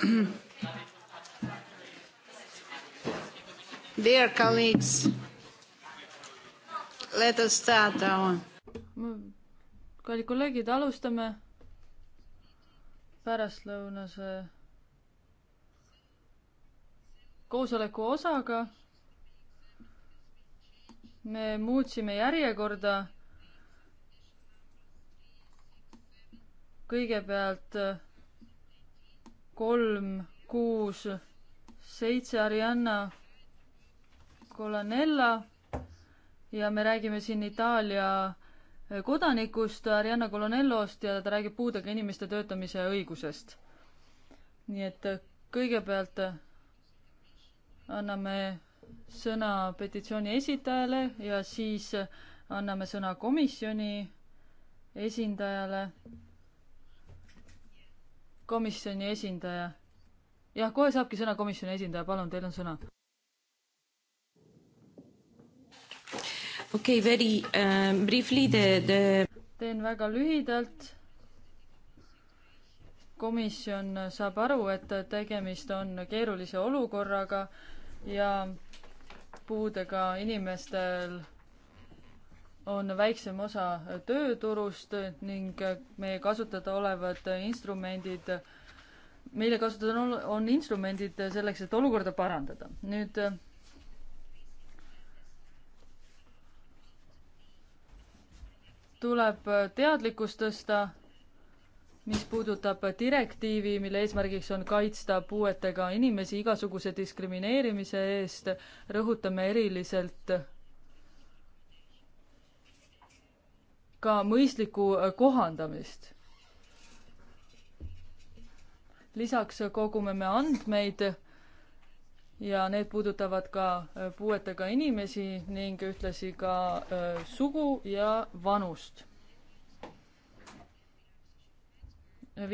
Dear colleagues, let us start our. kallid kolleegid, alustame pärastlõunase koosoleku osaga. me muutsime järjekorda. kõigepealt kolm, kuus, seitse Arianna Colanella ja me räägime siin Itaalia eh, kodanikust Arianna Colonellost ja ta räägib puudega inimeste töötamise õigusest. nii et eh, kõigepealt eh, anname sõna petitsiooni esitajale ja siis anname sõna komisjoni esindajale komisjoni esindaja. jah, kohe saabki sõna komisjoni esindaja, palun, teil on sõna. okei okay,, very um, briefly the, the teen väga lühidalt. komisjon saab aru, et tegemist on keerulise olukorraga ja puudega inimestel on väiksem osa tööturust ning meie kasutada olevad instrumendid, meile kasutada on, on instrumendid selleks, et olukorda parandada. nüüd tuleb teadlikkust tõsta, mis puudutab direktiivi, mille eesmärgiks on kaitsta puuetega inimesi igasuguse diskrimineerimise eest, rõhutame eriliselt ka mõistlikku äh, kohandamist. lisaks kogume me andmeid ja need puudutavad ka äh, puuetega inimesi ning ühtlasi ka äh, sugu ja vanust.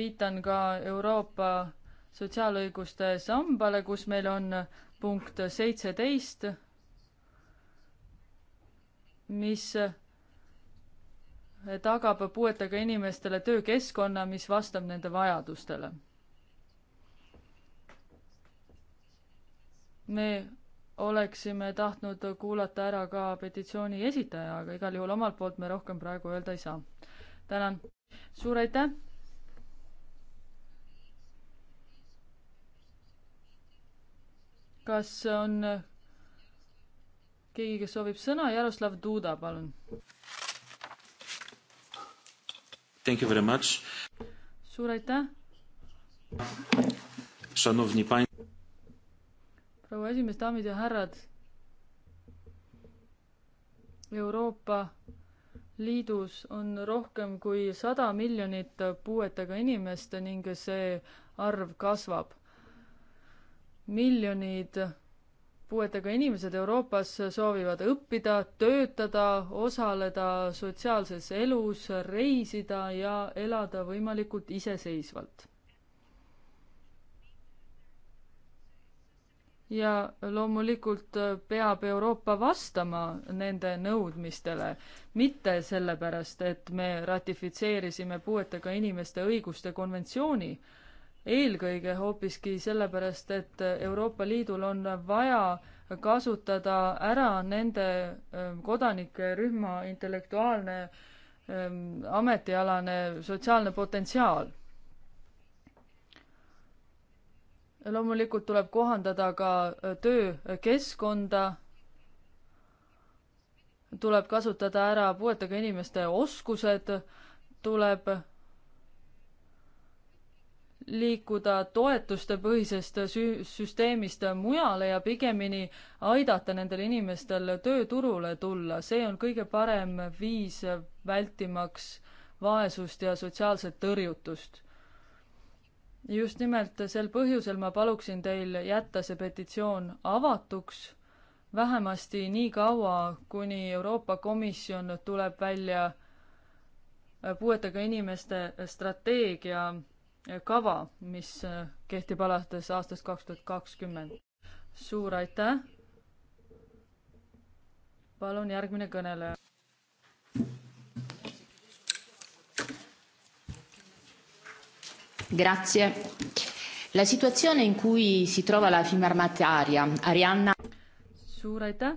viitan ka Euroopa sotsiaalõiguste sambale, kus meil on punkt seitseteist, mis tagab puuetega inimestele töökeskkonna, mis vastab nende vajadustele. me oleksime tahtnud kuulata ära ka petitsiooni esitaja, aga igal juhul omalt poolt me rohkem praegu öelda ei saa. tänan, suur aitäh! kas on keegi, kes soovib sõna, Jaroslav Duda, palun! Thank you very much. suur aitäh. Šanovni pain-. proua esimees, daamid ja härrad. Euroopa Liidus on rohkem kui sada miljonit puuetega inimest ning see arv kasvab. miljonid puuetega inimesed Euroopas soovivad õppida, töötada, osaleda sotsiaalses elus, reisida ja elada võimalikult iseseisvalt. ja loomulikult peab Euroopa vastama nende nõudmistele, mitte sellepärast, et me ratifitseerisime puuetega inimeste õiguste konventsiooni, eelkõige hoopiski sellepärast, et Euroopa Liidul on vaja kasutada ära nende ähm, kodanike rühma intellektuaalne, ähm, ametialane, sotsiaalne potentsiaal loomulikult tuleb kohandada ka äh, töökeskkonda, tuleb kasutada ära puuetega inimeste oskused, tuleb liikuda toetuste põhisest sü-, süsteemist mujale ja pigemini aidata nendel inimestel tööturule tulla, see on kõige parem viis vältimaks vaesust ja sotsiaalset tõrjutust. just nimelt sel põhjusel ma paluksin teil jätta see petitsioon avatuks, vähemasti nii kaua, kuni Euroopa Komisjon tuleb välja puuetega inimeste strateegia kava, mis äh, kehtib alates aastast kaks tuhat kakskümmend. suur aitäh. palun järgmine kõneleja. Grazie. La situazione in cui si trova la firma armataria Arianna. suur aitäh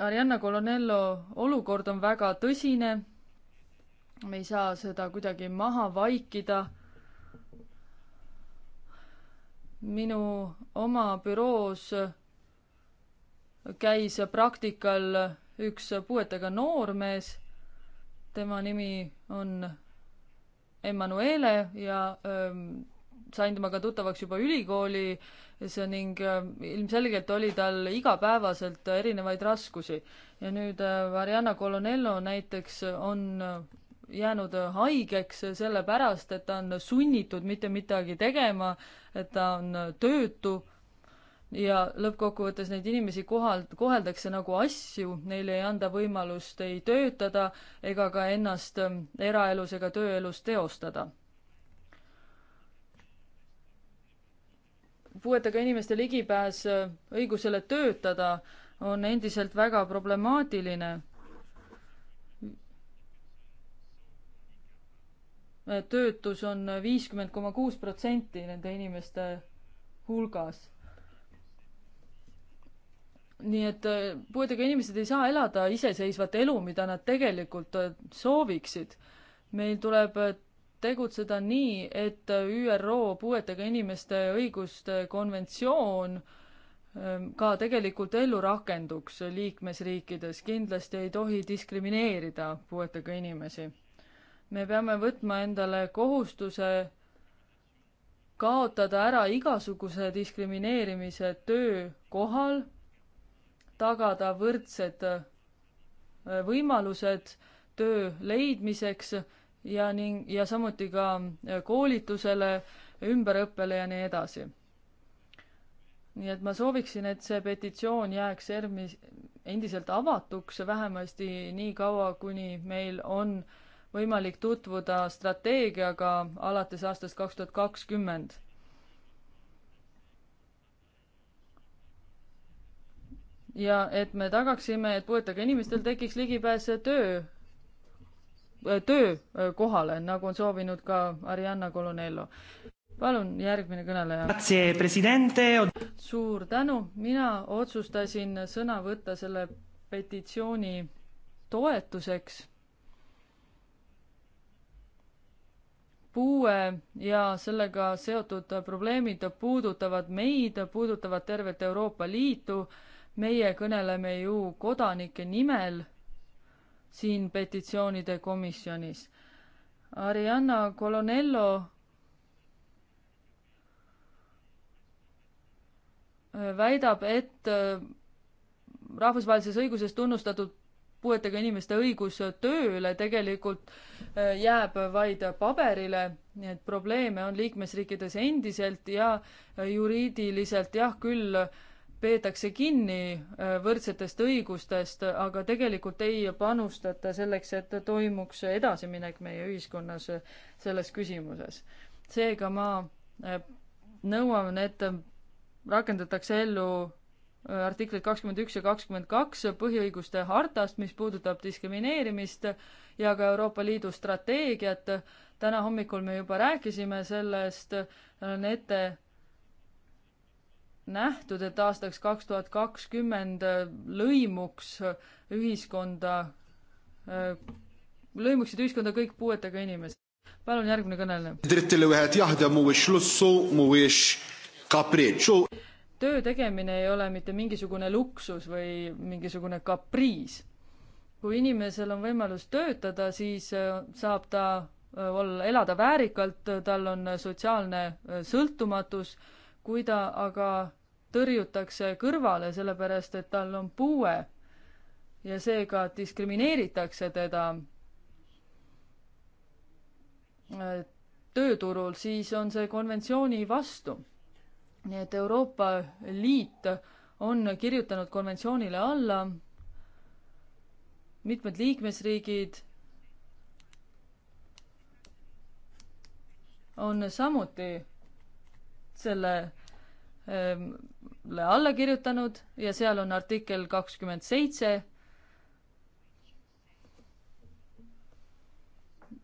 Arianna Colonello olukord on väga tõsine. me ei saa seda kuidagi maha vaikida. minu oma büroos käis praktikal üks puuetega noormees. tema nimi on Emmanuele ja öö, ähm, sain temaga tuttavaks juba ülikoolis ning äh, ilmselgelt oli tal igapäevaselt erinevaid raskusi. ja nüüd Mariana äh, Colonello näiteks on äh, jäänud haigeks sellepärast, et ta on sunnitud mitte midagi tegema, et ta on töötu ja lõppkokkuvõttes neid inimesi kohal, koheldakse nagu asju, neile ei anda võimalust ei töötada ega ka ennast eraelus ega tööelus teostada. puuetega inimeste ligipääs äh, õigusele töötada on endiselt väga problemaatiline. töötus on viiskümmend koma kuus protsenti nende inimeste hulgas. nii et äh, puuetega inimesed ei saa elada iseseisvat elu, mida nad tegelikult äh, sooviksid. meil tuleb tegutseda nii, et ÜRO puuetega inimeste õiguste konventsioon ähm, ka tegelikult ellu rakenduks liikmesriikides, kindlasti ei tohi diskrimineerida puuetega inimesi. me peame võtma endale kohustuse kaotada ära igasuguse diskrimineerimise töökohal, tagada võrdsed äh, võimalused töö leidmiseks ja ning, ja samuti ka äh, koolitusele, ümberõppele ja nii edasi. nii et ma sooviksin, et see petitsioon jääks ERM-i endiselt avatuks, vähemasti nii kaua, kuni meil on võimalik tutvuda strateegiaga alates aastast kaks tuhat kakskümmend ja et me tagaksime, et puuetega inimestel tekiks ligipääs töö Äh, töökohale, nagu on soovinud ka Arianna Colonello. palun, järgmine kõneleja. suur tänu, mina otsustasin sõna võtta selle petitsiooni toetuseks. puue ja sellega seotud probleemid puudutavad meid, puudutavad tervet Euroopa Liitu meie kõneleme ju kodanike nimel siin petitsioonide komisjonis. Arianna Colonello äh, väidab, et äh, rahvusvahelises õiguses tunnustatud puuetega inimeste õigus tööle tegelikult äh, jääb vaid paberile, nii et probleeme on liikmesriikides endiselt ja juriidiliselt jah, küll äh, peetakse kinni äh, võrdsetest õigustest, aga tegelikult ei panustata selleks, et toimuks edasiminek meie ühiskonnas selles küsimuses. seega ma äh, nõuan, et rakendatakse ellu äh, artiklid kakskümmend üks ja kakskümmend kaks põhiõiguste hartast, mis puudutab diskrimineerimist ja ka Euroopa Liidu strateegiat. täna hommikul me juba rääkisime sellest, ette nähtud, et aastaks kaks tuhat kakskümmend äh, lõimuks äh, ühiskonda, äh, lõimuksid ühiskonda kõik puuetega inimesed. palun järgmine kõneleja. töö tegemine ei ole mitte mingisugune luksus või mingisugune kapriis. kui inimesel on võimalus töötada, siis saab ta olla, elada väärikalt, tal on sotsiaalne sõltumatus, kui ta aga tõrjutakse kõrvale, sellepärast et tal on puue ja seega diskrimineeritakse teda äh, tööturul, siis on see konventsiooni vastu. nii et Euroopa Liit on kirjutanud konventsioonile alla, mitmed liikmesriigid on samuti selle Ehm, alla kirjutanud ja seal on artikkel kakskümmend seitse,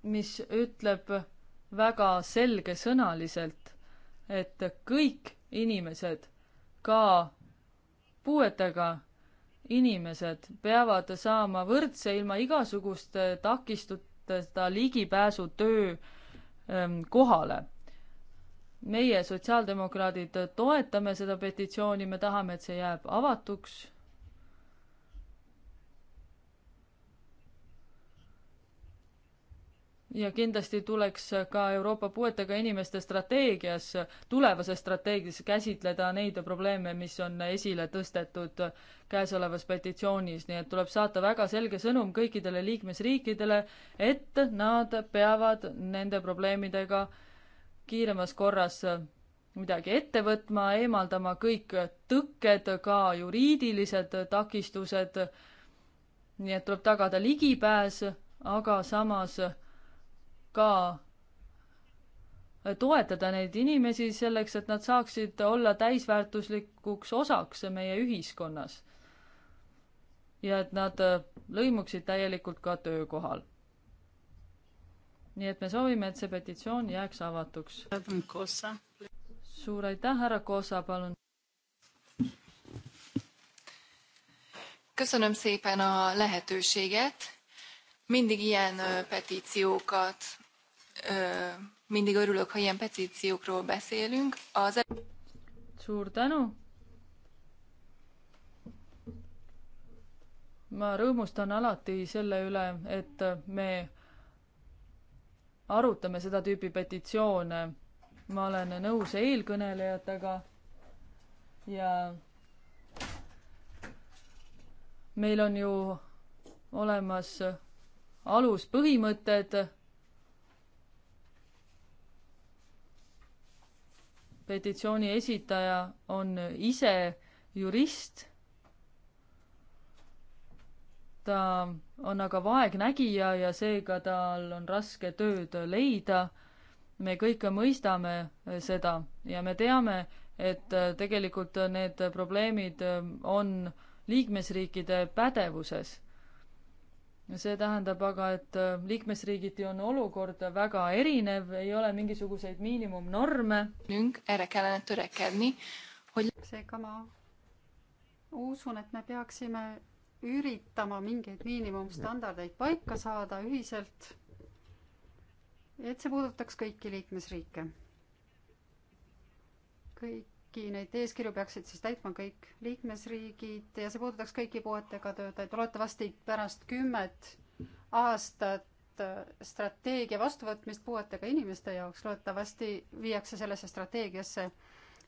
mis ütleb väga selgesõnaliselt, et kõik inimesed, ka puuetega inimesed, peavad saama võrdse ilma igasuguste takistusteta ligipääsu töö ehm, kohale meie, sotsiaaldemokraadid, toetame seda petitsiooni, me tahame, et see jääb avatuks. ja kindlasti tuleks ka Euroopa puuetega inimeste strateegias, tulevases strateegias käsitleda neid probleeme, mis on esile tõstetud käesolevas petitsioonis, nii et tuleb saata väga selge sõnum kõikidele liikmesriikidele, et nad peavad nende probleemidega äh, kiiremas korras midagi ette võtma, eemaldama kõik tõkked, ka juriidilised takistused. nii et tuleb tagada ligipääs, aga samas ka toetada neid inimesi selleks, et nad saaksid olla täisväärtuslikuks osaks meie ühiskonnas. ja et nad lõimuksid täielikult ka töökohal nii et me soovime, et see petitsioon jääks avatuks. suur aitäh, härra Kosa, palun. köszönöm szépen a lehetőséget. Mindig ilyen petíciókat, mindig örülök, ha ilyen petíciókról beszélünk. Az... E- suur tänu. ma rõõmustan alati selle üle, et me arutame seda tüüpi petitsioone. ma olen nõus eelkõnelejatega ja meil on ju olemas aluspõhimõtted petitsiooni esitaja on ise jurist ta on aga vaegnägija ja seega tal on raske tööd leida. me kõik mõistame seda ja me teame, et tegelikult need probleemid on liikmesriikide pädevuses. see tähendab aga, et liikmesriigiti on olukord väga erinev, ei ole mingisuguseid miinimumnorme. seega ma usun, et me peaksime üritama mingeid miinimumstandardeid paika saada ühiselt, et see puudutaks kõiki liikmesriike. kõiki neid eeskirju peaksid siis täitma kõik liikmesriigid ja see puudutaks kõiki puuetega töötajaid. loodetavasti pärast kümmet aastat äh, strateegia vastuvõtmist puuetega inimeste jaoks, loodetavasti viiakse sellesse strateegiasse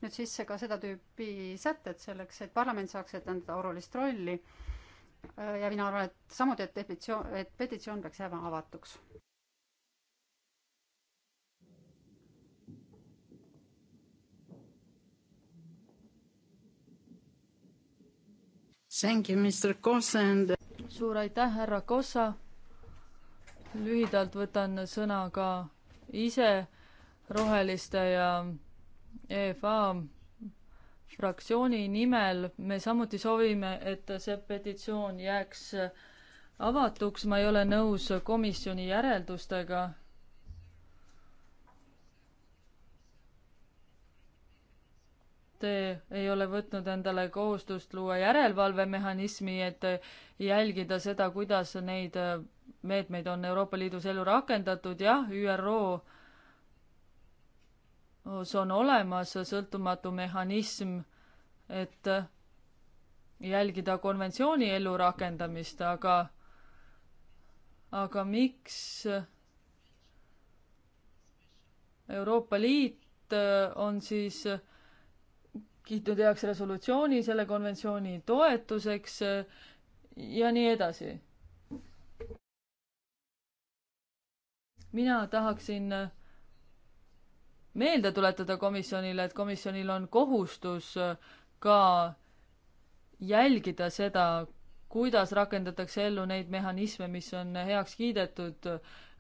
nüüd sisse ka seda tüüpi sätted selleks, et parlament saaks etendada olulist rolli Äh, ja mina arvan, et samuti, et petitsioon, et petitsioon peaks jääma avatuks. Thank you, Mr Kosa and suur aitäh, härra Kosa. lühidalt võtan sõna ka ise roheliste ja EFA fraktsiooni nimel me samuti soovime, et see petitsioon jääks avatuks, ma ei ole nõus komisjoni järeldustega. Te ei ole võtnud endale kohustust luua järelevalvemehhanismi, et jälgida seda, kuidas neid meetmeid on Euroopa Liidus ellu rakendatud, jah, ÜRO see on olemas sõltumatu mehhanism, et jälgida konventsiooni ellurakendamist, aga, aga miks Euroopa Liit on siis kiitnud heaks resolutsiooni selle konventsiooni toetuseks ja nii edasi. mina tahaksin meelde tuletada komisjonile, et komisjonil on kohustus äh, ka jälgida seda, kuidas rakendatakse ellu neid mehhanisme, mis on heaks kiidetud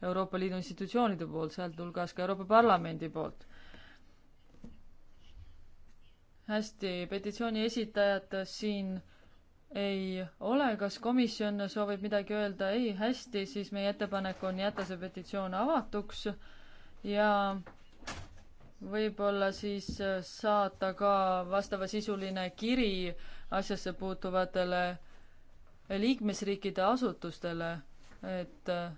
Euroopa Liidu institutsioonide poolt, sealhulgas ka Euroopa Parlamendi poolt. hästi, petitsiooni esitajat siin ei ole, kas komisjon soovib midagi öelda? ei, hästi, siis meie ettepanek on jätta see petitsioon avatuks ja võib-olla siis äh, saata ka vastavasisuline kiri asjasse puutuvatele äh, liikmesriikide asutustele, et äh,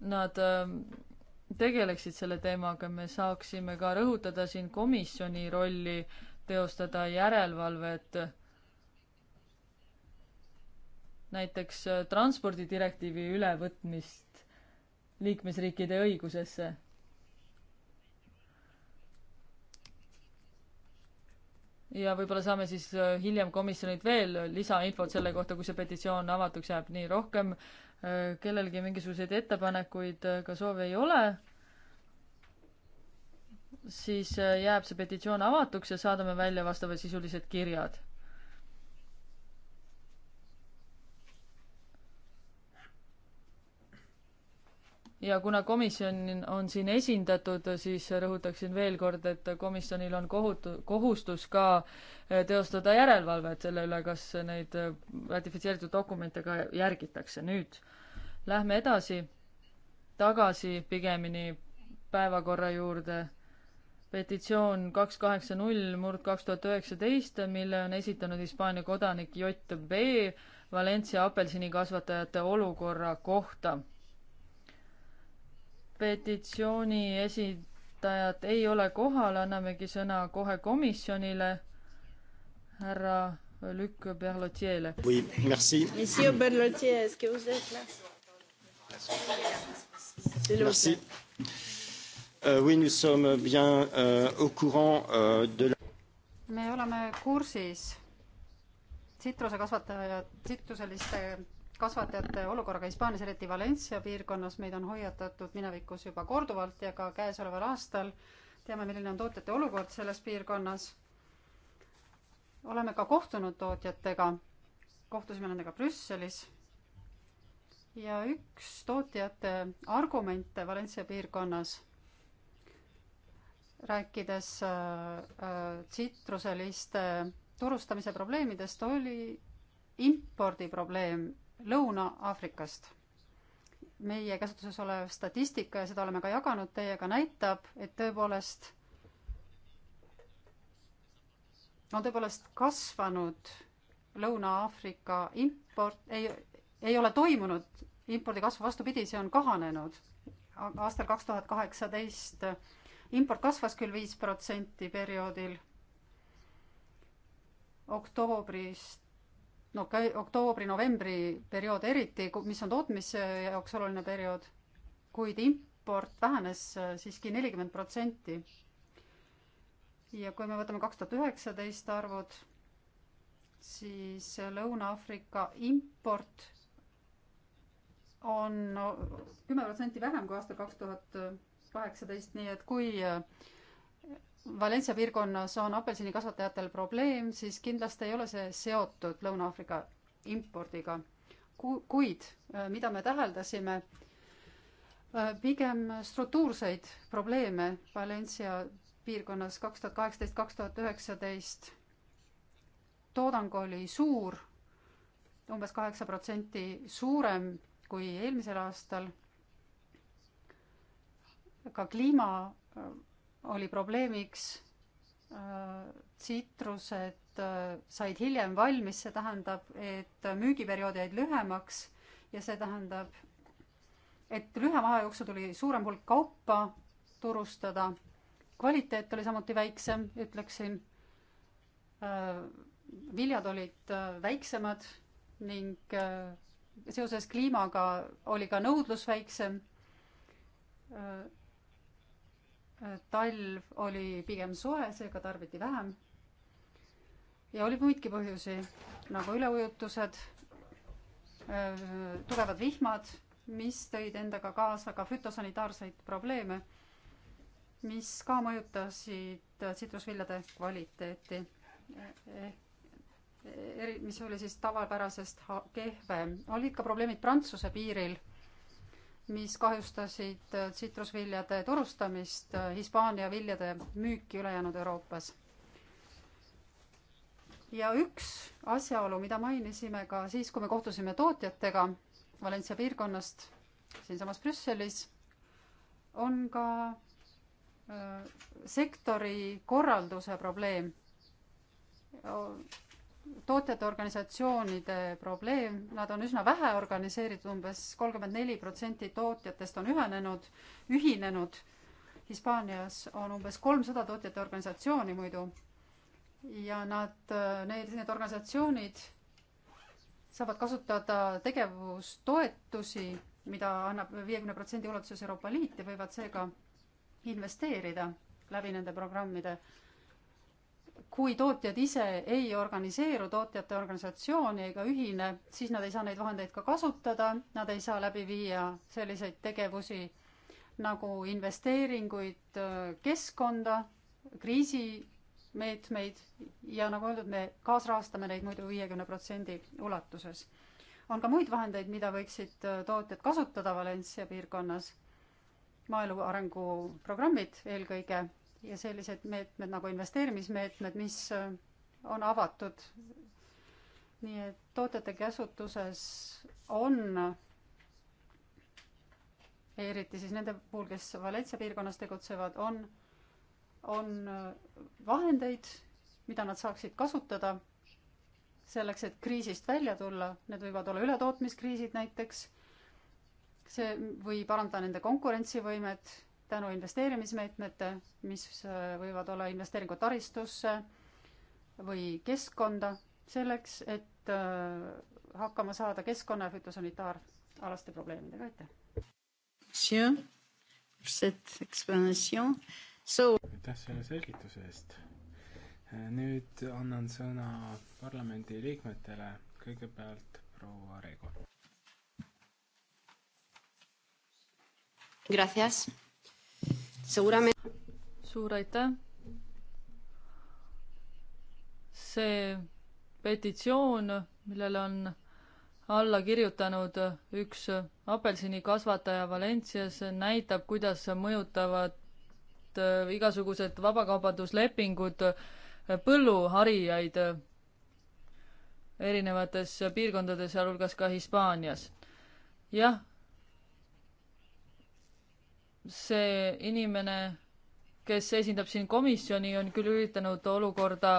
nad tegeleksid selle teemaga, me saaksime ka rõhutada siin komisjoni rolli, teostada järelevalvet näiteks transpordidirektiivi ülevõtmist liikmesriikide õigusesse ja võib-olla saame siis äh, hiljem komisjonilt veel lisainfot selle kohta, kui see petitsioon avatuks jääb. nii, rohkem äh, kellelgi mingisuguseid ettepanekuid äh, ka soovi ei ole. siis jääb see petitsioon avatuks ja saadame välja vastavasisulised kirjad ja kuna komisjon on siin esindatud, siis rõhutaksin veel kord, et komisjonil on kohutu-, kohustus ka eh, teostada järelevalvet selle üle, kas neid eh, ratifitseeritud dokumente ka järgitakse. nüüd lähme edasi, tagasi pigemini päevakorra juurde. petitsioon kaks kaheksa null murd kaks tuhat üheksateist, mille on esitanud Hispaania kodanik J B Valencia apelsinikasvatajate olukorra kohta petitsiooni esindajat ei ole kohal, annamegi sõna kohe komisjonile, härra Luc Berlotiele. Oui, merci. Monsieur Berlotier, est-ce que vous êtes là? Merci. Euh, oui, nous sommes bien euh, au courant euh, de la... me oleme kursis tsitrusekasvatajad, tsitruseliste kasvatajate olukorraga Hispaanias, eriti Valencia piirkonnas, meid on hoiatatud minevikus juba korduvalt ja ka käesoleval aastal teame, milline on tootjate olukord selles piirkonnas. oleme ka kohtunud tootjatega, kohtusime nendega Brüsselis ja üks tootjate argumente Valencia piirkonnas, rääkides äh, äh, tsitruseliste turustamise probleemidest, oli impordi probleem Lõuna-Aafrikast. meie käsutuses olev statistika ja seda oleme ka jaganud teiega, näitab, et tõepoolest on tõepoolest kasvanud Lõuna-Aafrika import, ei, ei ole toimunud impordi kasvu, vastupidi, see on kahanenud. aastal kaks tuhat kaheksateist import kasvas küll viis protsenti perioodil oktoobrist no ka oktoobri-novembri periood eriti, mis on tootmise jaoks oluline periood, kuid import vähenes äh, siiski nelikümmend protsenti. ja kui me võtame kaks tuhat üheksateist arvud, siis Lõuna-Aafrika import on kümme protsenti vähem kui aastal kaks tuhat kaheksateist, nii et kui äh, Valencia piirkonnas on apelsinikasvatajatel probleem, siis kindlasti ei ole see seotud Lõuna-Aafrika impordiga. kuid äh, mida me täheldasime, äh, pigem struktuurseid probleeme Valencia piirkonnas kaks tuhat kaheksateist, kaks tuhat üheksateist. toodang oli suur umbes, umbes kaheksa protsenti suurem kui eelmisel aastal. ka kliima äh, oli probleemiks äh, tsitrused äh, said hiljem valmis, see tähendab, et müügiperiood jäid lühemaks ja see tähendab, et lühema aja jooksul tuli suurem hulk kaupa turustada. kvaliteet oli samuti väiksem, ütleksin. Äh, viljad olid väiksemad ning seoses kliimaga oli ka nõudlus väiksem talv oli pigem soe, seega tarbiti vähem. ja oli muidki põhjusi nagu üleujutused, tugevad vihmad, mis tõid endaga kaasa ka fütosanitaarseid probleeme, mis ka mõjutasid tsitrusviljade kvaliteeti. Eh, eh, eri, mis oli siis tavapärasest kehvem. olid ka probleemid Prantsuse piiril mis kahjustasid äh, tsitrusviljade turustamist, äh, Hispaania viljade müüki ülejäänud Euroopas. ja üks asjaolu, mida mainisime ka siis, kui me kohtusime tootjatega Valencia piirkonnast siinsamas Brüsselis, on ka äh, sektori korralduse probleem tootjate organisatsioonide probleem, nad on üsna vähe organiseeritud umbes, umbes kolmkümmend neli protsenti tootjatest on ühenenud, ühinenud. Hispaanias on umbes kolmsada tootjate organisatsiooni muidu. ja nad, need, need organisatsioonid saavad kasutada tegevustoetusi, mida annab viiekümne protsendi ulatuses Euroopa Liit ja võivad seega investeerida läbi nende programmide kui tootjad ise ei organiseeru, tootjate organisatsiooni ega ühine, siis nad ei saa neid vahendeid ka kasutada, nad ei saa läbi viia selliseid tegevusi nagu investeeringuid äh, keskkonda, kriisimeetmeid ja nagu öeldud, me kaasrahastame neid muidu viiekümne protsendi ulatuses. on ka muid vahendeid, mida võiksid äh, tootjad kasutada Valencia piirkonnas, maaelu arenguprogrammid eelkõige ja sellised meetmed nagu investeerimismeetmed, mis äh, on avatud. nii et toodete käsutuses on, äh, eriti siis nende puhul, kes Valencia piirkonnas tegutsevad, on, on äh, vahendeid, mida nad saaksid kasutada selleks, et kriisist välja tulla. Need võivad olla ületootmiskriisid näiteks. see võib parandada nende konkurentsivõimet tänu investeerimismeetmete, mis äh, võivad olla investeeringud taristusse või keskkonda, selleks, et äh, hakkama saada keskkonna ja fütosanitaaralaste probleemidega, aitäh! aitäh selle selgituse eest! Äh, nüüd annan sõna parlamendi liikmetele, kõigepealt proua Reigo. Gracias suur aitäh. see petitsioon, millele on alla kirjutanud üks apelsinikasvataja Valencias, näitab, kuidas mõjutavad äh, igasugused vabakaubanduslepingud põlluharijaid erinevates piirkondades, sealhulgas ka Hispaanias. jah, see inimene, kes esindab siin komisjoni, on küll üritanud olukorda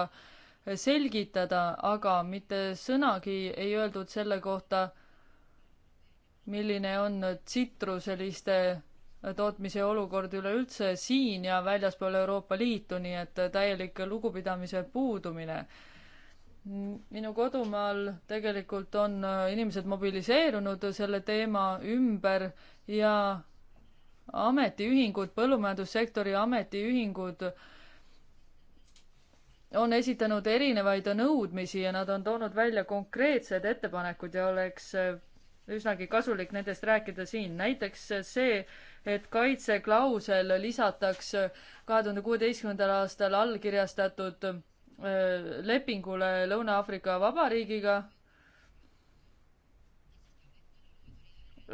selgitada, aga mitte sõnagi ei öeldud selle kohta, milline on tsitruseliste tootmise olukord üleüldse siin ja väljaspool Euroopa Liitu, nii et täielik lugupidamise puudumine. minu kodumaal tegelikult on inimesed mobiliseerunud selle teema ümber ja ametiühingud, põllumajandussektori ametiühingud on esitanud erinevaid nõudmisi ja nad on toonud välja konkreetsed ettepanekud ja oleks äh, üsnagi kasulik nendest rääkida siin. näiteks see, et kaitseklausel lisatakse kahe tuhande kuueteistkümnendal aastal allkirjastatud äh, lepingule Lõuna-Aafrika Vabariigiga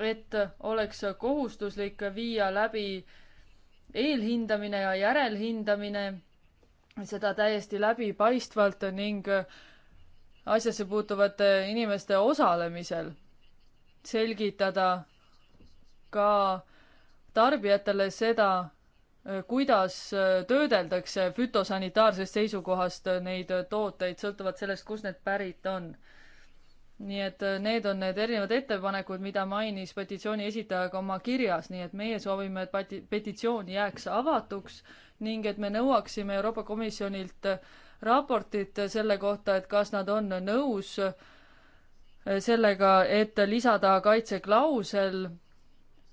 et oleks kohustuslik viia läbi eelhindamine ja järelhindamine, seda täiesti läbipaistvalt ning asjasse puutuvate inimeste osalemisel. selgitada ka tarbijatele seda, kuidas töödeldakse fütosanitaarsest seisukohast neid tooteid, sõltuvalt sellest, kust need pärit on nii et äh, need on need erinevad ettepanekud, mida mainis petitsiooni esitaja ka oma kirjas, nii et meie soovime, et pati-, petitsioon jääks avatuks ning et me nõuaksime Euroopa Komisjonilt äh, raportit selle kohta, et kas nad on nõus äh, sellega, et lisada kaitseklausel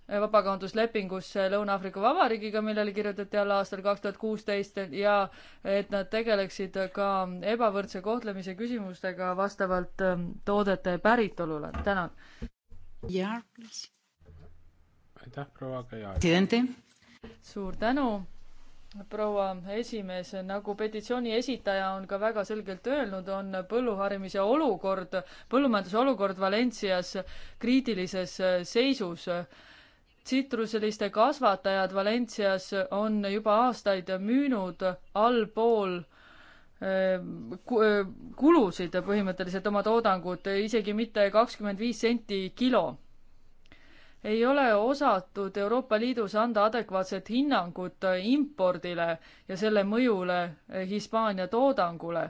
vabakaubanduslepingusse Lõuna-Aafrika Vabariigiga, millele kirjutati alla aastal kaks tuhat kuusteist ja et nad tegeleksid ka ebavõrdse kohtlemise küsimustega vastavalt ähm, toodete päritolule. tänan. aitäh, proua Kaja. suur tänu proua esimees, nagu petitsiooni esitaja on ka väga selgelt öelnud, on põlluharimise olukord, põllumajanduse olukord Valencias kriitilises seisus tsitruseliste kasvatajad Valencias on juba aastaid müünud allpool eh, eh, kulusid põhimõtteliselt oma toodangut, isegi mitte kakskümmend viis senti kilo. ei ole osatud Euroopa Liidus anda adekvaatset hinnangut impordile ja selle mõjule Hispaania toodangule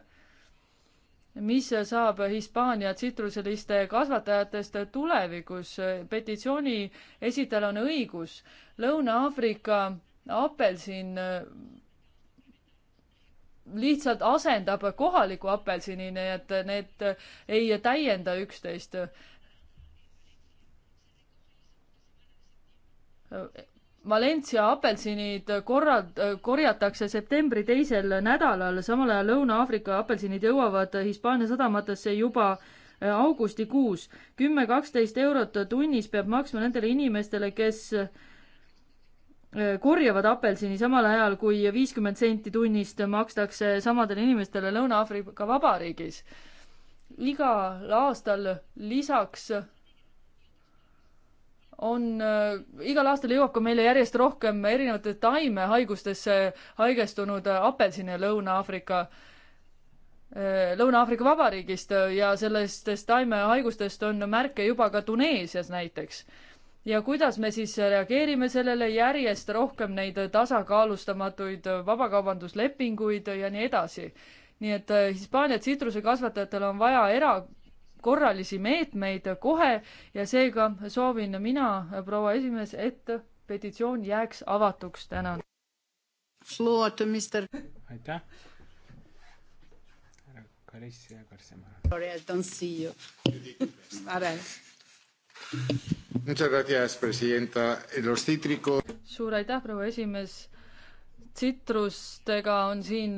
mis saab Hispaania tsitruseliste kasvatajatest tulevikus. petitsiooni esitajal on õigus. Lõuna-Aafrika apelsin lihtsalt asendab kohaliku apelsini, nii et need ei täienda üksteist Valencia apelsinid korrad-, korjatakse septembri teisel nädalal, samal ajal Lõuna-Aafrika apelsinid jõuavad Hispaania sadamatesse juba äh, augustikuus. kümme, kaksteist eurot tunnis peab maksma nendele inimestele, kes äh, korjavad apelsini samal ajal, kui viiskümmend senti tunnist makstakse samadele inimestele Lõuna-Aafrika Vabariigis. igal aastal lisaks on äh,, igal aastal jõuab ka meile järjest rohkem erinevate taimehaigustesse haigestunud äh, apelsine Lõuna-Aafrika äh,, Lõuna-Aafrika Vabariigist äh, ja sellistest taimehaigustest on märke juba ka Tuneesias näiteks. ja kuidas me siis reageerime sellele, järjest rohkem neid tasakaalustamatuid äh, vabakaubanduslepinguid ja nii edasi nii et Hispaania tsitrusekasvatajatel on vaja era, korralisi meetmeid kohe ja seega soovin mina, proua esimees, et petitsioon jääks avatuks, tänan. aitäh. härra Kalissi ja Karsimaa. Sorry, I don't see you. Muchas gracias, presidenta. Los cítricos. suur aitäh, proua esimees. tsitrustega on siin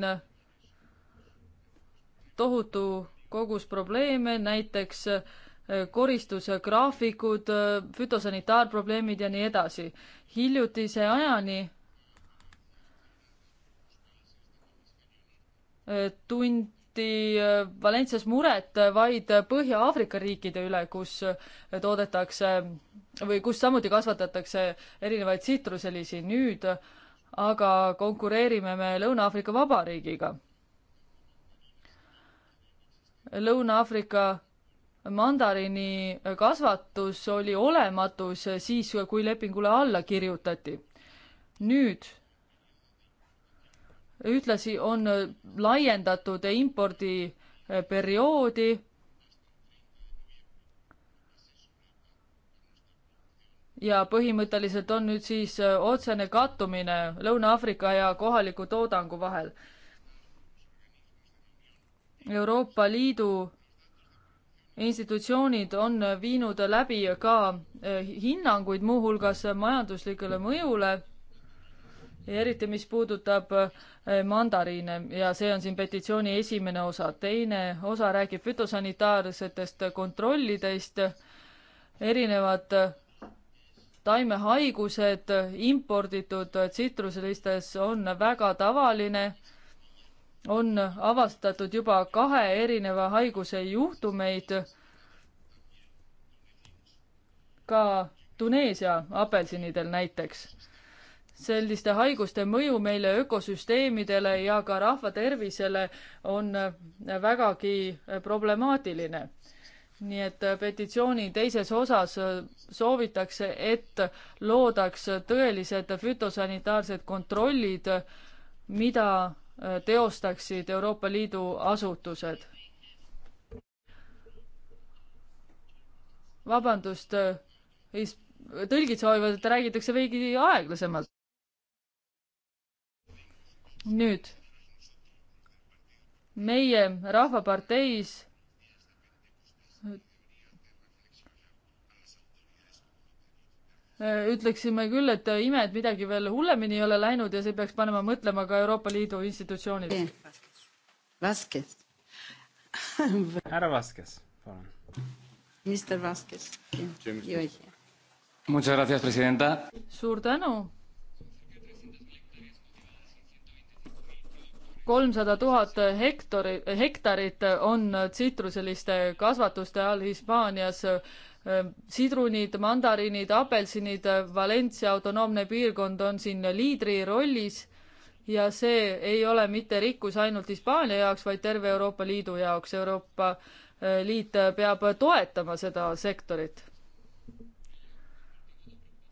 tohutu kogus probleeme, näiteks eh, koristuse graafikud, eh, fütosanitaarprobleemid ja nii edasi. hiljutise ajani eh, tunti Valentsias muret vaid Põhja-Aafrika riikide üle, kus toodetakse või kus samuti kasvatatakse erinevaid tsitruselisi, nüüd aga konkureerime me Lõuna-Aafrika Vabariigiga Lõuna-Aafrika mandariini kasvatus oli olematus siis, kui lepingule alla kirjutati. nüüd ühtlasi on laiendatud impordiperioodi ja põhimõtteliselt on nüüd siis otsene kattumine Lõuna-Aafrika ja kohaliku toodangu vahel. Euroopa Liidu institutsioonid on viinud läbi ka eh, hinnanguid muuhulgas majanduslikule mõjule ja eriti, mis puudutab eh, mandariine ja see on siin petitsiooni esimene osa. teine osa räägib fütosanitaarsetest kontrollidest, erinevad eh, taimehaigused imporditud tsitruselistes on väga tavaline on avastatud juba kahe erineva haiguse juhtumeid ka Tuneesia apelsinidel näiteks. selliste haiguste mõju meile ökosüsteemidele ja ka rahva tervisele on vägagi problemaatiline. nii et petitsiooni teises osas soovitakse, et loodaks tõelised fütosanitaarsed kontrollid, mida teostaksid Euroopa Liidu asutused. vabandust, tõlgid soovivad, et räägitakse veidi aeglasemalt. nüüd meie Rahvaparteis ütleksime küll, et ime, et midagi veel hullemini ei ole läinud ja see peaks panema mõtlema ka Euroopa Liidu institutsioonid. Vaskes. härra Vaskes, palun. Mr Vaskes. Muchas gracias, presidenta. suur tänu. kolmsada tuhat hektari, hektarit on tsitruseliste kasvatuste all Hispaanias äh, Ehm, sidrunid, mandariinid, apelsinid, äh, Valencia autonoomne piirkond on siin liidri rollis ja see ei ole mitte rikkus ainult Hispaania jaoks, vaid terve Euroopa Liidu jaoks. Euroopa äh, Liit äh, peab toetama seda sektorit.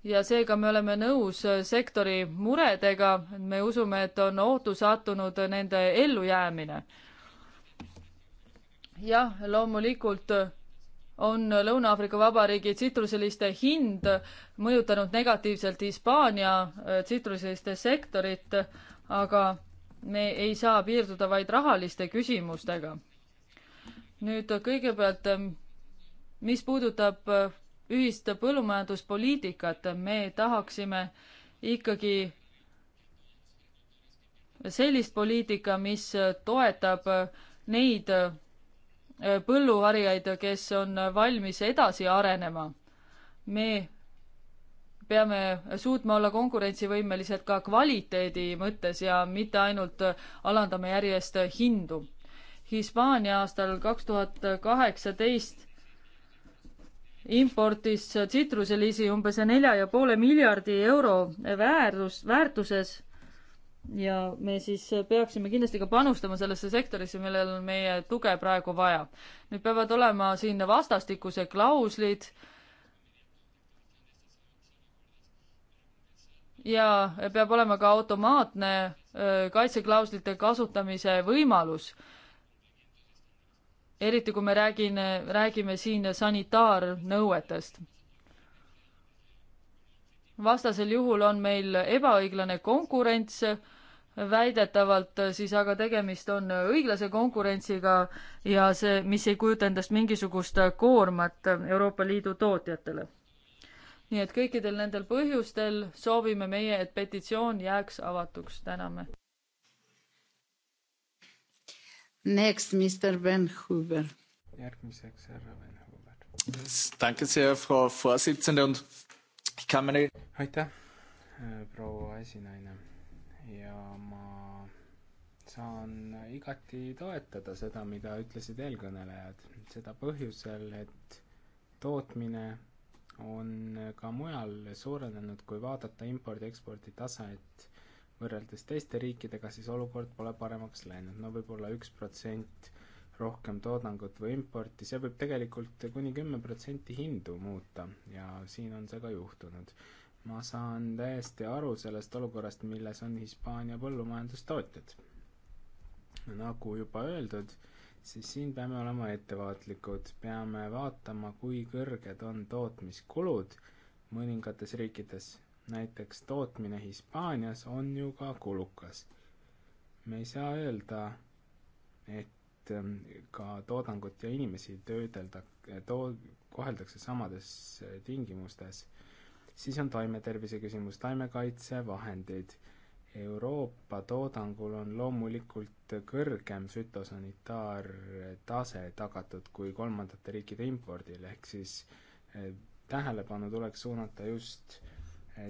ja seega me oleme nõus sektori muredega, me usume, et on ohtu sattunud nende ellujäämine. jah, loomulikult on Lõuna-Aafrika Vabariigi tsitruseliste hind mõjutanud negatiivselt Hispaania äh, tsitruseliste sektorit, aga me ei saa piirduda vaid rahaliste küsimustega. nüüd kõigepealt, ähm, mis puudutab äh, ühist põllumajanduspoliitikat, me tahaksime ikkagi sellist poliitika, mis toetab äh, neid Äh, põlluharijaid, kes on äh, valmis edasi arenema. me peame suutma olla konkurentsivõimelised ka kvaliteedi mõttes ja mitte ainult äh, alandame järjest hindu. Hispaania aastal kaks tuhat kaheksateist importis tsitruselisi umbes nelja ja poole miljardi euro väärtus, väärtuses ja me siis peaksime kindlasti ka panustama sellesse sektorisse, millel on meie tuge praegu vaja. nüüd peavad olema siin vastastikuse klauslid ja peab olema ka automaatne kaitseklauslite kasutamise võimalus. eriti kui me räägin, räägime siin sanitaarnõuetest vastasel juhul on meil ebaõiglane konkurents, väidetavalt siis aga tegemist on õiglase konkurentsiga ja see, mis ei kujuta endast mingisugust koormat Euroopa Liidu tootjatele. nii et kõikidel nendel põhjustel soovime meie, et petitsioon jääks avatuks, täname. Next, Mr Ben Huber. järgmiseks härra Ben Huber. Danke sehr, Frau Vorsitzende und aitäh, äh, proua esinaine ja ma saan igati toetada seda, mida ütlesid eelkõnelejad, seda põhjusel, et tootmine on ka mujal suurenenud, kui vaadata impordi-ekspordi taset võrreldes teiste riikidega, siis olukord pole paremaks läinud no, no võib-olla üks protsent rohkem toodangut või importi, see võib tegelikult kuni kümme protsenti hindu muuta ja siin on see ka juhtunud. ma saan täiesti aru sellest olukorrast, milles on Hispaania põllumajandustootjad. nagu juba öeldud, siis siin peame olema ettevaatlikud, peame vaatama, kui kõrged on tootmiskulud mõningates riikides. näiteks tootmine Hispaanias on ju ka kulukas. me ei saa öelda, et et ähm, ka toodangut ja inimesi töödelda, too-, koheldakse samades äh, tingimustes. siis on taimetervise küsimus, taimekaitsevahendid. Euroopa toodangul on loomulikult kõrgem fütosanitaartase tagatud kui kolmandate riikide impordil, ehk siis äh, tähelepanu tuleks suunata just äh,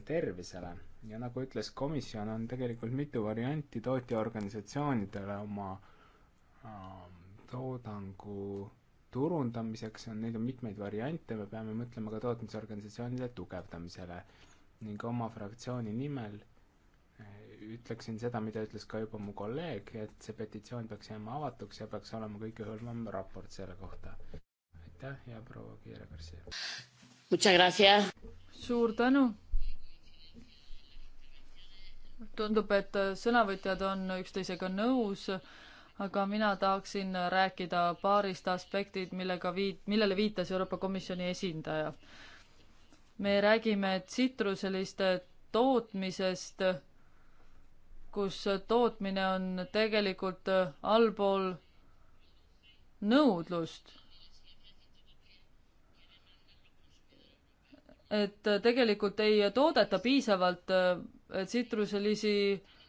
tervisele ja nagu ütles komisjon, on tegelikult mitu varianti tootjaorganisatsioonidele oma toodangu turundamiseks on, neid on mitmeid variante, me peame mõtlema ka tootmisorganisatsioonide tugevdamisele ning oma fraktsiooni nimel eh, ütleksin seda, mida ütles ka juba mu kolleeg, et see petitsioon peaks jääma avatuks ja peaks olema kõikehõlmav raport selle kohta. aitäh ja proua Kiire Garcia! suur tänu! tundub, et sõnavõtjad on üksteisega nõus aga mina tahaksin rääkida paarist aspektid, millega viit-, millele viitas Euroopa Komisjoni esindaja. me räägime tsitruseliste tootmisest, kus tootmine on tegelikult allpool nõudlust. et tegelikult ei toodeta piisavalt tsitruselisi äh,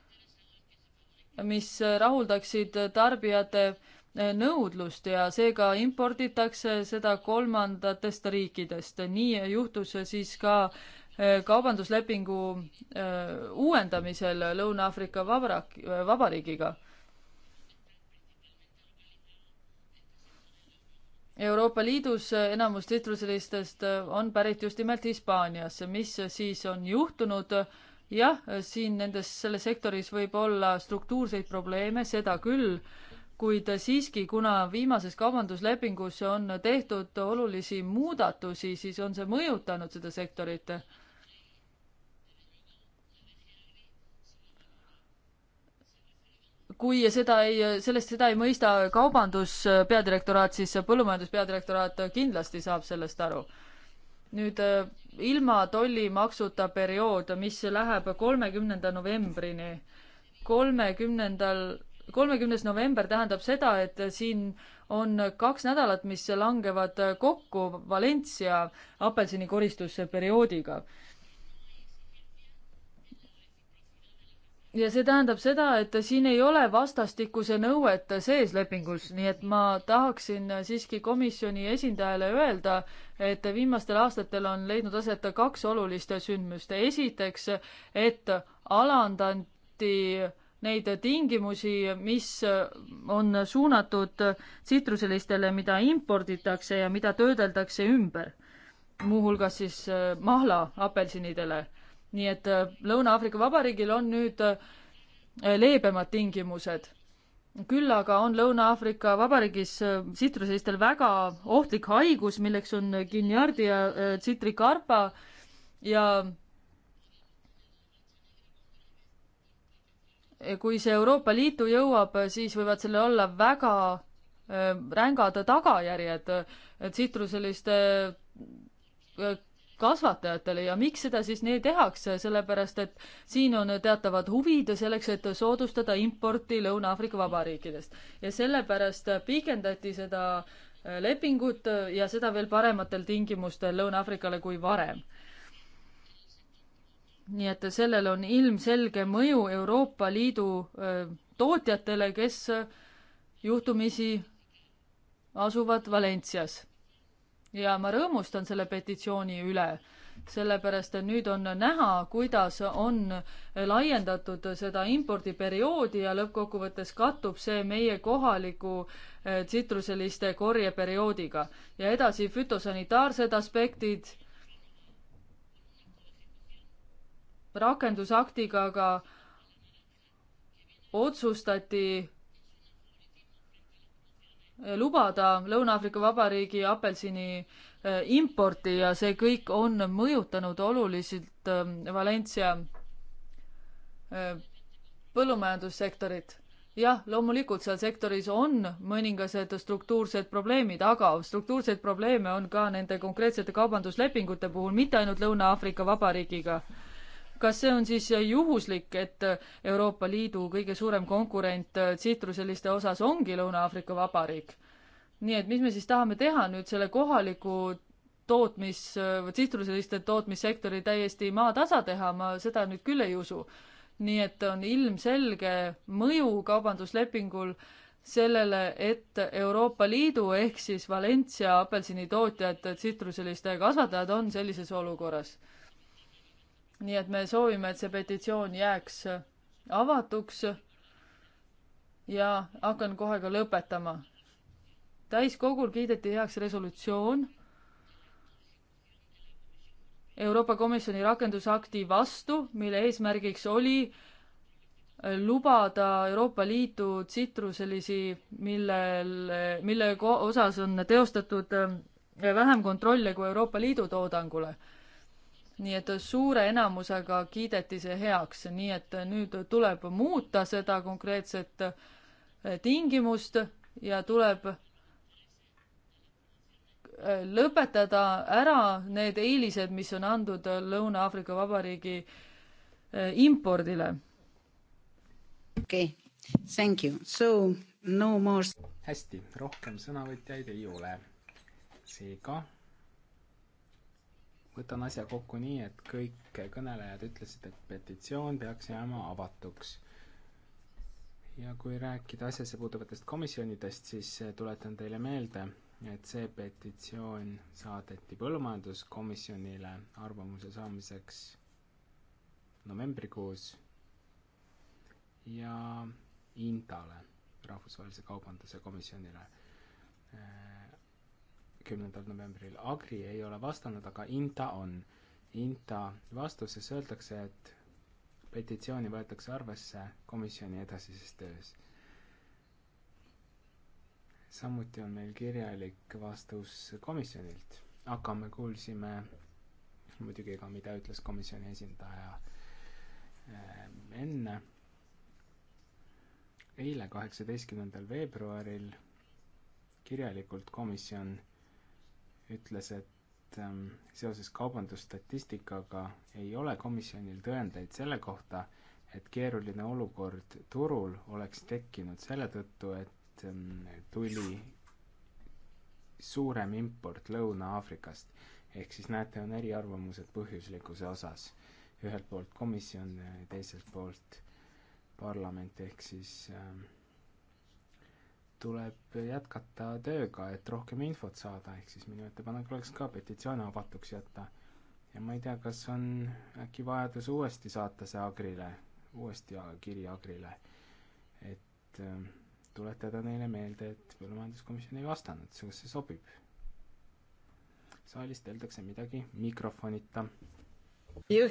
mis rahuldaksid tarbijate eh, nõudlust ja seega imporditakse seda kolmandatest riikidest. nii juhtus siis ka eh, kaubanduslepingu eh, uuendamisel Lõuna-Aafrika Vabrak-, Vabariigiga. Euroopa Liidus enamus tsitruselistest on pärit just nimelt Hispaaniasse, mis siis on juhtunud äh, jah, siin nendes, selles sektoris võib olla struktuurseid probleeme, seda küll, kuid siiski, kuna viimases kaubanduslepingus on tehtud olulisi muudatusi, siis on see mõjutanud seda sektorit. kui seda ei, sellest seda ei mõista kaubandus peadirektoraat, siis põllumajandus peadirektoraat kindlasti saab sellest aru. nüüd ilma tollimaksuta periood, mis läheb kolmekümnenda novembrini. kolmekümnendal, kolmekümnes november tähendab seda, et siin on kaks nädalat, mis langevad kokku Valencia apelsinikoristuste perioodiga ja see tähendab seda, et siin ei ole vastastikuse nõuet sees lepingus, nii et ma tahaksin siiski komisjoni esindajale öelda, et viimastel aastatel on leidnud aset kaks olulist sündmust. esiteks, et alandati neid tingimusi, mis on suunatud tsitruselistele, mida imporditakse ja mida töödeldakse ümber, muuhulgas siis eh, mahla apelsinidele nii et äh, Lõuna-Aafrika Vabariigil on nüüd äh, leebemad tingimused. küll aga on Lõuna-Aafrika Vabariigis tsitruselistel äh, väga ohtlik haigus, milleks on Guignardia tsitrikarpa ja kui see Euroopa Liitu jõuab, siis võivad sellel olla väga rängad tagajärjed tsitruseliste kasvatajatele ja miks seda siis nii tehakse, sellepärast et siin on teatavad huvid selleks, et soodustada importi Lõuna-Aafrika Vabariikidest ja sellepärast pikendati seda äh, lepingut ja seda veel parematel tingimustel Lõuna-Aafrikale kui varem. nii et sellel on ilmselge mõju Euroopa Liidu äh, tootjatele, kes juhtumisi asuvad Valencias ja ma rõõmustan selle petitsiooni üle, sellepärast et nüüd on näha, kuidas on laiendatud seda impordiperioodi ja lõppkokkuvõttes kattub see meie kohaliku eh, tsitruseliste korjeperioodiga. ja edasi fütosanitaarsed aspektid rakendusaktiga aga otsustati lubada Lõuna-Aafrika Vabariigi apelsini eh, importi ja see kõik on mõjutanud oluliselt eh, Valencia eh, põllumajandussektorit. jah, loomulikult seal sektoris on mõningased struktuursed probleemid, aga struktuurseid probleeme on ka nende konkreetsete kaubanduslepingute puhul, mitte ainult Lõuna-Aafrika Vabariigiga kas see on siis juhuslik, et Euroopa Liidu kõige suurem konkurent äh, tsitruseliste osas ongi Lõuna-Aafrika Vabariik? nii et mis me siis tahame teha nüüd selle kohaliku tootmis, äh, tsitruseliste tootmissektori täiesti maatasa teha, ma seda nüüd küll ei usu. nii et on ilmselge mõju kaubanduslepingul sellele, et Euroopa Liidu ehk siis Valencia apelsinitootjad, äh, tsitruseliste kasvatajad on sellises olukorras nii et me soovime, et see petitsioon jääks äh, avatuks. ja hakkan kohe ka lõpetama. täiskogul kiideti heaks resolutsioon Euroopa Komisjoni rakendusakti vastu, mille eesmärgiks oli äh, lubada Euroopa Liidu tsitruselisi, millel, mille osas on teostatud äh, vähem kontrolle kui Euroopa Liidu toodangule nii et suure enamusega kiideti see heaks, nii et nüüd tuleb muuta seda konkreetset eh, tingimust ja tuleb eh, lõpetada ära need eelised, mis on antud Lõuna-Aafrika Vabariigi eh, impordile. okei okay., thank you, so no more. hästi, rohkem sõnavõtjaid ei ole. seega võtan asja kokku nii, et kõik kõnelejad ütlesid, et petitsioon peaks jääma avatuks. ja kui rääkida asjasse puutuvatest komisjonidest, siis tuletan teile meelde, et see petitsioon saadeti põllumajanduskomisjonile arvamuse saamiseks novembrikuus ja Intale, Rahvusvahelise Kaubanduse Komisjonile kümnendal novembril. Agri ei ole vastanud, aga INTA on. INTA vastuses öeldakse, et petitsiooni võetakse arvesse komisjoni edasises töös. samuti on meil kirjalik vastus komisjonilt, aga me kuulsime muidugi ka, mida ütles komisjoni esindaja ehm, enne. eile, kaheksateistkümnendal veebruaril kirjalikult komisjon ütles, et ähm, seoses kaubandusstatistikaga ei ole komisjonil tõendeid selle kohta, et keeruline olukord turul oleks tekkinud selle tõttu, et ähm, tuli suurem import Lõuna-Aafrikast. ehk siis näete, on eriarvamused põhjuslikkuse osas. ühelt poolt komisjon, teiselt poolt parlament, ehk siis äh, tuleb jätkata tööga, et rohkem infot saada, ehk siis minu ettepanek oleks ka petitsioon avatuks jätta. ja ma ei tea, kas on äkki vajadus uuesti saata see Agrile, uuesti kiri Agrile, et äh, tuletada neile meelde, et põllumajanduskomisjon ei vastanud, kas see sobib? saalist öeldakse midagi mikrofonita. You,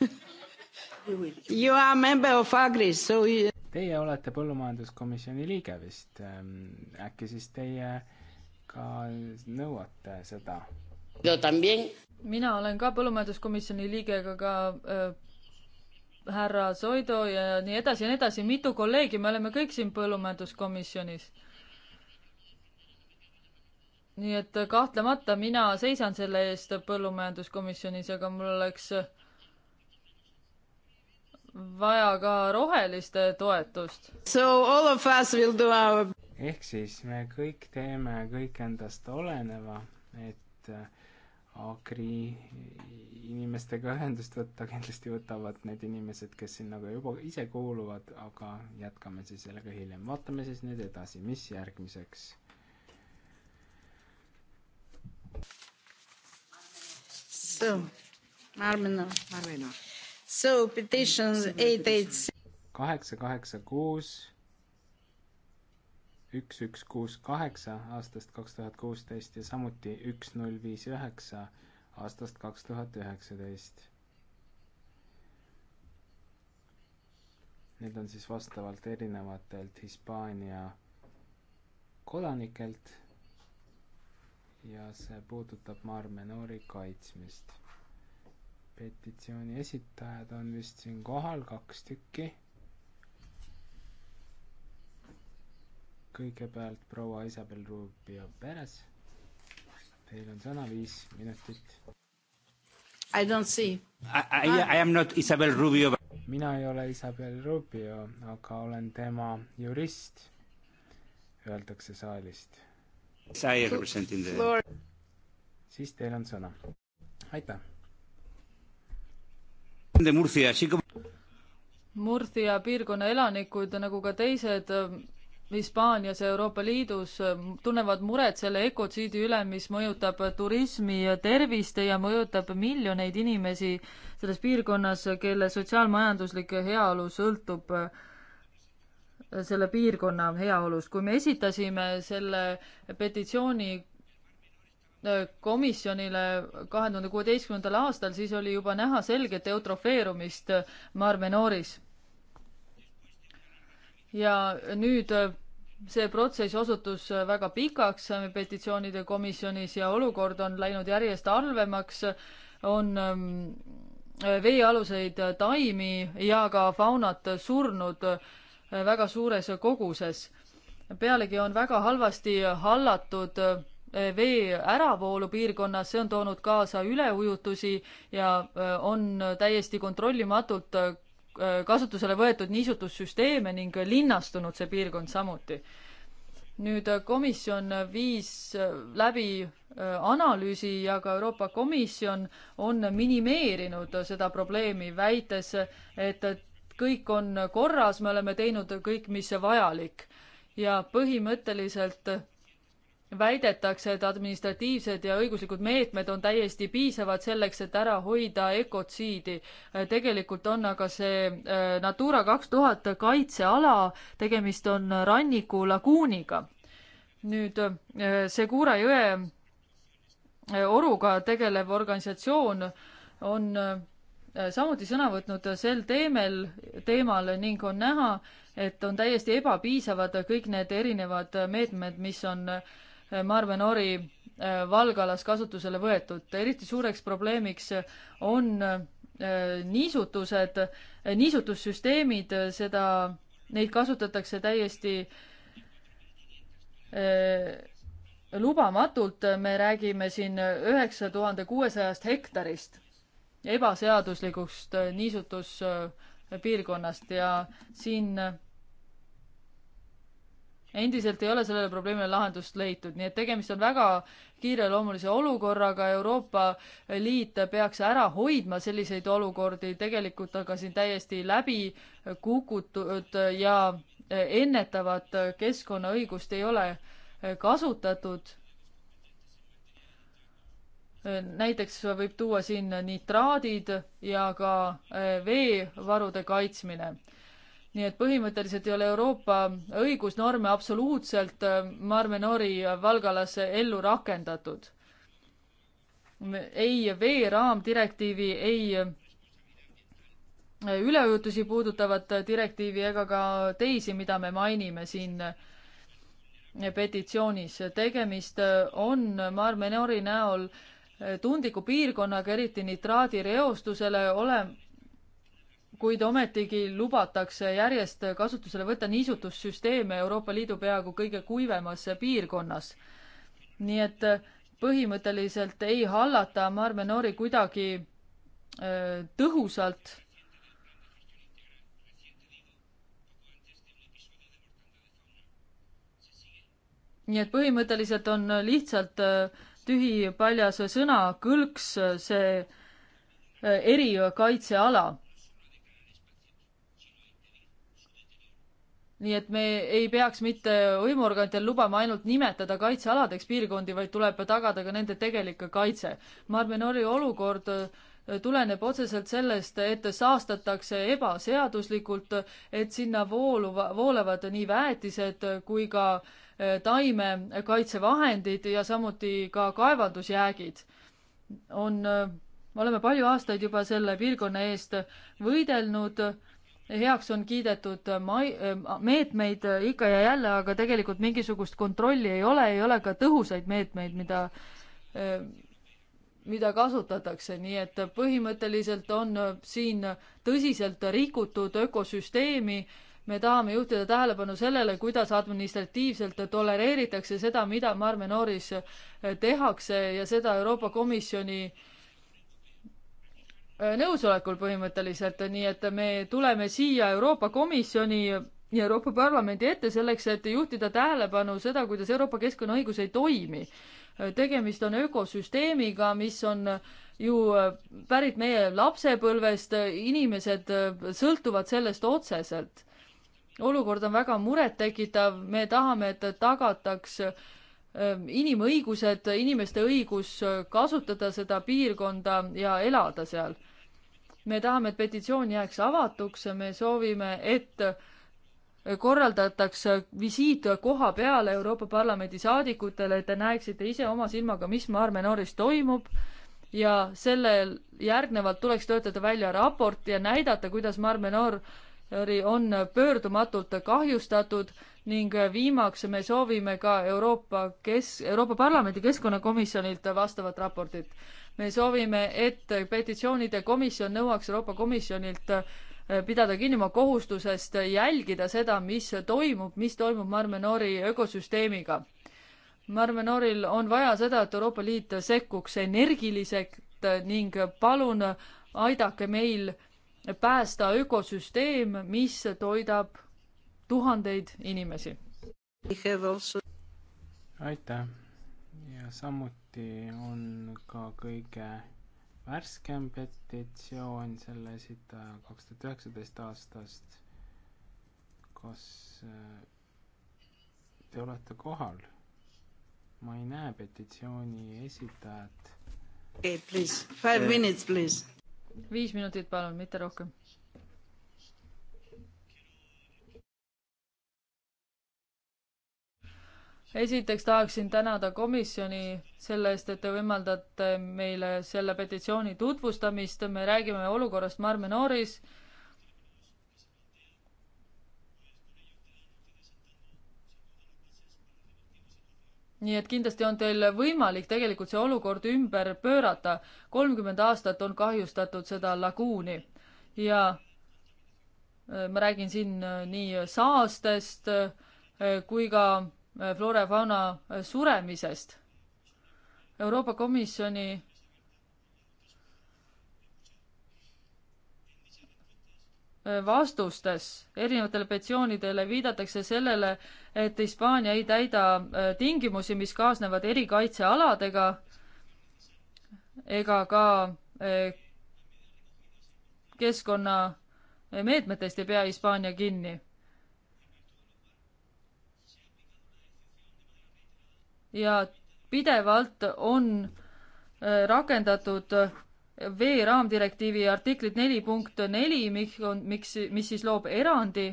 you are member of Agri, so you Teie olete põllumajanduskomisjoni liige vist, ähm, äkki siis teie ka nõuate seda? mina olen ka põllumajanduskomisjoni liige, aga ka äh, härra Soido ja nii edasi ja nii edasi, mitu kolleegi, me oleme kõik siin põllumajanduskomisjonis. nii et kahtlemata mina seisan selle eest põllumajanduskomisjonis, aga mul oleks äh, vaja ka roheliste toetust. Our... ehk siis me kõik teeme kõik endast oleneva, et äh, Agri inimestega ühendust võtta, kindlasti võtavad need inimesed, kes sinna ka juba ise kuuluvad, aga jätkame siis sellega hiljem. vaatame siis nüüd edasi, mis järgmiseks. Armenov. Armenov. So petitions eight, eight. kaheksa, kaheksa, kuus, üks, üks, kuus, kaheksa aastast kaks tuhat kuusteist ja samuti üks, null, viis, üheksa aastast kaks tuhat üheksateist. Need on siis vastavalt erinevatelt Hispaania kodanikelt ja see puudutab Mar Menori kaitsmist petitsiooni esitajad on vist siin kohal, kaks tükki. kõigepealt proua Isabel Rubio Perez. Teil on sõna viis minutit. I don't see. I, I, I am not Isabel Rubio. mina ei ole Isabel Rubio, aga olen tema jurist, öeldakse saalist. siis teil on sõna. aitäh Murcia piirkonna elanikud, nagu ka teised ähm, Hispaanias ja Euroopa Liidus, ähm, tunnevad muret selle ökotsiidi üle, mis mõjutab turismi ja tervist ja mõjutab miljoneid inimesi selles piirkonnas, kelle sotsiaalmajanduslik heaolu sõltub äh, selle piirkonna heaolust. kui me esitasime selle petitsiooni komisjonile kahe tuhande kuueteistkümnendal aastal, siis oli juba näha selget eutrofeerumist Mar Menoris. ja nüüd see protsess osutus väga pikaks petitsioonide komisjonis ja olukord on läinud järjest halvemaks, on ähm, veealuseid taimi ja ka faunat surnud äh, väga suures koguses. pealegi on väga halvasti hallatud äh, Äh, vee äravoolu piirkonnas, see on toonud kaasa üleujutusi ja äh, on täiesti kontrollimatult äh, kasutusele võetud niisutussüsteeme ning linnastunud see piirkond samuti. nüüd komisjon viis läbi analüüsi ja ka Euroopa Komisjon on minimeerinud seda probleemi, väites, et kõik on korras, me oleme teinud kõik, mis vajalik. ja põhimõtteliselt väidetakse, et administratiivsed ja õiguslikud meetmed on täiesti piisavad selleks, et ära hoida ökotsiidi. tegelikult on aga see äh, Natura kaks tuhat kaitseala, tegemist on rannikulaguuniga. nüüd äh, Segura jõe äh, oruga tegelev organisatsioon on samuti sõna võtnud sel teemel, teemal ning on näha, et on täiesti ebapiisavad kõik need erinevad meetmed, mis on äh, Marve Nori äh, valgalas kasutusele võetud. eriti suureks probleemiks on äh, niisutused, äh, niisutussüsteemid, seda, neid kasutatakse täiesti lubamatult, me räägime siin üheksa tuhande kuuesajast hektarist ebaseaduslikust niisutuspiirkonnast ja siin endiselt ei ole sellele probleemile lahendust leitud, nii et tegemist on väga kiireloomulise olukorraga, Euroopa Liit peaks ära hoidma selliseid olukordi, tegelikult aga siin täiesti läbi kukutud ja ennetavat keskkonnaõigust ei ole kasutatud. näiteks võib tuua siin nitraadid ja ka veevarude kaitsmine nii et põhimõtteliselt ei ole Euroopa õigusnorme absoluutselt äh, Marme Nori valgalas ellu rakendatud. ei veeraamdirektiivi, ei äh, üleujutusi puudutavat direktiivi ega ka teisi, mida me mainime siin äh, petitsioonis. tegemist on Marme Nori näol tundliku piirkonnaga, eriti nitraadireostusele ole-, kuid ometigi lubatakse järjest kasutusele võtta niisutussüsteeme Euroopa Liidu peaaegu kõige kuivemas piirkonnas. nii et äh, põhimõtteliselt ei hallata Marme Noori kuidagi äh, tõhusalt. nii et põhimõtteliselt on lihtsalt äh, tühi paljas sõna kõlks see erikaitseala nii et me ei peaks mitte võimuorganitel lubama ainult nimetada kaitsealadeks piirkondi, vaid tuleb tagada ka nende tegelik kaitse. Marmenori olukord äh, tuleneb otseselt sellest, et saastatakse ebaseaduslikult, et sinna vooluva, voolavad nii väetised kui ka äh, taimekaitsevahendid ja samuti ka kaevandusjäägid. on, äh, oleme palju aastaid juba selle piirkonna eest võidelnud heaks on kiidetud mai-, meetmeid ikka ja jälle, aga tegelikult mingisugust kontrolli ei ole, ei ole ka tõhusaid meetmeid, mida, mida kasutatakse, nii et põhimõtteliselt on siin tõsiselt rikutud ökosüsteemi, me tahame juhtida tähelepanu sellele, kuidas administratiivselt tolereeritakse seda, mida Marmenoris tehakse ja seda Euroopa Komisjoni äh, Äh, nõusolekul põhimõtteliselt, nii et me tuleme siia Euroopa Komisjoni ja Euroopa Parlamendi ette selleks, et juhtida tähelepanu seda, kuidas Euroopa keskkonnaõigus ei toimi. Äh, tegemist on ökosüsteemiga, mis on ju äh, pärit meie lapsepõlvest, inimesed sõltuvad sellest otseselt. olukord on väga murettekitav, me tahame, et tagataks inimõigused, inimeste õigus kasutada seda piirkonda ja elada seal me tahame, et petitsioon jääks avatuks, me soovime, et korraldataks visiit koha peale Euroopa Parlamendi saadikutele, et te näeksite ise oma silmaga, mis Mar Menoris toimub ja sellel järgnevalt tuleks töötada välja raport ja näidata, kuidas Mar Menor on pöördumatult kahjustatud ning viimaks me soovime ka Euroopa kes-, Euroopa Parlamendi keskkonnakomisjonilt vastavat raportit. me soovime, et petitsioonide komisjon nõuaks Euroopa Komisjonilt eh, pidada kinni oma kohustusest jälgida seda, mis toimub, mis toimub Marmenori ökosüsteemiga. Marmenoril on vaja seda, et Euroopa Liit sekkuks energiliselt ning palun aidake meil päästa ökosüsteem, mis toidab tuhandeid inimesi. aitäh ja samuti on ka kõige värskem petitsioon selle esitaja kaks tuhat üheksateist aastast. kas äh, te olete kohal? ma ei näe petitsiooni esitajat. okei okay,, please, five minutes, please viis minutit, palun, mitte rohkem. esiteks tahaksin tänada komisjoni selle eest, et te võimaldate meile selle petitsiooni tutvustamist, me räägime olukorrast Marmenoris nii et kindlasti on teil võimalik tegelikult see olukord ümber pöörata. kolmkümmend aastat on kahjustatud seda laguuni ja äh, ma räägin siin äh, nii saastest äh, kui ka flora ja fauna suremisest. Euroopa Komisjoni Äh, vastustes erinevatele petsioonidele viidatakse sellele, et Hispaania ei täida äh, tingimusi, mis kaasnevad erikaitsealadega ega ka äh, keskkonnameetmetest ei pea Hispaania kinni. ja pidevalt on rakendatud vee raamdirektiivi artiklit neli punkt neli, mis on, miks, mis siis loob erandi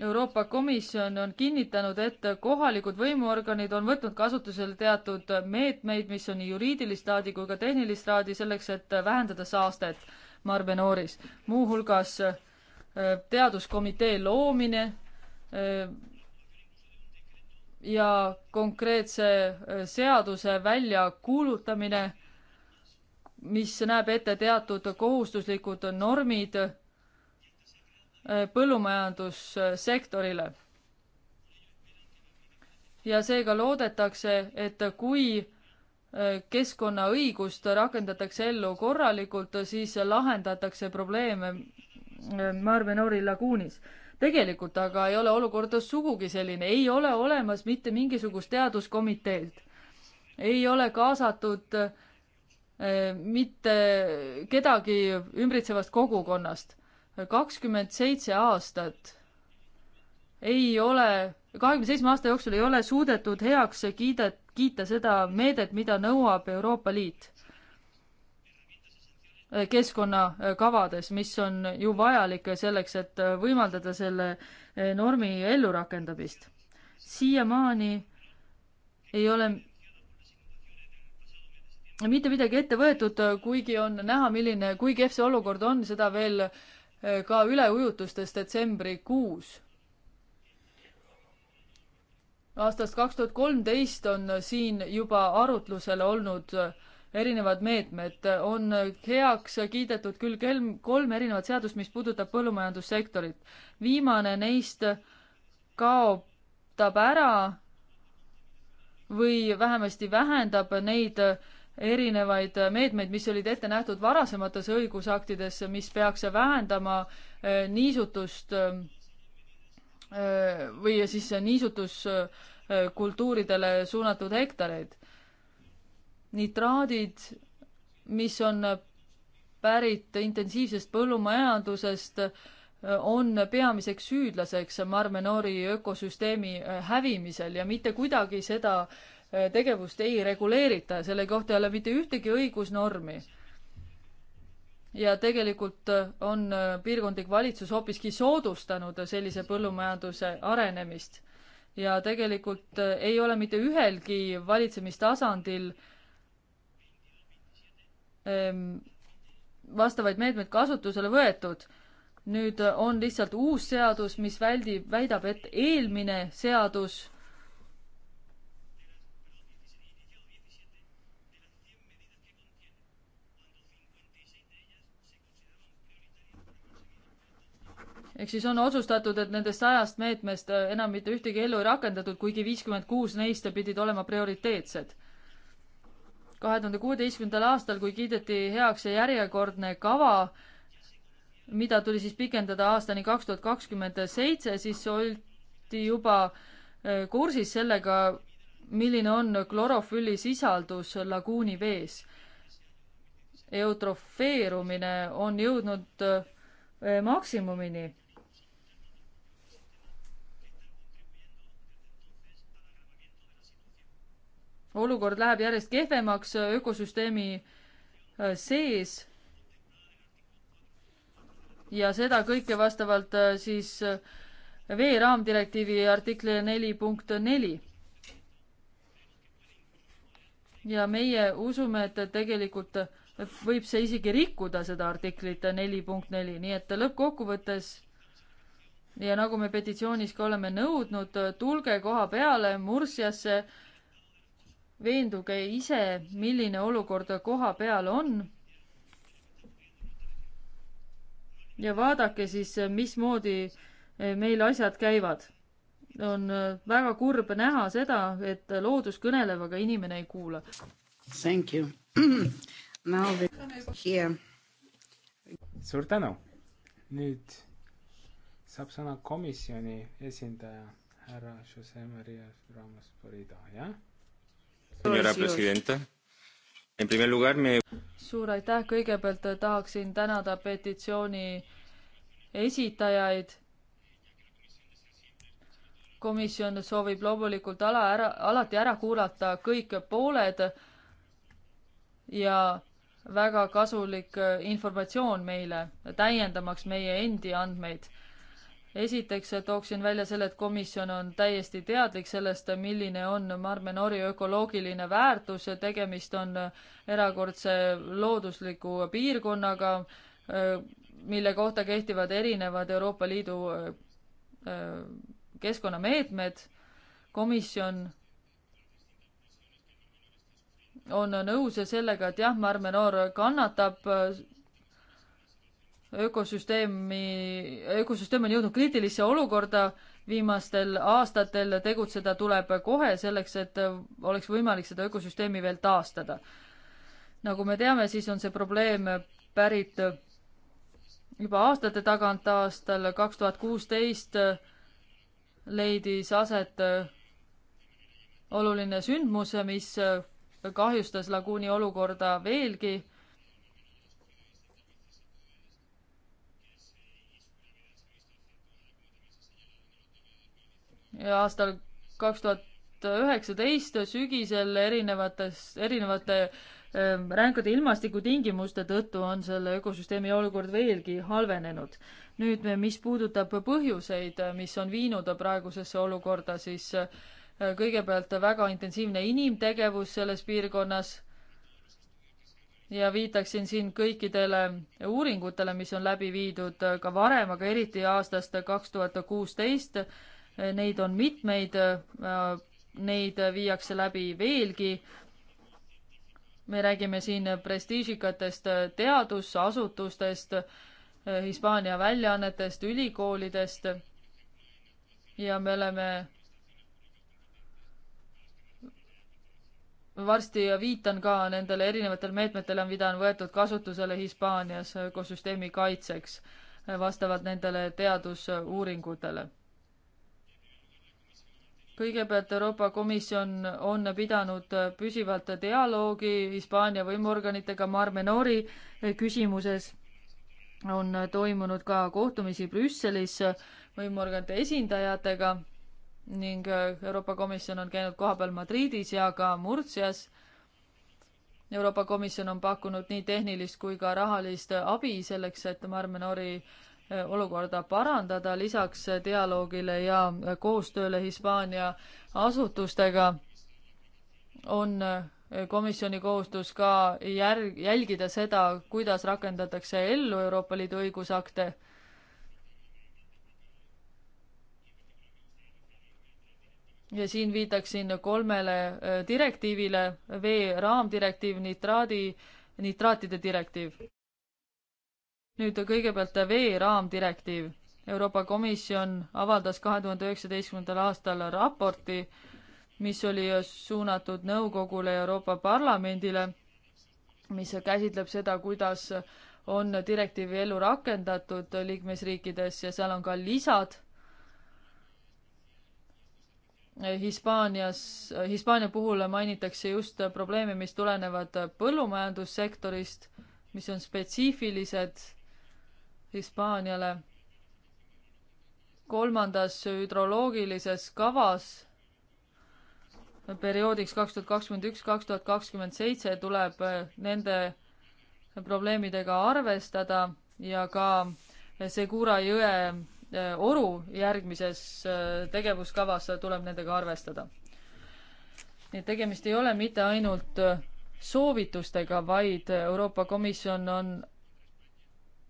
Euroopa Komisjon on kinnitanud, et kohalikud võimuorganid on võtnud kasutusele teatud meetmeid, mis on nii juriidilist laadi kui ka tehnilist laadi, selleks et vähendada saastet Marve Nooris. muuhulgas äh, teaduskomitee loomine, äh, ja konkreetse äh, seaduse väljakuulutamine, mis näeb ette teatud kohustuslikud normid äh, põllumajandussektorile. ja seega loodetakse, et kui äh, keskkonnaõigust rakendatakse ellu korralikult, siis lahendatakse probleeme Marve Noori laguunis tegelikult aga ei ole olukord sugugi selline, ei ole olemas mitte mingisugust teaduskomiteed. ei ole kaasatud eh, mitte kedagi ümbritsevast kogukonnast. kakskümmend seitse aastat ei ole, kahekümne seitsme aasta jooksul ei ole suudetud heaks kiida, kiita seda meedet, mida nõuab Euroopa Liit keskkonnakavades, mis on ju vajalik selleks, et võimaldada selle normi ellurakendamist. siiamaani ei ole mitte midagi ette võetud, kuigi on näha, milline, kui kehv see olukord on, seda veel eh, ka üleujutustes detsembrikuus aastast kaks tuhat kolmteist on siin juba arutlusel olnud erinevad meetmed. on heaks kiidetud küll kelm, kolm erinevat seadust, mis puudutab põllumajandussektorit. viimane neist kaotab ära või vähemasti vähendab neid erinevaid meetmeid, mis olid ette nähtud varasemates õigusaktides, mis peaks vähendama eh, niisutust eh, või siis niisutuskultuuridele eh, suunatud hektareid nitraadid, mis on pärit intensiivsest põllumajandusest, on peamiseks süüdlaseks Marmenori ökosüsteemi äh, hävimisel ja mitte kuidagi seda äh, tegevust ei reguleerita ja selle kohta ei ole mitte ühtegi õigusnormi ja tegelikult äh, on piirkondlik valitsus hoopiski soodustanud sellise põllumajanduse arenemist. ja tegelikult ei ole mitte ühelgi valitsemistasandil Ehm, vastavaid meetmeid kasutusele võetud. nüüd on lihtsalt uus seadus, mis väldib, väidab, et eelmine seadus ehk siis on otsustatud, et nendest sajast meetmest enam mitte ühtegi ellu ei rakendatud, kuigi viiskümmend kuus neist pidid olema prioriteetsed kahe tuhande kuueteistkümnendal aastal, kui kiideti heaks see järjekordne kava, mida tuli siis pikendada aastani kaks tuhat kakskümmend seitse, siis oldi juba eh, kursis sellega, milline on klorofülli sisaldus laguuni vees. eutrofeerumine on jõudnud eh, maksimumini olukord läheb järjest kehvemaks äh, ökosüsteemi äh, sees. ja seda kõike vastavalt äh, siis veeraamdirektiivi artikli neli punkt neli. ja meie usume, et tegelikult võib see isegi rikkuda seda artiklit neli punkt neli, nii et lõppkokkuvõttes ja nagu me petitsioonis ka oleme nõudnud, tulge koha peale Mursiasse veenduge ise, milline olukord koha peal on. ja vaadake siis, mismoodi eh, meil asjad käivad. on eh, väga kurb näha seda, et loodus kõneleb, aga inimene ei kuula. Thank you. Now we are here. suur tänu. nüüd saab sõna komisjoni esindaja härra Jose Maria Ramos Borida, jah? suur aitäh, kõigepealt eh, tahaksin tänada petitsiooni esitajaid. komisjon soovib loomulikult ala ära, alati ära kuulata kõik pooled ja väga kasulik eh, informatsioon meile, täiendamaks meie endi andmeid esiteks tooksin välja selle, et komisjon on täiesti teadlik sellest, milline on Marme Nori ökoloogiline väärtus, tegemist on erakordse loodusliku piirkonnaga, mille kohta kehtivad erinevad Euroopa Liidu keskkonnameetmed. komisjon on nõus sellega, et jah, Marme Noor kannatab ökosüsteemi, ökosüsteem on jõudnud kriitilisse olukorda viimastel aastatel, tegutseda tuleb kohe selleks, et oleks võimalik seda ökosüsteemi veel taastada. nagu me teame, siis on see probleem pärit juba aastate tagant, aastal kaks tuhat kuusteist leidis aset oluline sündmus, mis kahjustas laguuni olukorda veelgi aastal kaks tuhat üheksateist sügisel erinevates, erinevate ähm, ränkade ilmastikutingimuste tõttu on selle ökosüsteemi olukord veelgi halvenenud. nüüd, mis puudutab põhjuseid, mis on viinud praegusesse olukorda, siis äh, kõigepealt väga intensiivne inimtegevus selles piirkonnas ja viitaksin siin kõikidele uuringutele, mis on läbi viidud äh, ka varem, aga eriti aastast kaks tuhat kuusteist, neid on mitmeid, äh, neid viiakse läbi veelgi. me räägime siin prestiižikatest teadusasutustest, äh, Hispaania väljaannetest, ülikoolidest ja me oleme varsti viitan ka nendele erinevatele meetmetele, mida on võetud kasutusele Hispaanias ökosüsteemi äh, kaitseks vastavalt nendele teadusuuringutele kõigepealt Euroopa Komisjon on pidanud püsivalt dialoogi Hispaania võimuorganitega Mar Menori küsimuses. on toimunud ka kohtumisi Brüsselis võimuorganite esindajatega ning Euroopa Komisjon on käinud kohapeal Madridis ja ka Murcias. Euroopa Komisjon on pakkunud nii tehnilist kui ka rahalist abi selleks, et Mar Menori äh, Äh, olukorda parandada, lisaks äh, dialoogile ja äh, koostööle Hispaania asutustega on komisjoni kohustus ka järg, jälgida seda, kuidas rakendatakse ellu Euroopa Liidu õigusakte. ja siin viitaksin kolmele direktiivile, vee raamdirektiiv, nitraadi, nitraatide direktiiv nüüd kõigepealt vee raamdirektiiv. Euroopa Komisjon avaldas kahe tuhande üheksateistkümnendal aastal raporti, mis oli suunatud nõukogule ja Euroopa Parlamendile, mis käsitleb seda, kuidas on direktiivi ellu rakendatud liikmesriikides ja seal on ka lisad. Hispaanias, Hispaania puhul mainitakse just probleeme, mis tulenevad põllumajandussektorist, mis on spetsiifilised Hispaaniale. kolmandas hüdroloogilises kavas perioodiks kaks tuhat kakskümmend üks, kaks tuhat kakskümmend seitse tuleb eh, nende probleemidega arvestada ja ka Segura jõe eh, oru järgmises eh, tegevuskavas tuleb nendega arvestada. nii et tegemist ei ole mitte ainult soovitustega, vaid Euroopa Komisjon on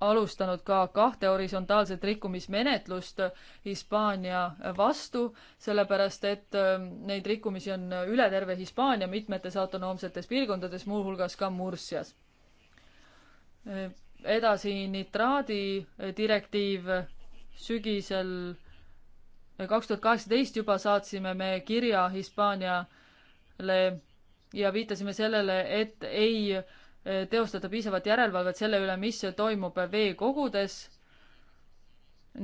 alustanud ka kahte horisontaalset rikkumismenetlust Hispaania vastu, sellepärast et ähm, neid rikkumisi on üle terve Hispaania mitmetes autonoomsetes piirkondades, muuhulgas ka Murcias. edasi nitraadi direktiiv sügisel äh, kaks tuhat kaheksateist juba saatsime me kirja Hispaaniale ja viitasime sellele, et ei äh, teostada piisavat järelevalvet selle üle, mis toimub veekogudes.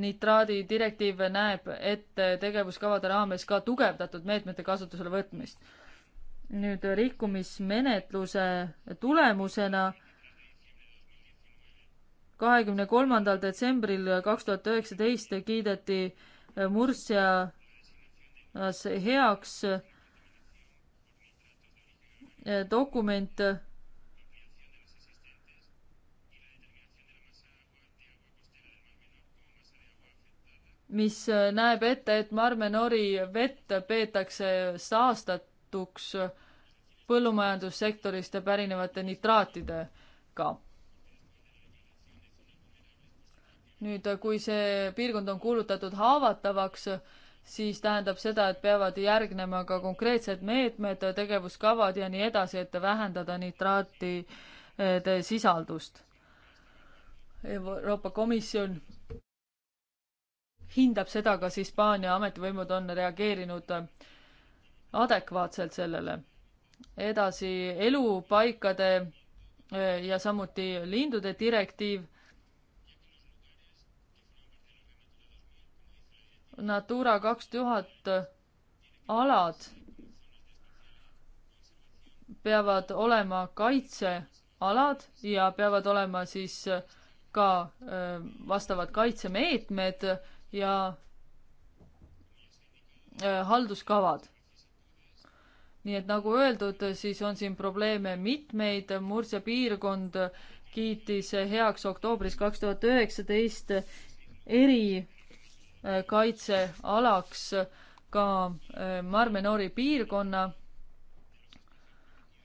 nitraadi direktiiv näeb ette tegevuskavade raames ka tugevdatud meetmete kasutusele võtmist. nüüd rikkumismenetluse tulemusena kahekümne kolmandal detsembril kaks tuhat üheksateist kiideti Murssias heaks dokument mis äh, näeb ette, et Marme Nori vett peetakse saastatuks põllumajandussektorist pärinevate nitraatidega. nüüd, äh, kui see piirkond on kuulutatud haavatavaks, siis tähendab seda, et peavad järgnema ka konkreetsed meetmed, tegevuskavad ja nii edasi, et vähendada nitraatide sisaldust. Euroopa Komisjon hindab seda, kas Hispaania ametivõimud on reageerinud adekvaatselt sellele. edasi elupaikade e, ja samuti lindude direktiiv. Natura kaks tuhat alad peavad olema kaitsealad ja peavad olema siis ka e, vastavad kaitsemeetmed ja äh, halduskavad. nii et nagu öeldud, siis on siin probleeme mitmeid, Mursia piirkond kiitis heaks oktoobris kaks tuhat üheksateist erikaitsealaks äh, ka äh, Marmenori piirkonna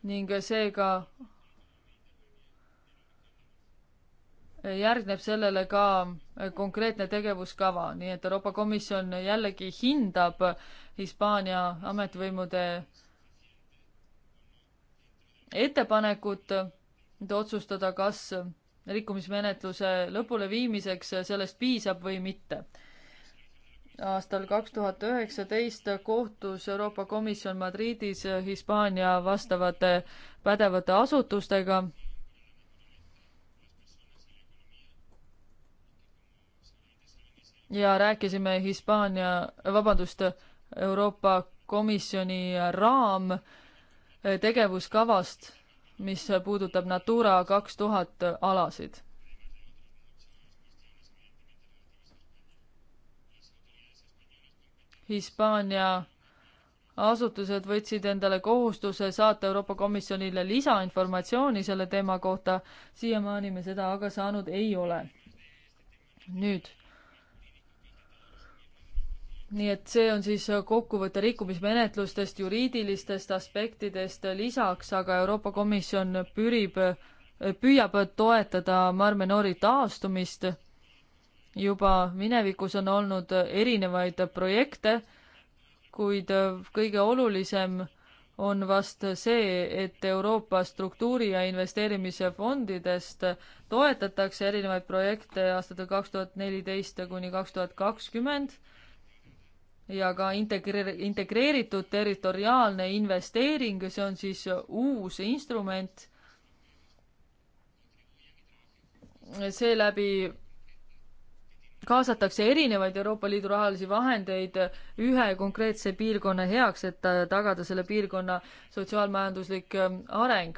ning seega järgneb sellele ka konkreetne tegevuskava, nii et Euroopa Komisjon jällegi hindab Hispaania ametivõimude ettepanekut, et otsustada, kas rikkumismenetluse lõpuleviimiseks sellest piisab või mitte aastal kaks tuhat üheksateist kohtus Euroopa Komisjon Madridis Hispaania vastavate pädevate asutustega ja rääkisime Hispaania, vabandust, Euroopa Komisjoni raamtegevuskavast, eh, mis puudutab Natura kaks tuhat alasid Hispaania asutused võtsid endale kohustuse saata Euroopa Komisjonile lisainformatsiooni selle teema kohta, siiamaani me seda aga saanud ei ole. nüüd nii et see on siis äh, kokkuvõte rikkumismenetlustest, juriidilistest aspektidest lisaks, aga Euroopa Komisjon pürib, äh, püüab toetada Marmenori taastumist. juba minevikus on olnud erinevaid projekte, kuid äh, kõige olulisem on vast see, et Euroopa struktuuri- ja investeerimisfondidest toetatakse erinevaid projekte aastatel kaks tuhat neliteist kuni kaks tuhat kakskümmend ja ka integreer-, integreeritud territoriaalne investeering, see on siis uus instrument. seeläbi kaasatakse erinevaid Euroopa Liidu rahalisi vahendeid ühe konkreetse piirkonna heaks, et tagada selle piirkonna sotsiaalmajanduslik ähm, areng.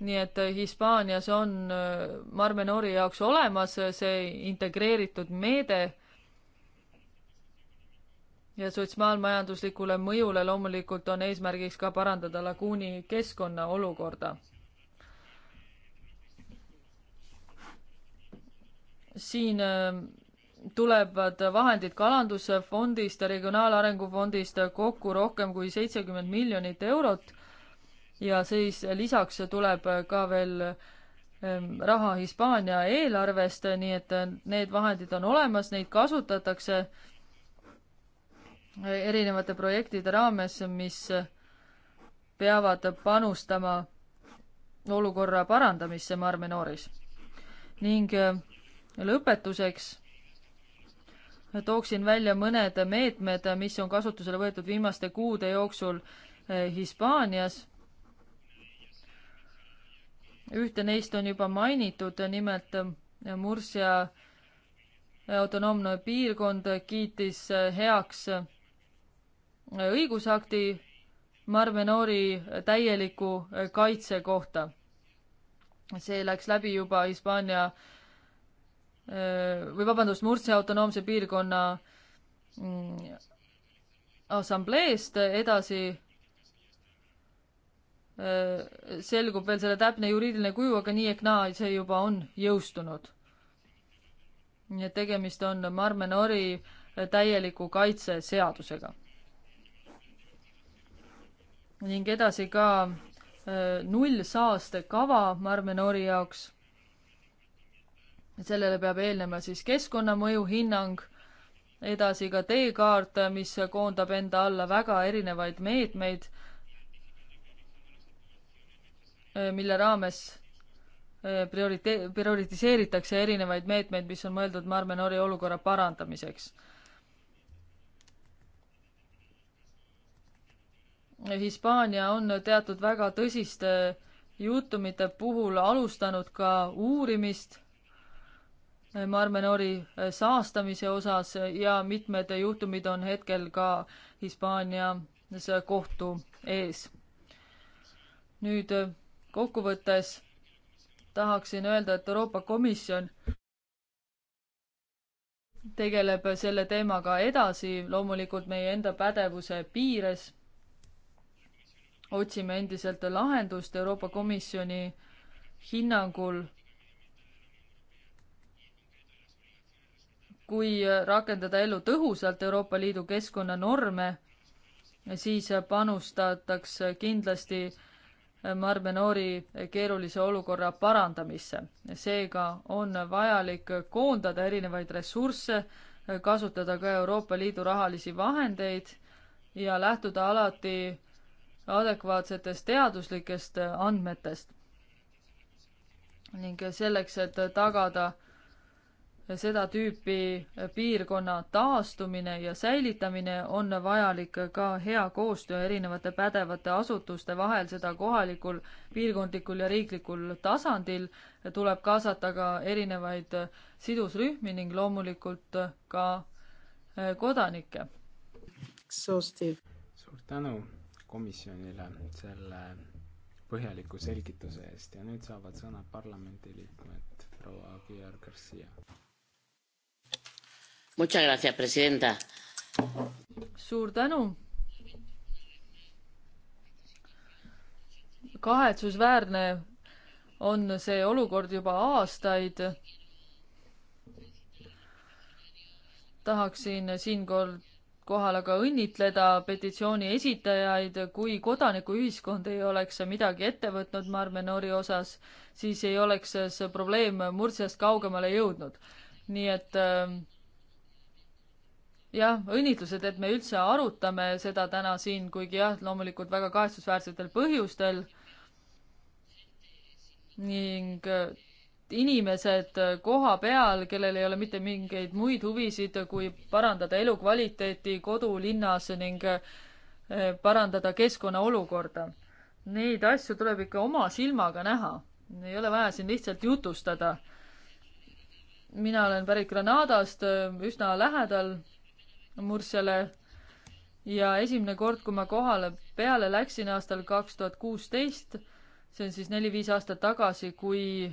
nii et Hispaanias on äh, Marmenori jaoks olemas see integreeritud meede ja sotsiaalmajanduslikule mõjule loomulikult on eesmärgiks ka parandada laguuni keskkonna olukorda. siin äh, tulevad vahendid kalandusfondist ja regionaalarengu fondist kokku rohkem kui seitsekümmend miljonit eurot ja siis lisaks tuleb ka veel ähm, raha Hispaania eelarvest, nii et äh, need vahendid on olemas, neid kasutatakse erinevate projektide raames, mis peavad panustama olukorra parandamisse Marmenooris. ning äh, lõpetuseks tooksin välja mõned meetmed, mis on kasutusele võetud viimaste kuude jooksul äh, Hispaanias. ühte neist on juba mainitud, nimelt äh, Murcia autonoomne piirkond kiitis heaks õigusakti Marmenori täieliku kaitse kohta. see läks läbi juba Hispaania äh, või vabandust, Murtsia autonoomse piirkonna mm, assambleest edasi äh, selgub veel selle täpne juriidiline kuju, aga nii ehk naa, see juba on jõustunud. nii et tegemist on Marmenori täieliku kaitse seadusega ning edasi ka äh, nullsaastekava Marmenori jaoks. sellele peab eelnema siis keskkonnamõju hinnang, edasi ka teekaart, mis koondab enda alla väga erinevaid meetmeid, äh, mille raames äh, priorite-, prioritiseeritakse erinevaid meetmeid, mis on mõeldud Marmenori olukorra parandamiseks Hispaania on teatud väga tõsiste juhtumite puhul alustanud ka uurimist eh, marmenori eh, saastamise osas ja mitmed juhtumid on hetkel ka Hispaanias eh, kohtu ees. nüüd kokkuvõttes tahaksin öelda, et Euroopa Komisjon tegeleb selle teemaga edasi, loomulikult meie enda pädevuse piires otsime endiselt lahendust Euroopa Komisjoni hinnangul. kui rakendada ellu tõhusalt Euroopa Liidu keskkonnanorme, siis panustatakse kindlasti Marmenori keerulise olukorra parandamisse. seega on vajalik koondada erinevaid ressursse, kasutada ka Euroopa Liidu rahalisi vahendeid ja lähtuda alati adekvaatsetest teaduslikest andmetest. ning selleks, et tagada seda tüüpi piirkonna taastumine ja säilitamine on vajalik ka hea koostöö erinevate pädevate asutuste vahel, seda kohalikul, piirkondlikul ja riiklikul tasandil. tuleb kaasata ka erinevaid sidusrühmi ning loomulikult ka eh, kodanikke. suur tänu komisjonile selle põhjaliku selgituse eest ja nüüd saavad sõna parlamendiliikmed proua Aguiar Garcia. suur tänu. kahetsusväärne on see olukord juba aastaid. tahaksin siinkohal kohal aga õnnitleda petitsiooni esitajaid, kui kodanikuühiskond ei oleks midagi ette võtnud Marmenori osas, siis ei oleks see probleem Murtsiast kaugemale jõudnud. nii et äh, jah, õnnitlused, et me üldse arutame seda täna siin, kuigi jah, loomulikult väga kahetsusväärsetel põhjustel ning äh, inimesed koha peal, kellel ei ole mitte mingeid muid huvisid, kui parandada elukvaliteeti kodulinnas ning eh, parandada keskkonna olukorda. Neid asju tuleb ikka oma silmaga näha, ei ole vaja siin lihtsalt jutustada. mina olen pärit Granadast, eh, üsna lähedal Mursiale ja esimene kord, kui ma kohale peale läksin aastal kaks tuhat kuusteist, see on siis neli-viis aastat tagasi, kui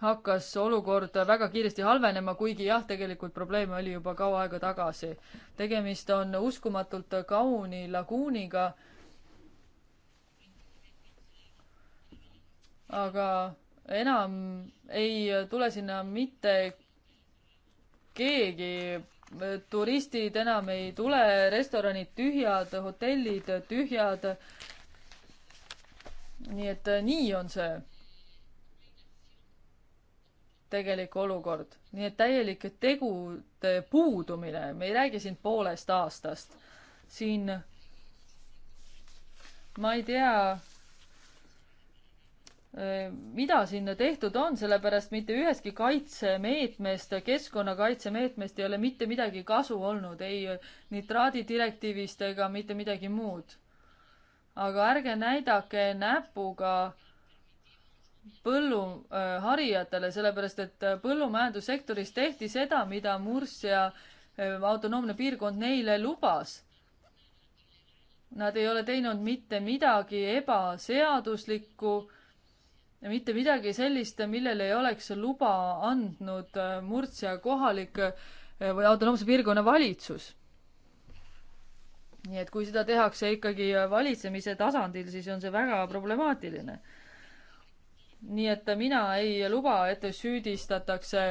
hakkas olukord väga kiiresti halvenema, kuigi jah, tegelikult probleeme oli juba kaua aega tagasi. tegemist on uskumatult kauni laguuniga. aga enam ei tule sinna mitte keegi. turistid enam ei tule, restoranid tühjad, hotellid tühjad. nii et nii on see tegelik olukord. nii et täielik tegude puudumine, me ei räägi siin poolest aastast. siin ma ei tea, eh, mida sinna tehtud on, sellepärast mitte ühestki kaitsemeetmest, keskkonnakaitsemeetmest ei ole mitte midagi kasu olnud, ei nitraadidirektiivist ega mitte midagi muud. aga ärge näidake näpuga äh, põlluharijatele, äh, sellepärast et äh, põllumajandussektoris tehti seda, mida Murcia äh, autonoomne piirkond neile lubas. Nad ei ole teinud mitte midagi ebaseaduslikku, mitte midagi sellist, millele ei oleks luba andnud Murcia kohalik või autonoomse piirkonna valitsus nii et kui seda tehakse ikkagi valitsemise tasandil, siis on see väga problemaatiline nii et mina ei luba, et süüdistatakse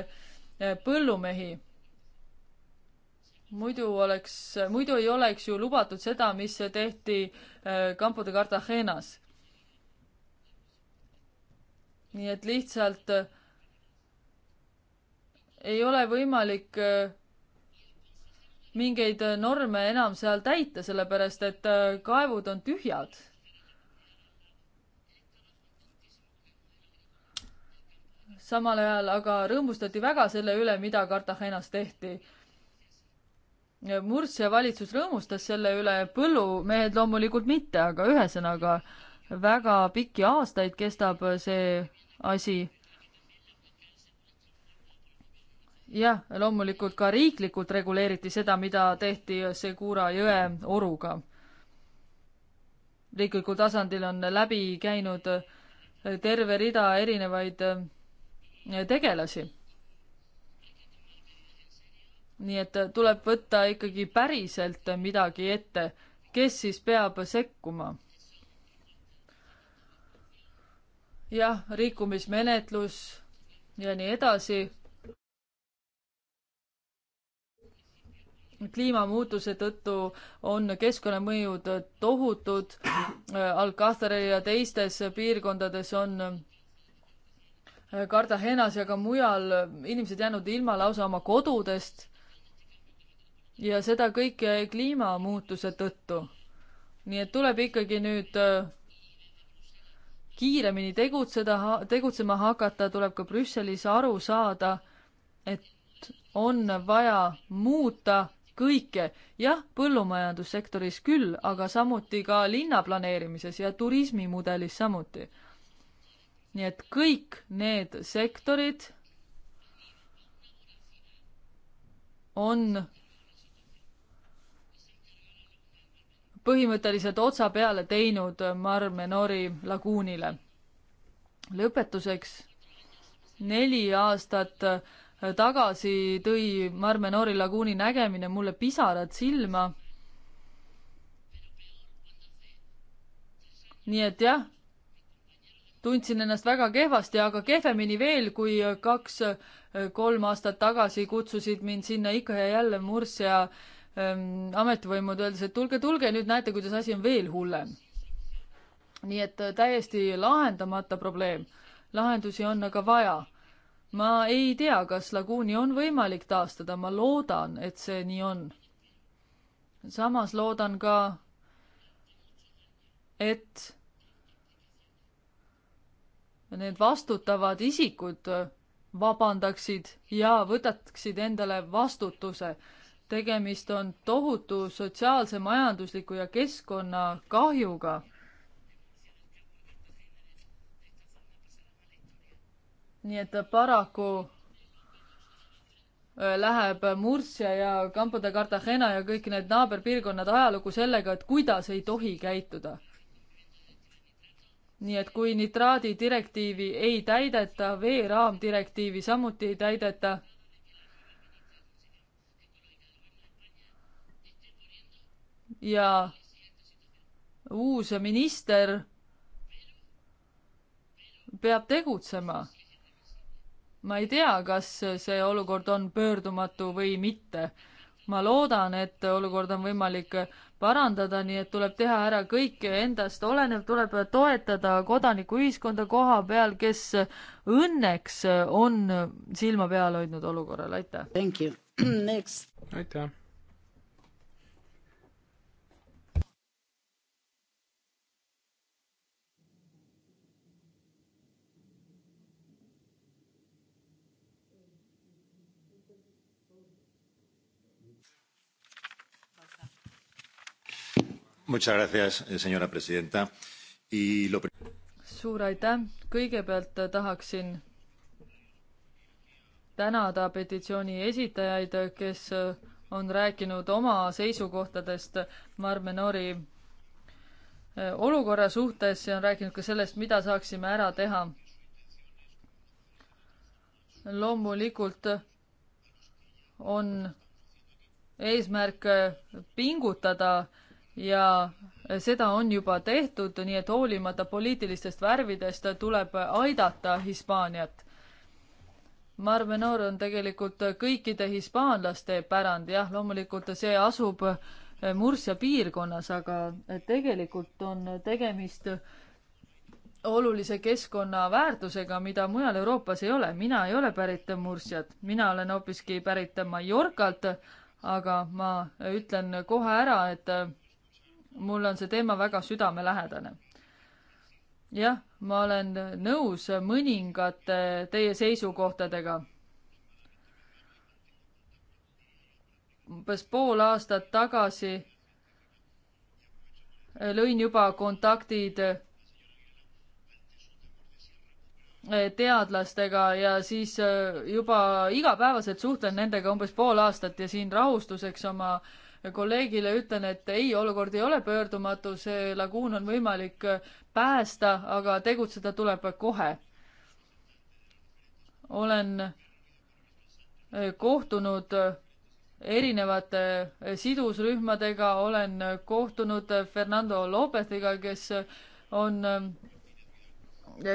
eh, põllumehi. muidu oleks, muidu ei oleks ju lubatud seda, mis tehti eh, Campo de Cartagenas. nii et lihtsalt eh, ei ole võimalik mingeid norme enam seal täita, sellepärast et kaevud on tühjad samal ajal aga rõõmustati väga selle üle, mida Cartagenas tehti. Murcia valitsus rõõmustas selle üle, põllumehed loomulikult mitte, aga ühesõnaga väga pikki aastaid kestab see asi jah, loomulikult ka riiklikult reguleeriti seda, mida tehti Segura jõe oruga. riiklikul tasandil on läbi käinud terve rida erinevaid tegelasi. nii et tuleb võtta ikkagi päriselt midagi ette, kes siis peab sekkuma. jah, rikkumismenetlus ja nii edasi. kliimamuutuse tõttu on keskkonnamõjud tohutud. Alcatarel ja teistes piirkondades on Cartagenas ja ka mujal inimesed jäänud ilma lausa oma kodudest ja seda kõike kliimamuutuse tõttu. nii et tuleb ikkagi nüüd äh, kiiremini tegutseda, tegutsema hakata, tuleb ka Brüsselis aru saada, et on vaja muuta kõike, jah, põllumajandussektoris küll, aga samuti ka linnaplaneerimises ja turismimudelis samuti nii et kõik need sektorid on põhimõtteliselt otsa peale teinud Mar Menori laguunile. lõpetuseks, neli aastat tagasi tõi Mar Menori laguuni nägemine mulle pisarad silma. nii et jah tundsin ennast väga kehvasti, aga kehvemini veel, kui kaks-kolm aastat tagasi kutsusid mind sinna ikka ja jälle Murcia ähm, ametivõimud, öeldes, et tulge, tulge, nüüd näete, kuidas asi on veel hullem. nii et äh, täiesti lahendamata probleem. lahendusi on aga vaja. ma ei tea, kas laguuni on võimalik taastada, ma loodan, et see nii on. samas loodan ka, et need vastutavad isikud vabandaksid ja võtaksid endale vastutuse. tegemist on tohutu sotsiaalse, majandusliku ja keskkonnakahjuga. nii et paraku äh, läheb Murcia ja Campo de Cartagena ja kõik need naaberpiirkonnad ajalukku sellega, et kuidas ei tohi käituda nii et kui nitraadi direktiivi ei täideta, veeraamdirektiivi samuti ei täideta, ja uus minister peab tegutsema. ma ei tea, kas see olukord on pöördumatu või mitte. ma loodan, et olukord on võimalik parandada, nii et tuleb teha ära kõik endast olenev, tuleb toetada kodanikuühiskonda koha peal, kes õnneks on silma peal hoidnud olukorral, aitäh! aitäh! Gracias, eh, y... suur aitäh, kõigepealt eh, tahaksin tänada petitsiooni esitajaid, eh, kes on rääkinud oma seisukohtadest Marmenori olukorra suhtes ja on rääkinud ka sellest, mida saaksime ära teha. loomulikult on eesmärk pingutada ja seda on juba tehtud, nii et hoolimata poliitilistest värvidest tuleb aidata Hispaaniat. Mar Menor on tegelikult kõikide hispaanlaste pärand, jah, loomulikult see asub Murcia piirkonnas, aga tegelikult on tegemist olulise keskkonnaväärtusega, mida mujal Euroopas ei ole. mina ei ole pärit Murciat, mina olen hoopiski pärit Mallorcalt, aga ma ütlen kohe ära, et mulle on see teema väga südamelähedane. jah, ma olen nõus mõningate teie seisukohtadega. umbes pool aastat tagasi lõin juba kontaktid eh, teadlastega ja siis eh, juba igapäevaselt suhtlen nendega umbes pool aastat ja siin rahustuseks oma äh, kolleegile ütlen, et ei, olukord ei ole pöördumatu, see laguun on võimalik päästa, aga tegutseda tuleb kohe. olen kohtunud erinevate sidusrühmadega, olen kohtunud Fernando Lopetiga, kes on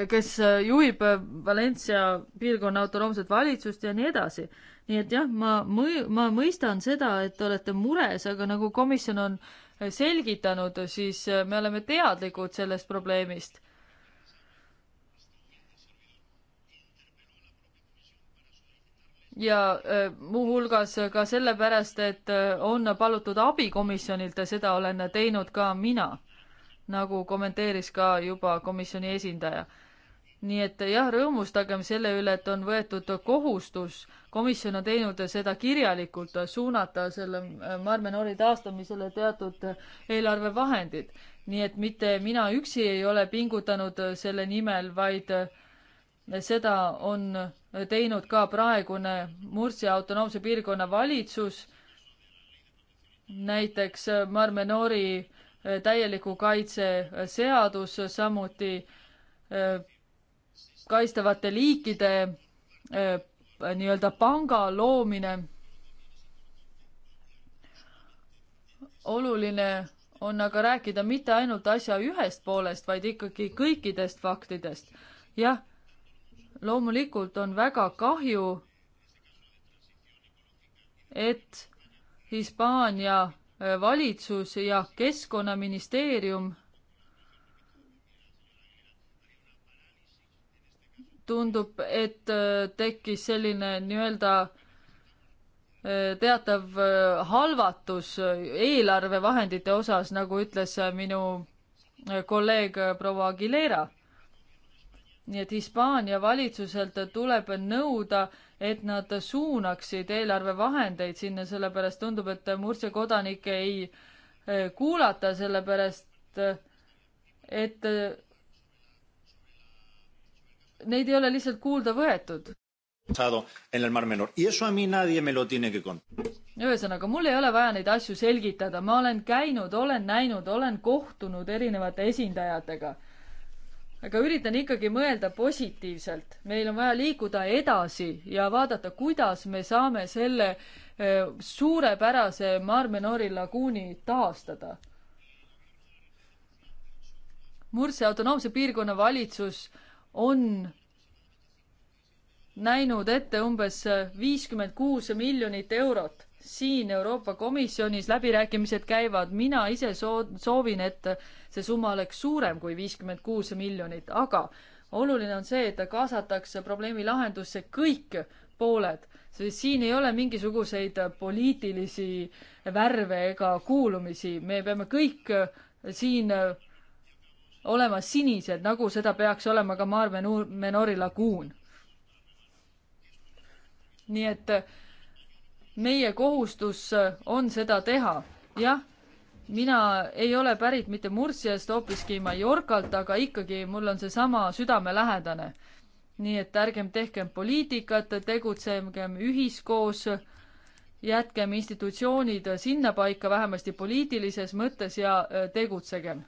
kes juhib Valencia piirkonna autonoomset valitsust ja nii edasi nii et jah, ma mõju, ma mõistan seda, et te olete mures, aga nagu komisjon on selgitanud, siis me oleme teadlikud sellest probleemist. ja äh, muuhulgas ka sellepärast, et äh, on palutud abi komisjonilt ja seda olen teinud ka mina, nagu kommenteeris ka juba komisjoni esindaja nii et jah, rõõmustagem selle üle, et on võetud kohustus, komisjon on teinud seda kirjalikult, suunata selle äh, marmenori taastamisele teatud eelarvevahendid. nii et mitte mina üksi ei ole pingutanud selle nimel, vaid äh, seda on teinud ka praegune Murcia autonoomse piirkonna valitsus. näiteks marmenori äh, täieliku kaitse seadus, samuti kaistavate liikide eh, nii-öelda panga loomine. oluline on aga rääkida mitte ainult asja ühest poolest, vaid ikkagi kõikidest faktidest. jah, loomulikult on väga kahju, et Hispaania eh, valitsus ja keskkonnaministeerium tundub, et äh, tekkis selline nii-öelda äh, teatav äh, halvatus eelarvevahendite osas, nagu ütles minu kolleeg proua Aguilera. nii et Hispaania valitsuselt tuleb nõuda, et nad suunaksid eelarvevahendeid sinna, sellepärast tundub, et Murcia kodanikke ei kuulata, sellepärast et neid ei ole lihtsalt kuulda võetud. ühesõnaga, mul ei ole vaja neid asju selgitada, ma olen käinud, olen näinud, olen kohtunud erinevate esindajatega. aga üritan ikkagi mõelda positiivselt. meil on vaja liikuda edasi ja vaadata, kuidas me saame selle eh, suurepärase Marmenori laguuni taastada Mursi autonoomse piirkonna valitsus on näinud ette umbes viiskümmend kuus miljonit eurot. siin Euroopa Komisjonis läbirääkimised käivad, mina ise soo-, soovin, et see summa oleks suurem kui viiskümmend kuus miljonit, aga oluline on see, et kaasatakse probleemi lahendusse kõik pooled, sest siin ei ole mingisuguseid poliitilisi värve ega kuulumisi, me peame kõik siin olema sinised, nagu seda peaks olema ka Mar Menori laguun. nii et meie kohustus on seda teha, jah, mina ei ole pärit mitte Mursiast, hoopiski Mallorcalt, aga ikkagi mul on seesama südamelähedane. nii et ärgem tehkem poliitikat, tegutsegem ühiskoos, jätkem institutsioonid sinnapaika vähemasti poliitilises mõttes ja äh, tegutsegem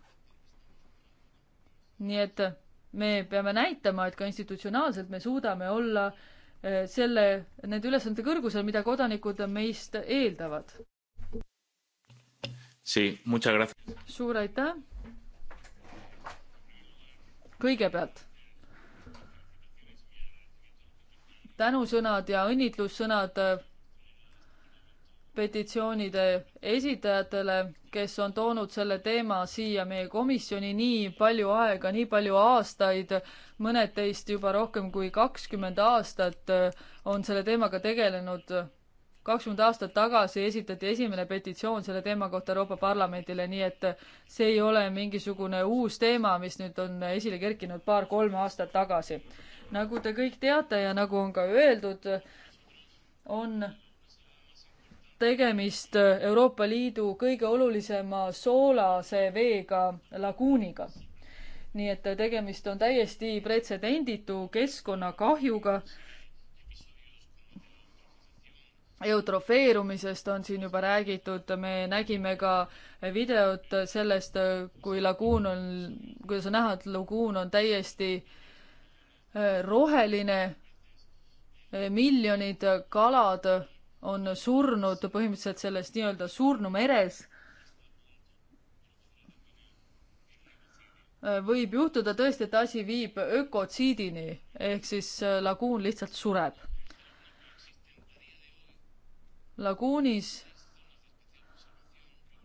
nii et me peame näitama, et ka institutsionaalselt me suudame olla eh, selle, nende ülesannete kõrgusel, mida kodanikud meist eeldavad. suur aitäh. kõigepealt tänusõnad ja õnnitlussõnad eh, petitsioonide esitajatele, kes on toonud selle teema siia meie komisjoni nii palju aega, nii palju aastaid, mõned teist juba rohkem kui kakskümmend aastat äh, on selle teemaga tegelenud. kakskümmend aastat tagasi esitati esimene petitsioon selle teema kohta Euroopa Parlamendile, nii et see ei ole mingisugune uus teema, mis nüüd on esile kerkinud paar-kolm aastat tagasi. nagu te kõik teate ja nagu on ka öeldud, on tegemist Euroopa Liidu kõige olulisema soolase veega laguuniga. nii et tegemist on täiesti pretsedenditu keskkonnakahjuga. eutrofeerumisest on siin juba räägitud, me nägime ka videot sellest, kui laguun on, kuidas on näha, et laguun on täiesti äh, roheline, miljonid kalad on surnud põhimõtteliselt selles nii-öelda surnumeres. võib juhtuda tõesti, et asi viib ökotsiidini ehk siis äh, laguun lihtsalt sureb. laguunis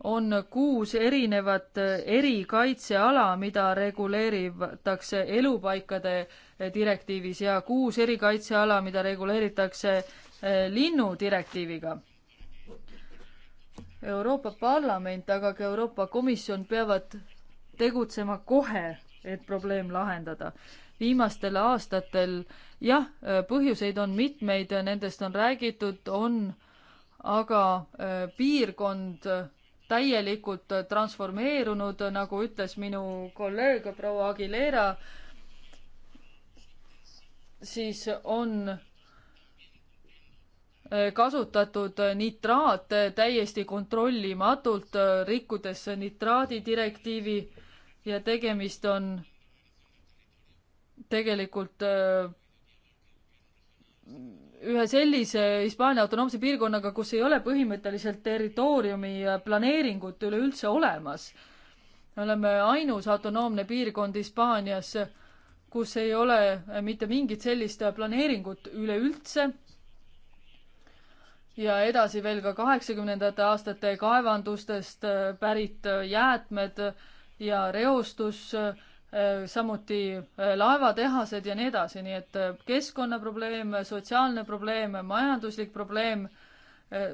on kuus erinevat äh, erikaitseala, mida reguleeritakse elupaikade äh, direktiivis ja kuus erikaitseala, mida reguleeritakse äh, Äh, linnudirektiiviga. Euroopa Parlament, aga ka Euroopa Komisjon peavad tegutsema kohe, et probleem lahendada. viimastel aastatel jah, äh, põhjuseid on mitmeid, nendest on räägitud, on aga äh, piirkond täielikult transformeerunud, nagu ütles minu kolleeg proua Aguilera, siis on Äh, kasutatud nitraate täiesti kontrollimatult, äh, rikkudes nitraadidirektiivi ja tegemist on tegelikult äh, ühe sellise Hispaania autonoomse piirkonnaga, kus ei ole põhimõtteliselt territooriumi planeeringut üleüldse olemas. me oleme ainus autonoomne piirkond Hispaanias, kus ei ole mitte mingit sellist planeeringut üleüldse ja edasi veel ka kaheksakümnendate aastate kaevandustest äh, pärit äh, jäätmed äh, ja reostus, samuti laevatehased ja nii edasi, nii et keskkonnaprobleem, sotsiaalne probleem, majanduslik probleem,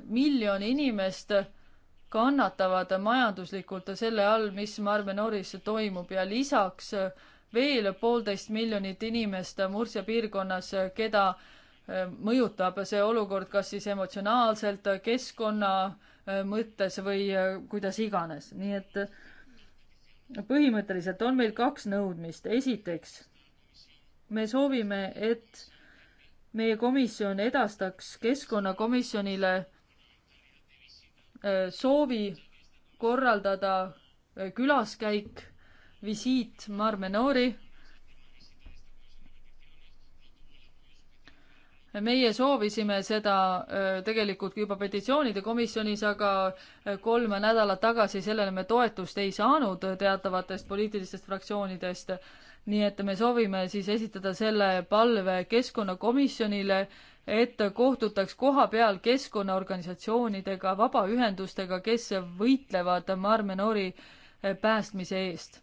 miljon inimest kannatavad majanduslikult selle all, mis Marmenoris toimub ja lisaks veel poolteist miljonit inimest Mursia piirkonnas, keda äh, mõjutab see olukord kas siis emotsionaalselt, keskkonna äh, mõttes või äh, kuidas iganes, nii et äh, põhimõtteliselt on meil kaks nõudmist. esiteks, me soovime, et meie komisjon edastaks keskkonnakomisjonile soovi korraldada külaskäik, visiit Marmenori meie soovisime seda äh, tegelikult juba petitsioonide komisjonis, aga äh, kolm nädalat tagasi sellele me toetust ei saanud teatavatest poliitilistest fraktsioonidest. nii et me soovime siis esitada selle palve keskkonnakomisjonile, et kohtutaks kohapeal keskkonnaorganisatsioonidega, vabaühendustega, kes võitlevad Marmenori äh, päästmise eest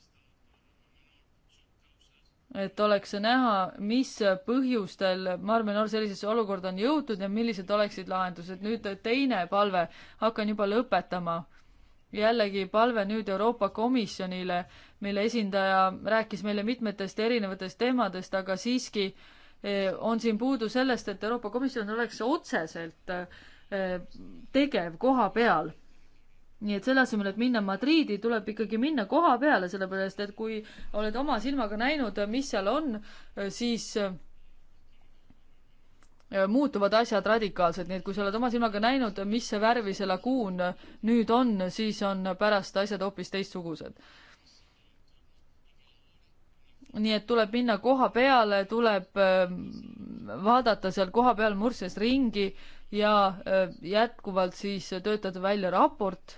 et oleks näha, mis põhjustel Marmen Orr sellisesse olukorda on jõutud ja millised oleksid lahendused. nüüd teine palve, hakkan juba lõpetama. jällegi palve nüüd Euroopa Komisjonile, mille esindaja rääkis meile mitmetest erinevatest teemadest, aga siiski eh, on siin puudu sellest, et Euroopa Komisjon oleks otseselt eh, tegev koha peal nii et selle asemel, et minna Madriidi, tuleb ikkagi minna koha peale, sellepärast et kui oled oma silmaga näinud, mis seal on, siis äh, muutuvad asjad radikaalselt, nii et kui sa oled oma silmaga näinud, mis see värvi see laguun nüüd on, siis on pärast asjad hoopis teistsugused. nii et tuleb minna koha peale, tuleb äh, vaadata seal kohapeal murses ringi ja äh, jätkuvalt siis töötada välja raport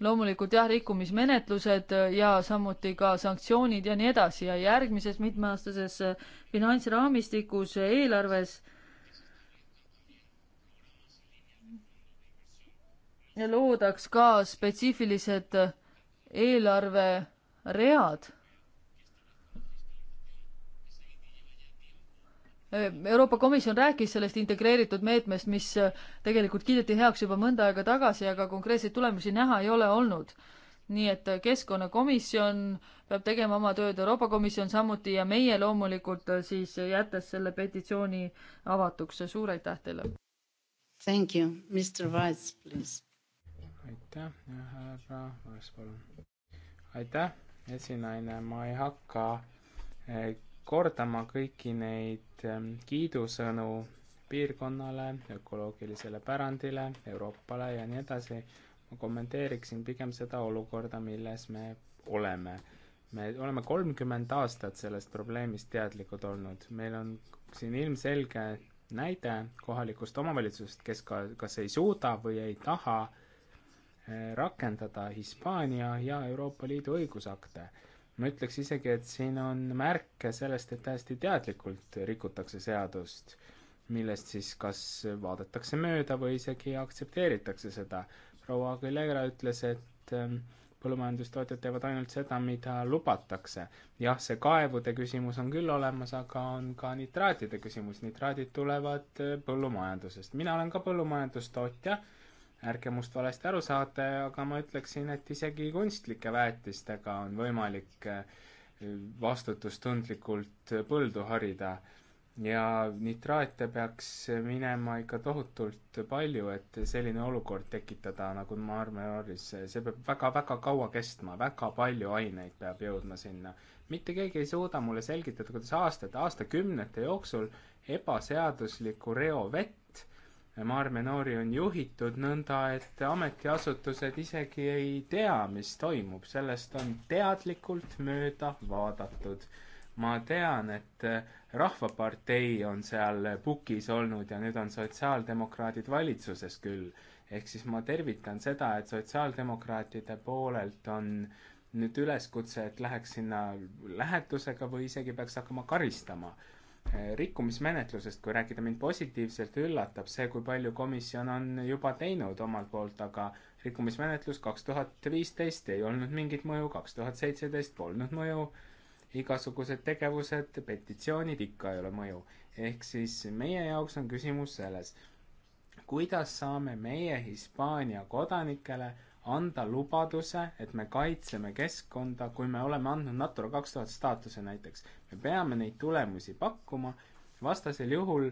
loomulikult jah, rikkumismenetlused ja samuti ka sanktsioonid ja nii edasi ja järgmises mitmeaastases finantsraamistikus eelarves loodaks ka spetsiifilised eelarveread Euroopa Komisjon rääkis sellest integreeritud meetmest, mis äh, tegelikult kiideti heaks juba mõnda aega tagasi, aga konkreetseid tulemusi näha ei ole olnud. nii et äh, Keskkonnakomisjon peab tegema oma tööd, Euroopa Komisjon samuti ja meie loomulikult äh, siis jättes selle petitsiooni avatuks. suur aitäh teile! Thank you, Mr Wise, please. aitäh, härra Wise, palun. aitäh, esinaine, ma ei hakka eh, kordama kõiki neid ehm, kiidusõnu piirkonnale, ökoloogilisele pärandile, Euroopale ja nii edasi. ma kommenteeriksin pigem seda olukorda, milles me oleme. me oleme kolmkümmend aastat sellest probleemist teadlikud olnud, meil on siin ilmselge näide kohalikust omavalitsusest, kes ka, kas ei suuda või ei taha eh, rakendada Hispaania ja Euroopa Liidu õigusakte ma ütleks isegi, et siin on märke sellest, et täiesti teadlikult rikutakse seadust, millest siis kas vaadatakse mööda või isegi aktsepteeritakse seda. proua Aguilera ütles, et ähm, põllumajandustootjad teevad ainult seda, mida lubatakse. jah, see kaevude küsimus on küll olemas, aga on ka nitraatide küsimus, nitraadid tulevad äh, põllumajandusest. mina olen ka põllumajandustootja ärge must valesti aru saate, aga ma ütleksin, et isegi kunstlike väetistega on võimalik eh, vastutustundlikult põldu harida ja nitraate peaks minema ikka tohutult palju, et selline olukord tekitada, nagu Marmeoris, see peab väga-väga kaua kestma, väga palju aineid peab jõudma sinna. mitte keegi ei suuda mulle selgitada, kuidas aastate, aastakümnete jooksul ebaseaduslikku reovett Marmenori on juhitud nõnda, et ametiasutused isegi ei tea, mis toimub, sellest on teadlikult mööda vaadatud. ma tean, et Rahvapartei on seal pukis olnud ja nüüd on sotsiaaldemokraadid valitsuses küll. ehk siis ma tervitan seda, et sotsiaaldemokraatide poolelt on nüüd üleskutse, et läheks sinna lähetusega või isegi peaks hakkama karistama Eh, rikkumismenetlusest, kui rääkida mind positiivselt, üllatab see, kui palju komisjon on juba teinud omalt poolt, aga rikkumismenetlus kaks tuhat viisteist ei olnud mingit mõju, kaks tuhat seitseteist polnud mõju, igasugused tegevused, petitsioonid ikka ei ole mõju. ehk siis meie jaoks on küsimus selles, kuidas saame meie Hispaania kodanikele äh, anda lubaduse, et me kaitseme keskkonda, kui me oleme andnud Natura kaks tuhat staatuse näiteks. me peame neid tulemusi pakkuma, vastasel juhul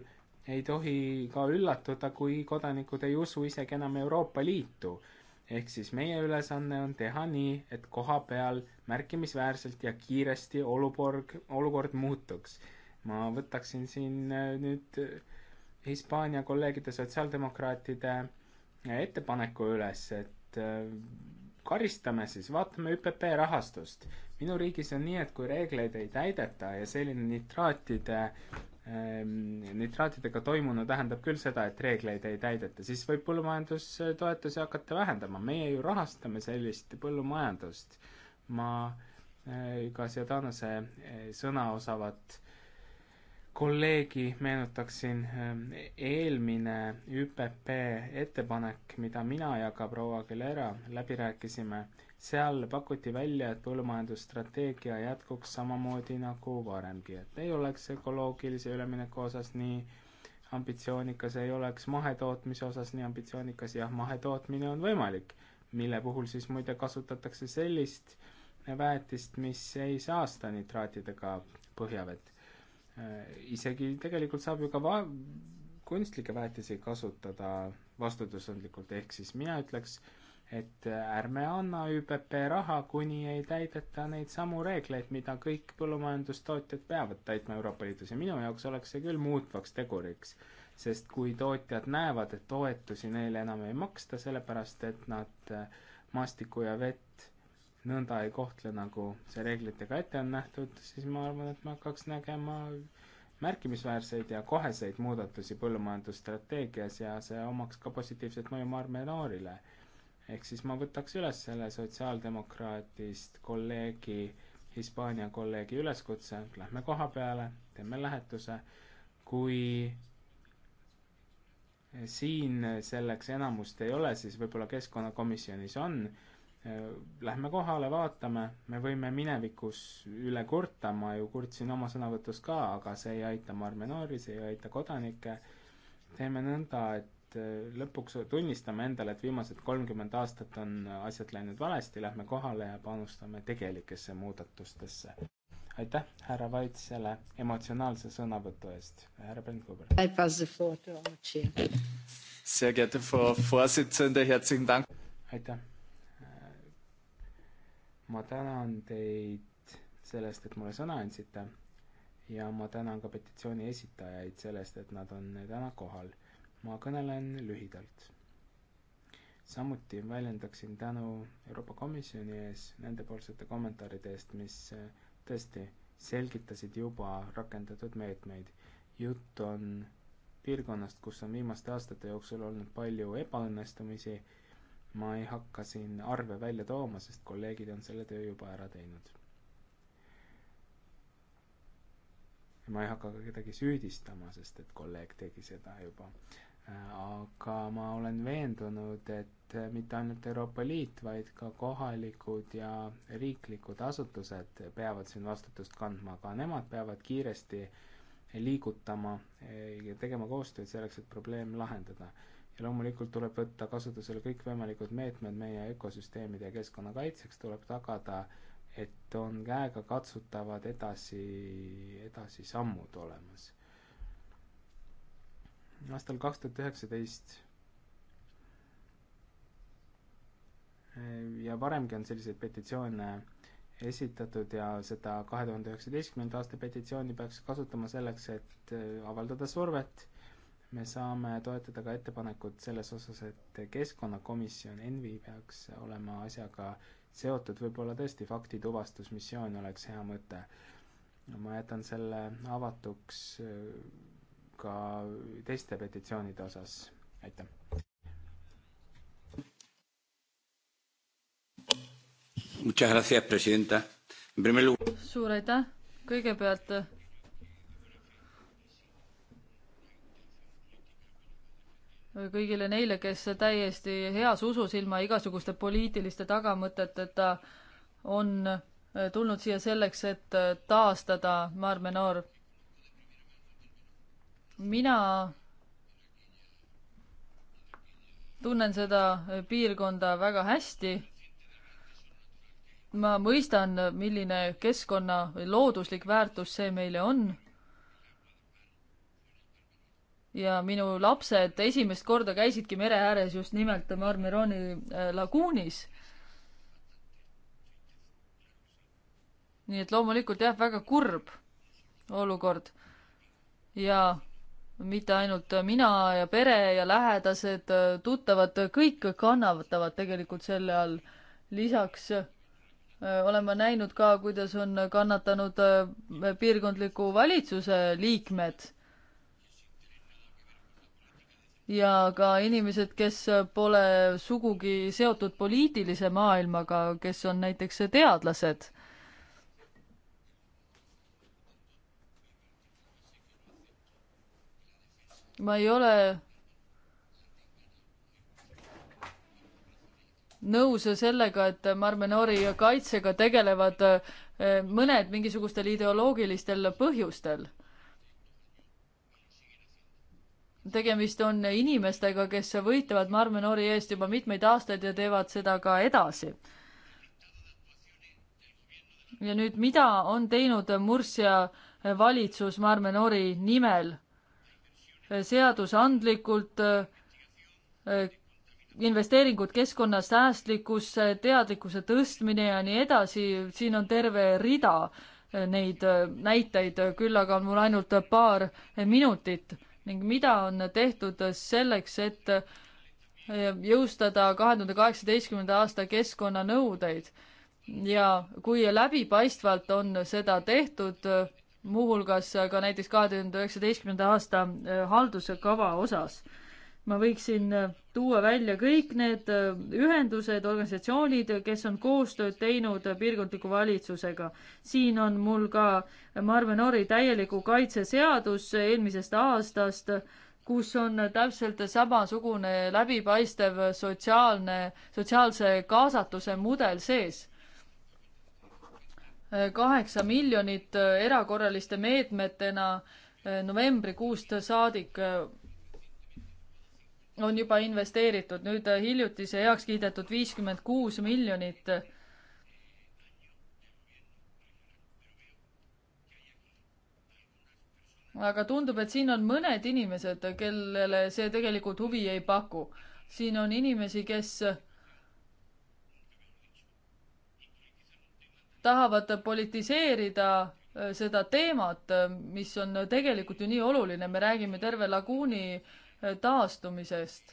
ei tohi ka üllatuda, kui kodanikud ei usu isegi enam Euroopa Liitu. ehk siis meie ülesanne on teha nii, et koha peal märkimisväärselt ja kiiresti olukorg, olukord muutuks. ma võtaksin siin äh, nüüd äh, Hispaania kolleegide sotsiaaldemokraatide äh, ettepaneku üles, et et äh, karistame siis, vaatame ÜPP rahastust. minu riigis on nii, et kui reegleid ei täideta ja selline nitraatide ähm, nitraatidega toimunu tähendab küll seda, et reegleid ei täideta, siis võib põllumajandustoetusi hakata vähendama, meie ju rahastame sellist põllumajandust. ma äh, ka Sedanose äh, sõna osavat kolleegi meenutaksin, ähm, eelmine ÜPP ettepanek, mida mina ja ka proua Aguilera läbi rääkisime, seal pakuti välja, et põllumajandusstrateegia jätkuks samamoodi nagu varemgi, et ei oleks ökoloogilise ülemineku osas nii ambitsioonikas, ei oleks mahetootmise osas nii ambitsioonikas, jah, mahetootmine on võimalik, mille puhul siis muide kasutatakse sellist väetist, mis ei saasta nitraatidega põhjavett Äh, isegi tegelikult saab ju ka va-, kunstlikke väetisi kasutada vastutustundlikult, ehk siis mina ütleks, et ärme anna ÜPP raha, kuni ei täideta neid samu reegleid, mida kõik põllumajandustootjad peavad täitma Euroopa Liidus ja minu jaoks oleks see küll muutvaks teguriks. sest kui tootjad näevad, et toetusi neile enam ei maksta, sellepärast et nad äh, maastikku ja vett nõnda ei kohtle, nagu see reeglitega ette on nähtud, siis ma arvan, et me hakkaks nägema märkimisväärseid ja koheseid muudatusi põllumajandusstrateegias ja see omaks ka positiivset mõju Marme noorile. ehk siis ma võtaks üles selle sotsiaaldemokraadist kolleegi, Hispaania kolleegi üleskutse, lähme koha peale, teeme lähetuse, kui siin selleks enamust ei ole, siis võib-olla keskkonnakomisjonis on Lähme kohale, vaatame, me võime minevikus üle kurta, ma ju kurtsin oma sõnavõtus ka, aga see ei aita marmenaari, see ei aita kodanikke. teeme nõnda, et äh, lõpuks tunnistame endale, et viimased kolmkümmend aastat on asjad läinud valesti, lähme kohale ja panustame tegelikesse muudatustesse. aitäh härra Vaits selle emotsionaalse sõnavõtu eest, härra Brandkuber. aitäh ma tänan teid sellest, et mulle sõna andsite ja ma tänan ka petitsiooni esitajaid sellest, et nad on täna kohal. ma kõnelen lühidalt. samuti väljendaksin tänu Euroopa Komisjoni ees nendepoolsete kommentaaride eest, mis eh, tõesti selgitasid juba rakendatud meetmeid. jutt on piirkonnast, kus on viimaste aastate jooksul olnud palju ebaõnnestumisi ma ei hakka siin arve välja tooma, sest kolleegid on selle töö juba ära teinud. ma ei hakka ka kedagi süüdistama, sest et kolleeg tegi seda juba. aga ma olen veendunud, et mitte ainult Euroopa Liit, vaid ka kohalikud ja riiklikud asutused peavad siin vastutust kandma, ka nemad peavad kiiresti liigutama ja tegema koostööd selleks, et probleem lahendada ja loomulikult tuleb võtta kasutusele kõikvõimalikud meetmed meie ökosüsteemide ja keskkonna kaitseks, tuleb tagada, et on käegakatsutavad edasi, edasisammud olemas. aastal kaks tuhat üheksateist ja varemgi on selliseid petitsioone esitatud ja seda kahe tuhande üheksateistkümnenda aasta petitsiooni peaks kasutama selleks, et avaldada survet me saame toetada ka ettepanekut selles osas, et keskkonnakomisjon, ENVI, peaks olema asjaga seotud, võib-olla tõesti faktituvastusmissioon oleks hea mõte. ma jätan selle avatuks äh, ka teiste petitsioonide osas, aitäh. suur aitäh, kõigepealt kõigile neile, kes täiesti heas usus, ilma igasuguste poliitiliste tagamõteteta on eh, tulnud siia selleks, et eh, taastada Mar Menor. mina tunnen seda piirkonda väga hästi. ma mõistan, milline keskkonna või looduslik väärtus see meile on ja minu lapsed esimest korda käisidki mere ääres just nimelt Marmeroni äh, laguunis. nii et loomulikult jah, väga kurb olukord. ja mitte ainult mina ja pere ja lähedased, äh, tuttavad, kõik kannatavad tegelikult selle all. lisaks äh, olen ma näinud ka, kuidas on kannatanud piirkondliku valitsuse liikmed ja ka inimesed, kes pole sugugi seotud poliitilise maailmaga, kes on näiteks teadlased. ma ei ole nõus sellega, et Marmenori kaitsega tegelevad eh, mõned mingisugustel ideoloogilistel põhjustel tegemist on inimestega, kes võitlevad Marme Noori eest juba mitmeid aastaid ja teevad seda ka edasi. ja nüüd, mida on teinud Murcia valitsus Marme Noori nimel? seadusandlikult investeeringud keskkonnasäästlikkusse, teadlikkuse tõstmine ja nii edasi, siin on terve rida neid näiteid, küll aga on mul ainult paar minutit ning mida on tehtud selleks, et eh, jõustada kahe tuhande kaheksateistkümnenda aasta keskkonnanõudeid. ja kui läbipaistvalt on seda tehtud, eh, muuhulgas ka näiteks kahe tuhande üheksateistkümnenda aasta eh, halduskava osas ma võiksin äh, tuua välja kõik need äh, ühendused, organisatsioonid, kes on koostööd teinud äh, piirkondliku valitsusega. siin on mul ka Marve Nori täieliku kaitse seadus eelmisest aastast, kus on täpselt samasugune läbipaistev sotsiaalne, sotsiaalse kaasatuse mudel sees. kaheksa miljonit erakorraliste meetmetena novembrikuust saadik on juba investeeritud, nüüd äh, hiljuti see heaks kiidetud viiskümmend kuus miljonit aga tundub, et siin on mõned inimesed, kellele see tegelikult huvi ei paku. siin on inimesi, kes tahavad politiseerida äh, seda teemat, äh, mis on tegelikult ju nii oluline, me räägime terve laguuni äh, taastumisest.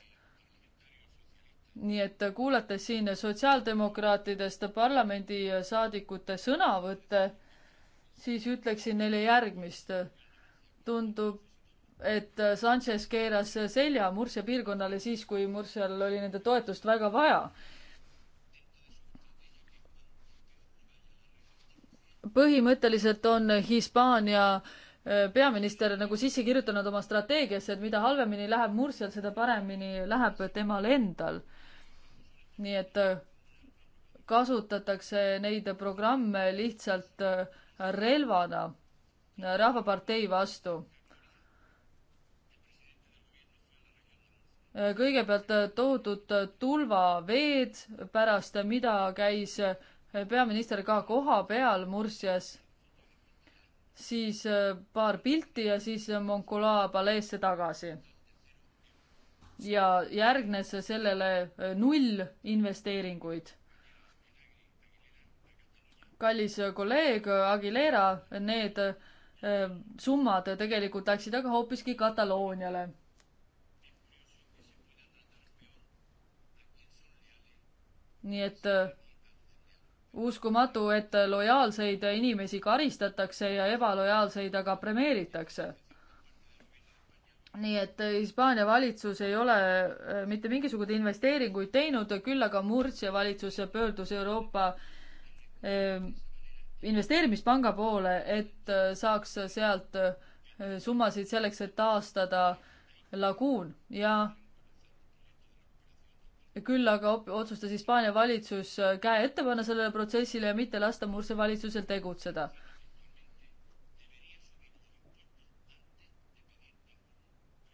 nii et kuulates siin sotsiaaldemokraatidest parlamendisaadikute sõnavõtte, siis ütleksin neile järgmist. tundub, et Sanchez keeras selja Murcia piirkonnale siis, kui Murcial oli nende toetust väga vaja. põhimõtteliselt on Hispaania äh, Äh, peaminister nagu sisse kirjutanud oma strateegiasse, et mida halvemini läheb Mursial, seda paremini läheb temal endal. nii et äh, kasutatakse neid programme lihtsalt äh, relvana Rahvapartei vastu. kõigepealt toodud tulvaveed, pärast mida käis peaminister ka koha peal Mursias siis äh, paar pilti ja siis äh, Moncola paleesse tagasi. ja järgnes sellele äh, null investeeringuid. kallis kolleeg Aguilera, need summad tegelikult läksid aga hoopiski Katalooniale. nii et uskumatu, et lojaalseid inimesi karistatakse ja ebalojaalseid aga premeeritakse. nii et Hispaania valitsus ei ole äh, mitte mingisuguseid investeeringuid teinud, küll aga Murcia valitsus pöördus Euroopa ähm, investeerimispanga poole, et äh, saaks sealt äh, summasid selleks, et taastada laguun ja küll aga otsustas Hispaania valitsus äh, käe ette panna sellele protsessile ja mitte lasta Mursi valitsusel tegutseda.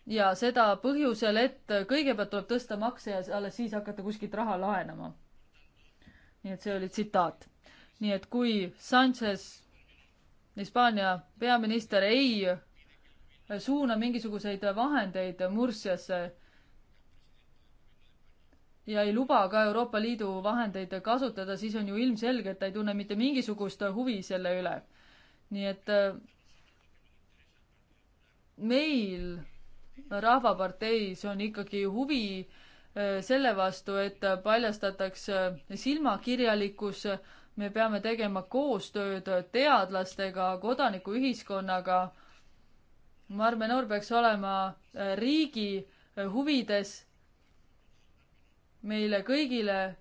ja seda põhjusel, et kõigepealt tuleb tõsta makse ja alles siis hakata kuskilt raha laenama. nii et see oli tsitaat. nii et kui Sanchez, Hispaania peaminister, ei suuna mingisuguseid vahendeid Mursiasse, ja ei luba ka Euroopa Liidu vahendeid kasutada, siis on ju ilmselge, et ta ei tunne mitte mingisugust huvi selle üle. nii et äh, meil Rahvaparteis on ikkagi huvi äh, selle vastu, et paljastatakse äh, silmakirjalikkus, me peame tegema koostööd teadlastega, kodanikuühiskonnaga. Marme Noor peaks olema riigi huvides meile kõigile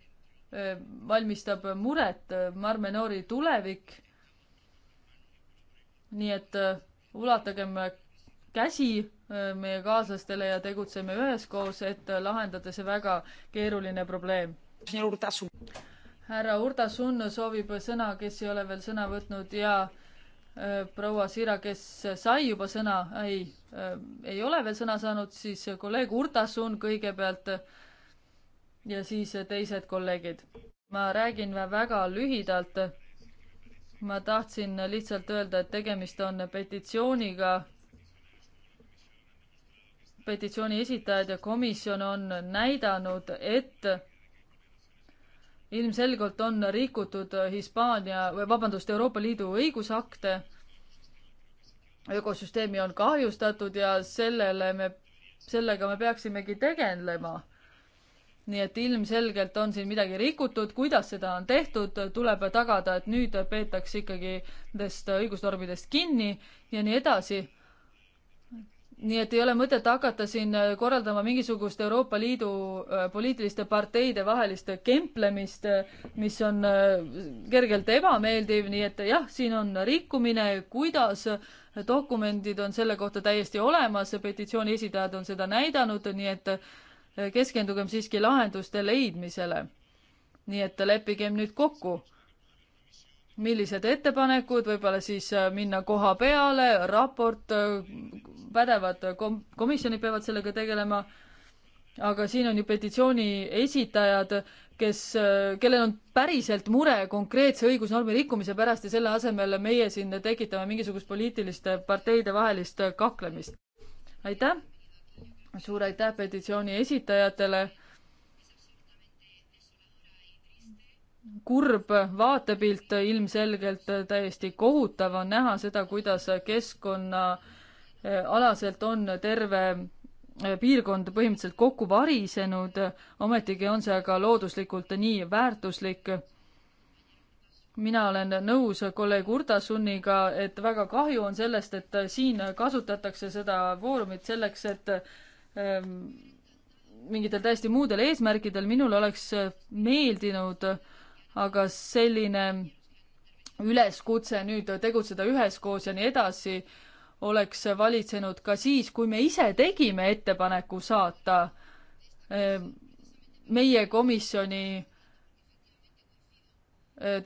valmistab muret Marme Noori tulevik. nii et ulatagem käsi meie kaaslastele ja tegutseme üheskoos, et lahendada see väga keeruline probleem. härra Urtasun soovib sõna, kes ei ole veel sõna võtnud ja proua Sira, kes sai juba sõna, ei, ei ole veel sõna saanud, siis kolleeg Urtasun kõigepealt äh, ja siis eh, teised kolleegid. ma räägin väga lühidalt. ma tahtsin eh, lihtsalt öelda, et tegemist on eh, petitsiooniga. petitsiooni esitajad ja komisjon on näidanud, et ilmselgelt on rikutud Hispaania või vabandust, Euroopa Liidu õigusakte. ökosüsteemi on kahjustatud ja sellele me, sellega me peaksimegi tegelema nii et ilmselgelt on siin midagi rikutud, kuidas seda on tehtud, tuleb tagada, et nüüd peetakse ikkagi nendest õigusnormidest kinni ja nii edasi. nii et ei ole mõtet hakata siin korraldama mingisugust Euroopa Liidu äh, poliitiliste parteide vahelist kemplemist, mis on äh, kergelt ebameeldiv, nii et jah, siin on rikkumine, kuidas dokumendid on selle kohta täiesti olemas, petitsiooni esitajad on seda näidanud, nii et keskendugem siiski lahenduste leidmisele. nii et leppigem nüüd kokku, millised ettepanekud, võib-olla siis äh, minna koha peale, raport, äh, pädevad äh, kom-, komisjonid peavad sellega tegelema, aga siin on ju petitsiooni esitajad, kes, kellel on päriselt mure konkreetse õigusnormi rikkumise pärast ja selle asemel meie siin tekitame mingisugust poliitiliste parteide vahelist kaklemist. aitäh! suur aitäh petitsiooni esitajatele. kurb vaatepilt ilmselgelt täiesti kohutav on näha seda, kuidas keskkonnaalaselt eh, on terve eh, piirkond põhimõtteliselt kokku varisenud, ometigi on see aga looduslikult nii väärtuslik. mina olen nõus kolleeg Urtasunniga, et väga kahju on sellest, et siin kasutatakse seda foorumit selleks, et Ehm, mingitel täiesti muudel eesmärkidel, minul oleks äh, meeldinud aga selline üleskutse nüüd tegutseda üheskoos ja nii edasi oleks valitsenud ka siis, kui me ise tegime ettepaneku saata ehm, meie komisjoni äh,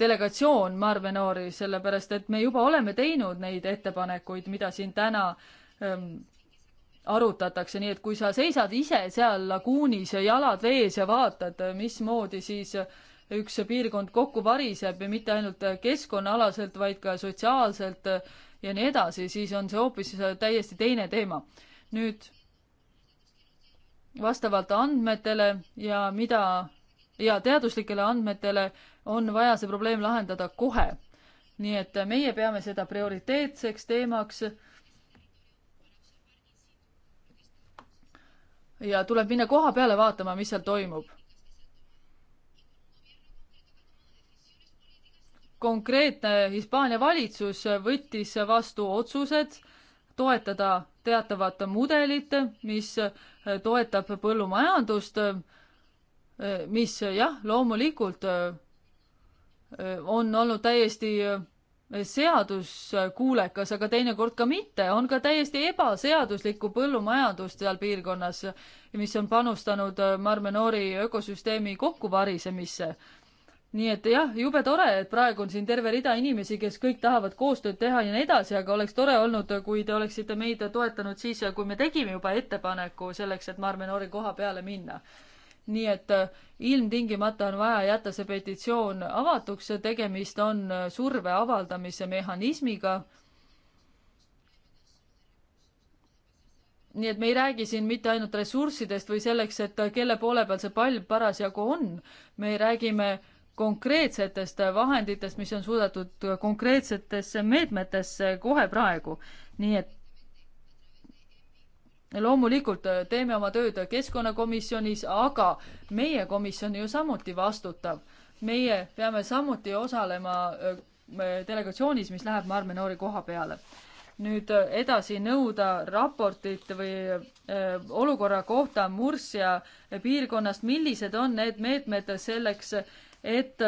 delegatsioon Marvenoori, sellepärast et me juba oleme teinud neid ettepanekuid, mida siin täna ähm, arutatakse, nii et kui sa seisad ise seal laguunis ja jalad vees ja vaatad, mismoodi siis üks piirkond kokku variseb ja mitte ainult keskkonnaalaselt, vaid ka sotsiaalselt ja nii edasi, siis on see hoopis täiesti teine teema. nüüd vastavalt andmetele ja mida ja teaduslikele andmetele on vaja see probleem lahendada kohe. nii et meie peame seda prioriteetseks teemaks ja tuleb minna koha peale vaatama, mis seal toimub. konkreetne Hispaania valitsus võttis vastu otsused toetada teatavat mudelit, mis toetab põllumajandust, mis jah, loomulikult on olnud täiesti seaduskuulekas, aga teinekord ka mitte, on ka täiesti ebaseaduslikku põllumajandust seal piirkonnas, mis on panustanud äh, Marmenori ökosüsteemi kokkuvarisemisse. nii et jah, jube tore, et praegu on siin terve rida inimesi, kes kõik tahavad koostööd teha ja nii edasi, aga oleks tore olnud, äh, kui te oleksite meid toetanud siis, äh, kui me tegime juba ettepaneku selleks, et Marmenori koha peale minna nii et äh, ilmtingimata on vaja jätta see petitsioon avatuks, tegemist on äh, surve avaldamise mehhanismiga. nii et me ei räägi siin mitte ainult ressurssidest või selleks, et äh, kelle poole peal see pall parasjagu on, me räägime konkreetsetest vahenditest, mis on suudetud konkreetsetesse meetmetesse kohe praegu. nii et loomulikult äh, teeme oma tööd keskkonnakomisjonis, aga meie komisjon ju samuti vastutab. meie peame samuti osalema äh, äh, delegatsioonis, mis läheb Marmenori koha peale. nüüd edasi nõuda raportit või öö, olukorra kohta Murcia piirkonnast, millised on need meetmed selleks, et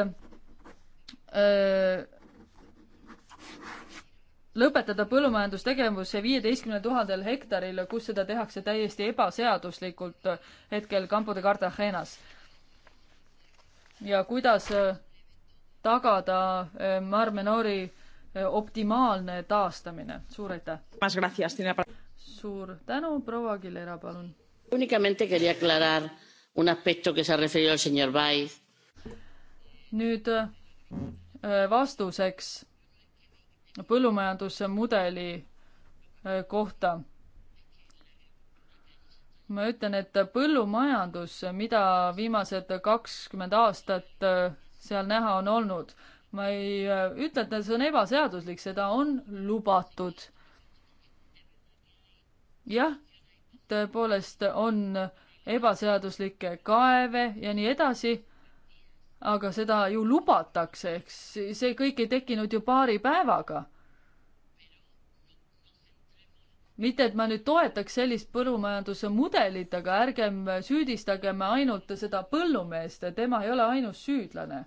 öö, lõpetada põllumajandustegevuse viieteistkümnel tuhandel hektaril, kus seda tehakse täiesti ebaseaduslikult hetkel Campo de Cartagenas. ja kuidas äh, tagada äh, Mar Menori äh, optimaalne taastamine, suur aitäh! suur tänu, proua Aguilera, palun! Únicamente quería aclarar un aspecto que se ha referido el señor Vaiz. nüüd vastuseks põllumajandusmudeli äh, kohta. ma ütlen, et põllumajandus, mida viimased kakskümmend aastat äh, seal näha on olnud, ma ei äh, ütle, et see on ebaseaduslik, seda on lubatud. jah, tõepoolest on ebaseaduslikke kaeve ja nii edasi aga seda ju lubatakse, ehk see kõik ei tekkinud ju paari päevaga. mitte, et ma nüüd toetaks sellist põllumajanduse mudelit, aga ärgem süüdistagem ainult seda põllumeest, tema ei ole ainus süüdlane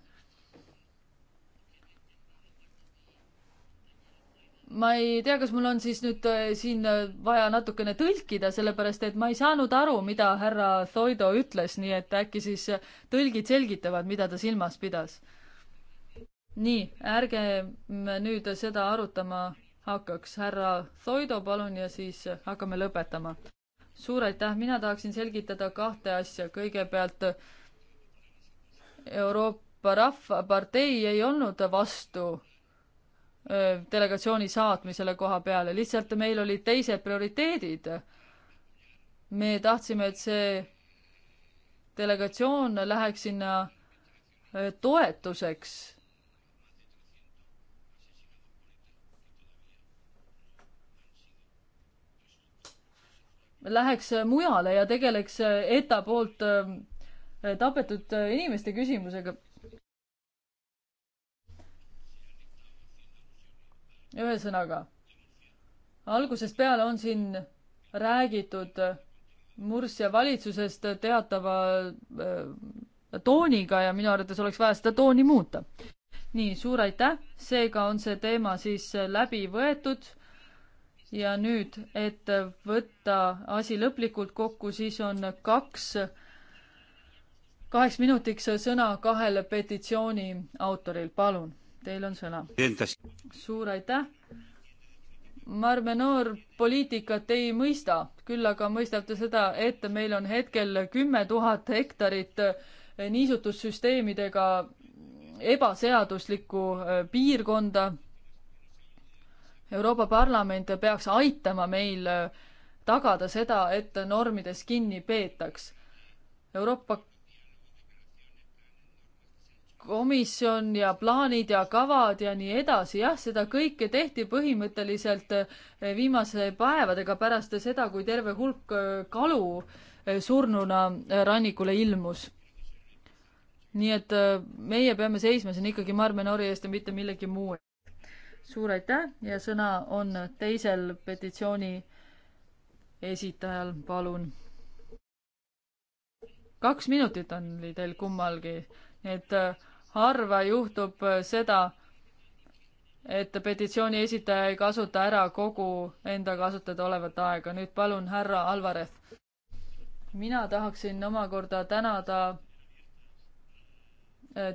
ma ei tea, kas mul on siis nüüd äh, siin äh, vaja natukene tõlkida, sellepärast et ma ei saanud aru, mida härra Thoido ütles, nii et äkki siis äh, tõlgid selgitavad, mida ta silmas pidas. nii, ärge nüüd seda arutama hakkaks. härra Thoido, palun, ja siis hakkame lõpetama. suur aitäh, mina tahaksin selgitada kahte asja. kõigepealt Euroopa Rahvapartei ei olnud vastu delegatsiooni saatmisele koha peale, lihtsalt meil olid teised prioriteedid. me tahtsime, et see delegatsioon läheks sinna toetuseks. Läheks mujale ja tegeleks ETA poolt tapetud inimeste küsimusega ühesõnaga, algusest peale on siin räägitud Murcia valitsusest teatava äh, tooniga ja minu arvates oleks vaja seda tooni muuta. nii, suur aitäh, seega on see teema siis läbi võetud ja nüüd, et võtta asi lõplikult kokku, siis on kaks, kaheks minutiks sõna kahele petitsiooni autoril, palun teil on sõna. suur aitäh. Marme noor poliitikat ei mõista, küll aga mõistab ta seda, et meil on hetkel kümme tuhat hektarit eh, niisutussüsteemidega ebaseaduslikku eh, piirkonda. Euroopa Parlament peaks aitama meil eh, tagada seda, et normidest kinni peetaks. Euroopa komisjon ja plaanid ja kavad ja nii edasi, jah, seda kõike tehti põhimõtteliselt eh, viimase päevadega pärast seda, kui terve hulk eh, kalu eh, surnuna rannikule ilmus. nii et meie peame seisma siin ikkagi marmenori eest ja mitte millegi muu. suur aitäh ja sõna on teisel petitsiooni esitajal, palun. kaks minutit on teil kummalgi, et harva juhtub äh, seda, et petitsiooni esitaja ei kasuta ära kogu enda kasutada olevat aega. nüüd palun, härra Alvarez. mina tahaksin omakorda tänada äh,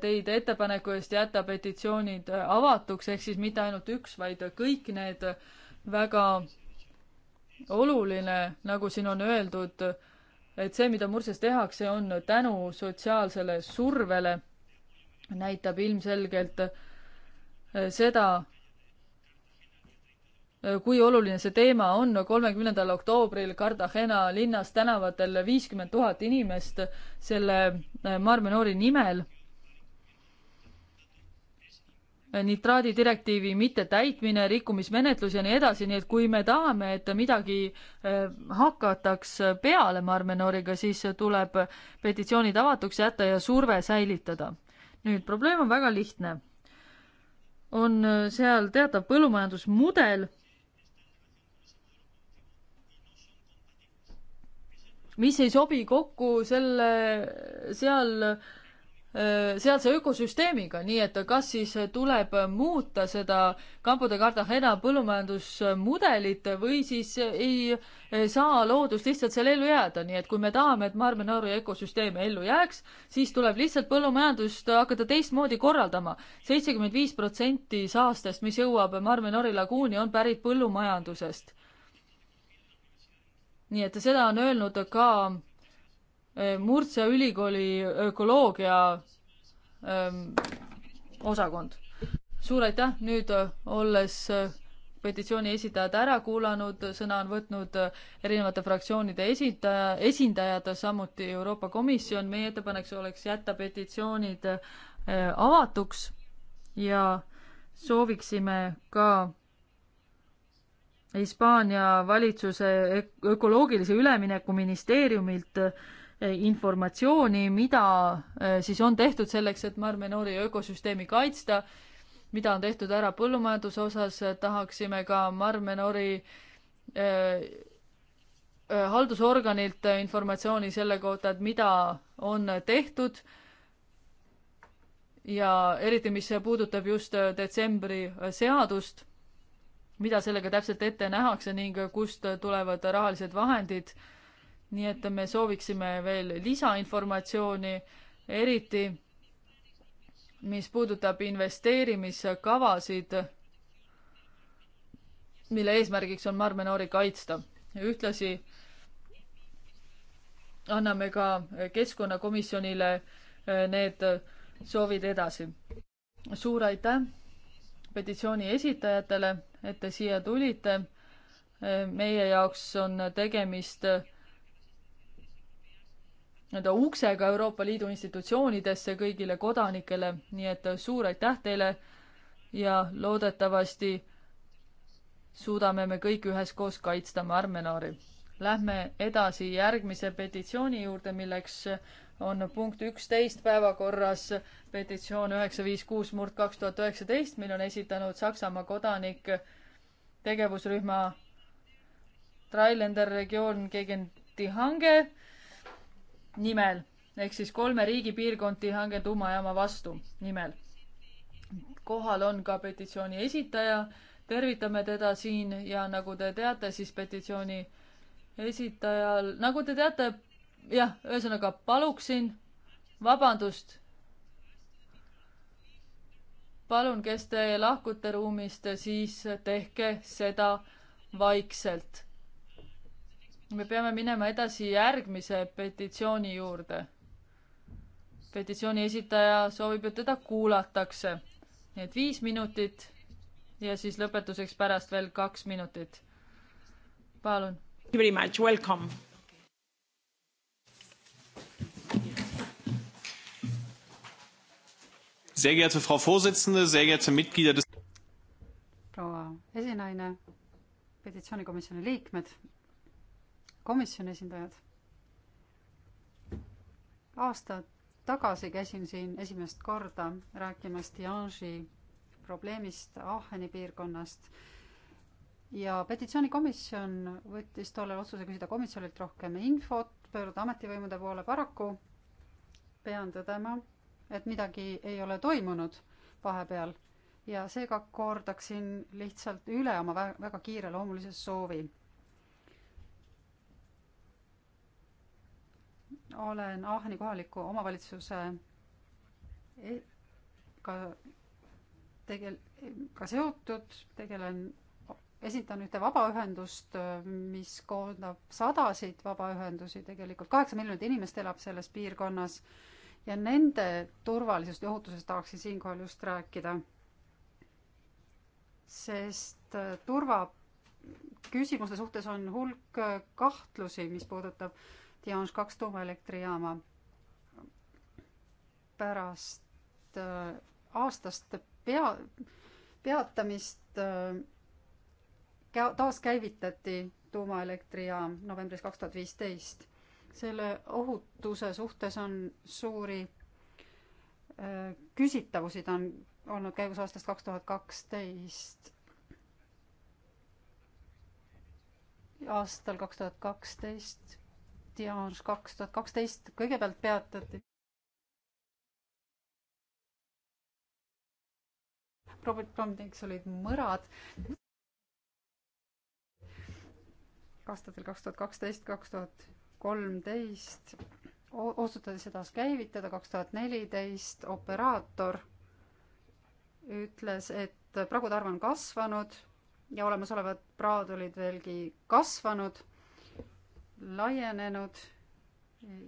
teid ettepaneku eest jätta petitsioonid äh, avatuks, ehk siis mitte ainult üks, vaid kõik need väga oluline, nagu siin on öeldud, et see, mida Murses tehakse, on tänu sotsiaalsele survele näitab ilmselgelt äh, seda, äh, kui oluline see teema on, kolmekümnendal oktoobril Cartagena linnas tänavatel viiskümmend tuhat inimest selle äh, Marmenori nimel. nitraadidirektiivi mittetäitmine, rikkumismenetlus ja nii edasi, nii et kui me tahame, et midagi hakataks peale Marmenoriga, siis tuleb petitsioonid avatuks jätta ja surve säilitada nüüd probleem on väga lihtne. on äh, seal teatav põllumajandusmudel, mis ei sobi kokku selle, seal äh, sealse ökosüsteemiga, nii et kas siis tuleb muuta seda Campo de Cartagena põllumajandusmudelit või siis ei saa loodus lihtsalt seal ellu jääda, nii et kui me tahame, et Marmenauri ökosüsteem ellu jääks, siis tuleb lihtsalt põllumajandust hakata teistmoodi korraldama. seitsekümmend viis protsenti saastest, mis jõuab Marmenauri laguuni, on pärit põllumajandusest. nii et seda on öelnud ka Äh, Murtsia ülikooli ökoloogia ähm, osakond. suur aitäh, nüüd äh, olles äh, petitsiooni esitajad ära kuulanud, sõna on võtnud erinevate fraktsioonide esindaja, esindajad, samuti Euroopa Komisjon, meie ettepanek oleks jätta petitsioonid avatuks ja sooviksime ka Hispaania valitsuse ökoloogilise ülemineku ministeeriumilt Eh, informatsiooni, mida eh, siis on tehtud selleks, et Mar Menori ökosüsteemi kaitsta, mida on tehtud ära põllumajanduse osas, tahaksime ka Mar Menori äh, haldusorganilt informatsiooni selle kohta, et mida on tehtud ja eriti, mis puudutab just detsembri seadust, mida sellega täpselt ette nähakse ning kust tulevad rahalised vahendid äh, nii et me sooviksime veel lisainformatsiooni, eriti mis puudutab investeerimiskavasid, mille eesmärgiks on marmenoori kaitsta. ühtlasi anname ka keskkonnakomisjonile eh, need soovid edasi. suur aitäh petitsiooni esitajatele, et te siia tulite. Eh, meie jaoks on tegemist nii-öelda uksega Euroopa Liidu institutsioonidesse kõigile kodanikele, nii et suur aitäh teile ja loodetavasti suudame me kõik üheskoos kaitsta Marmenori. Lähme edasi järgmise petitsiooni juurde, milleks on punkt üksteist päevakorras petitsioon üheksa viis kuus murd kaks tuhat üheksateist, mille on esitanud Saksamaa kodanik tegevusrühma Trailender regioon Gegendihange nimel ehk siis kolme riigi piirkondi hange tuumajaama vastu nimel. kohal on ka petitsiooni esitaja, tervitame teda siin ja nagu te teate, siis petitsiooni esitajal, nagu te teate, jah, ühesõnaga paluksin vabandust. palun, kes te lahkute ruumist, siis tehke seda vaikselt me peame minema edasi järgmise petitsiooni juurde. petitsiooni esitaja soovib, et teda kuulatakse. nii et viis minutit ja siis lõpetuseks pärast veel kaks minutit. palun. Very much, welcome. Sehr geehrte Frau Vorsitzende, sehr geehrte Mitglieder des proua esinaine, petitsioonikomisjoni liikmed, komisjoni esindajad. aasta tagasi käisin siin esimest korda rääkimas Diange'i probleemist Aacheni piirkonnast ja petitsioonikomisjon võttis tollel otsuse küsida komisjonilt rohkem infot, pöörduda ametivõimude poole, paraku pean tõdema, et midagi ei ole toimunud vahepeal ja seega kordaksin lihtsalt üle oma väga kiireloomulise soovi olen Ahni kohaliku omavalitsuse e-, ka tegel-, ka seotud, tegelen, esindan ühte vabaühendust, mis koondab sadasid vabaühendusi, tegelikult kaheksa miljonit inimest elab selles piirkonnas ja nende turvalisust ja ohutusest tahaksin siinkohal just rääkida. sest äh, turvaküsimuste suhtes on hulk äh, kahtlusi, mis puudutab äh, Tianš kaks tuumaelektrijaama. pärast äh, aastast pea, peatamist äh, taaskäivitati tuumaelektrijaam novembris kaks tuhat viisteist. selle ohutuse suhtes on suuri äh, küsitavusi, ta on olnud käigus aastast kaks tuhat kaksteist. aastal kaks tuhat kaksteist jaanuaris kaks tuhat kaksteist kõigepealt peatati. probleemiks olid mõrad. aastatel kaks tuhat kaksteist, kaks tuhat kolmteist otsustati seda käivitada, kaks tuhat neliteist operaator ütles, et pragude arv on kasvanud ja olemasolevad praad olid veelgi kasvanud laienenud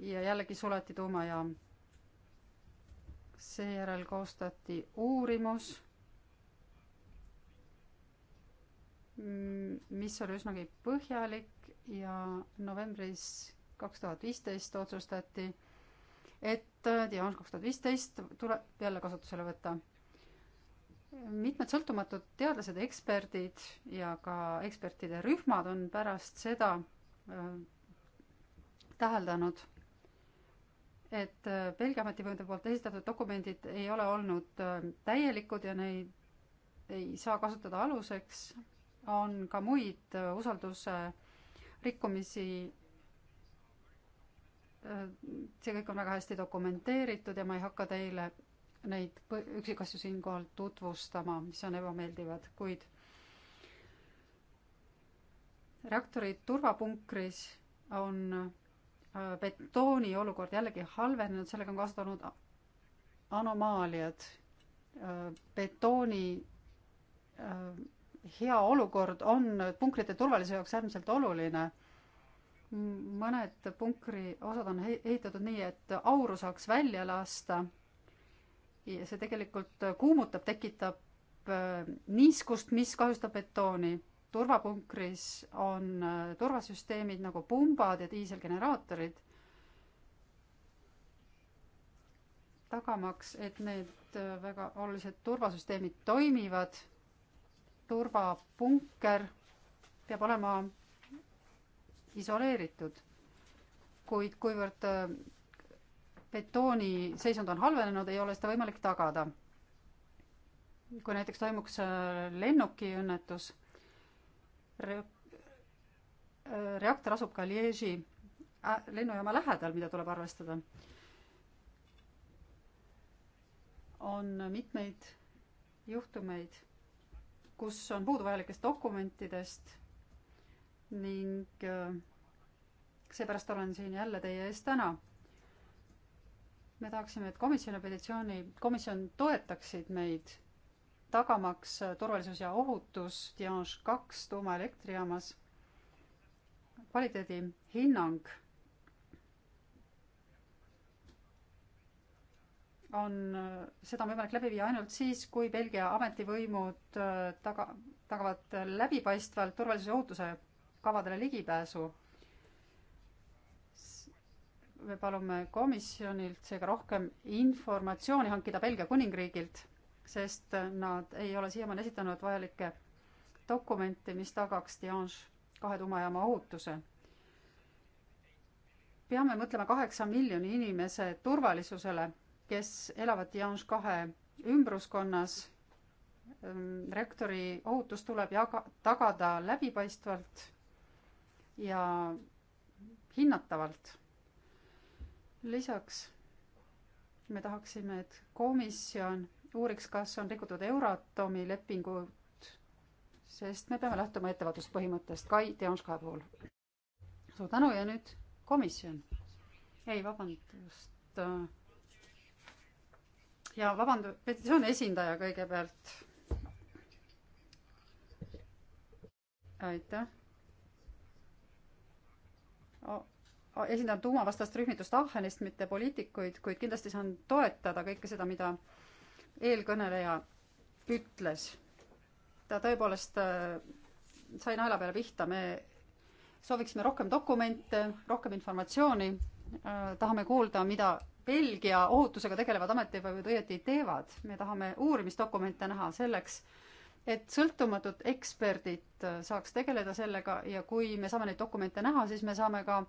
ja jällegi suleti tuumajaam. seejärel koostati uurimus, mis oli üsnagi põhjalik ja novembris kaks tuhat viisteist otsustati, et diamann kaks tuhat viisteist tuleb jälle kasutusele võtta. mitmed sõltumatud teadlased, eksperdid ja ka ekspertide rühmad on pärast seda täheldanud, et äh, Belgia ametivõimude poolt esitatud dokumendid ei ole olnud äh, täielikud ja neid ei saa kasutada aluseks, on ka muid äh, usalduse rikkumisi. see kõik on väga hästi dokumenteeritud ja ma ei hakka teile neid üksikasju siinkohal tutvustama, mis on ebameeldivad, kuid reaktori turvapunkris on betooni olukord jällegi halvenenud, sellega on kaasa toonud anomaaliad. Äh, betooni äh, hea olukord on punkrite turvalisuse jaoks äärmiselt oluline. mõned punkri osad on ehitatud nii, et auru saaks välja lasta. ja see tegelikult kuumutab, tekitab äh, niiskust, mis kahjustab betooni turvapunkris on äh, turvasüsteemid nagu pumbad ja diiselgeneraatorid, tagamaks, et need äh, väga olulised turvasüsteemid toimivad. turvapunker peab olema isoleeritud, kuid kuivõrd äh, betooni seisund on halvenenud, ei ole seda võimalik tagada. kui näiteks toimuks lennukiõnnetus re-, reaktor asub ka Liege'i lennujaama lähedal, mida tuleb arvestada. on mitmeid juhtumeid, kus on puudu vajalikest dokumentidest ning äh, seepärast olen siin jälle teie ees täna me tahaksime, et komisjon ja petitsiooni komisjon toetaksid meid tagamaks turvalisus ja ohutus Tiange kaks tuumaelektrijaamas. kvaliteedihinnang on, seda on võimalik läbi viia ainult siis, kui Belgia ametivõimud äh, taga, tagavad läbipaistvalt turvalisuse ja ohutuse kavadele ligipääsu. me palume komisjonilt seega rohkem informatsiooni hankida Belgia kuningriigilt sest nad ei ole siiamaani esitanud vajalikke dokumente, mis tagaks Diange kahe tuumajaama ohutuse. peame mõtlema kaheksa miljoni inimese turvalisusele, kes elavad Diange kahe ümbruskonnas. rektori ohutus tuleb jaga, tagada läbipaistvalt ja hinnatavalt. lisaks me tahaksime, et komisjon uuriks, kas on rikutud Euratomi lepingut, sest me peame lähtuma ettevaatuspõhimõttest Kai Teonška puhul. suur tänu ja nüüd komisjon. ei, vabandust. ja vabandust, petitsiooni esindaja kõigepealt. aitäh oh esindan tuumavastast rühmitust Aachenist, mitte poliitikuid, kuid kindlasti saan toetada kõike seda, mida eelkõneleja ütles. ta tõepoolest äh, sai naela peale pihta, me sooviksime rohkem dokumente, rohkem informatsiooni, äh, tahame kuulda, mida Belgia ohutusega tegelevad ametivõimud õieti teevad, me tahame uurimisdokumente näha selleks, et sõltumatud eksperdid äh, saaks tegeleda sellega ja kui me saame neid dokumente näha, siis me saame ka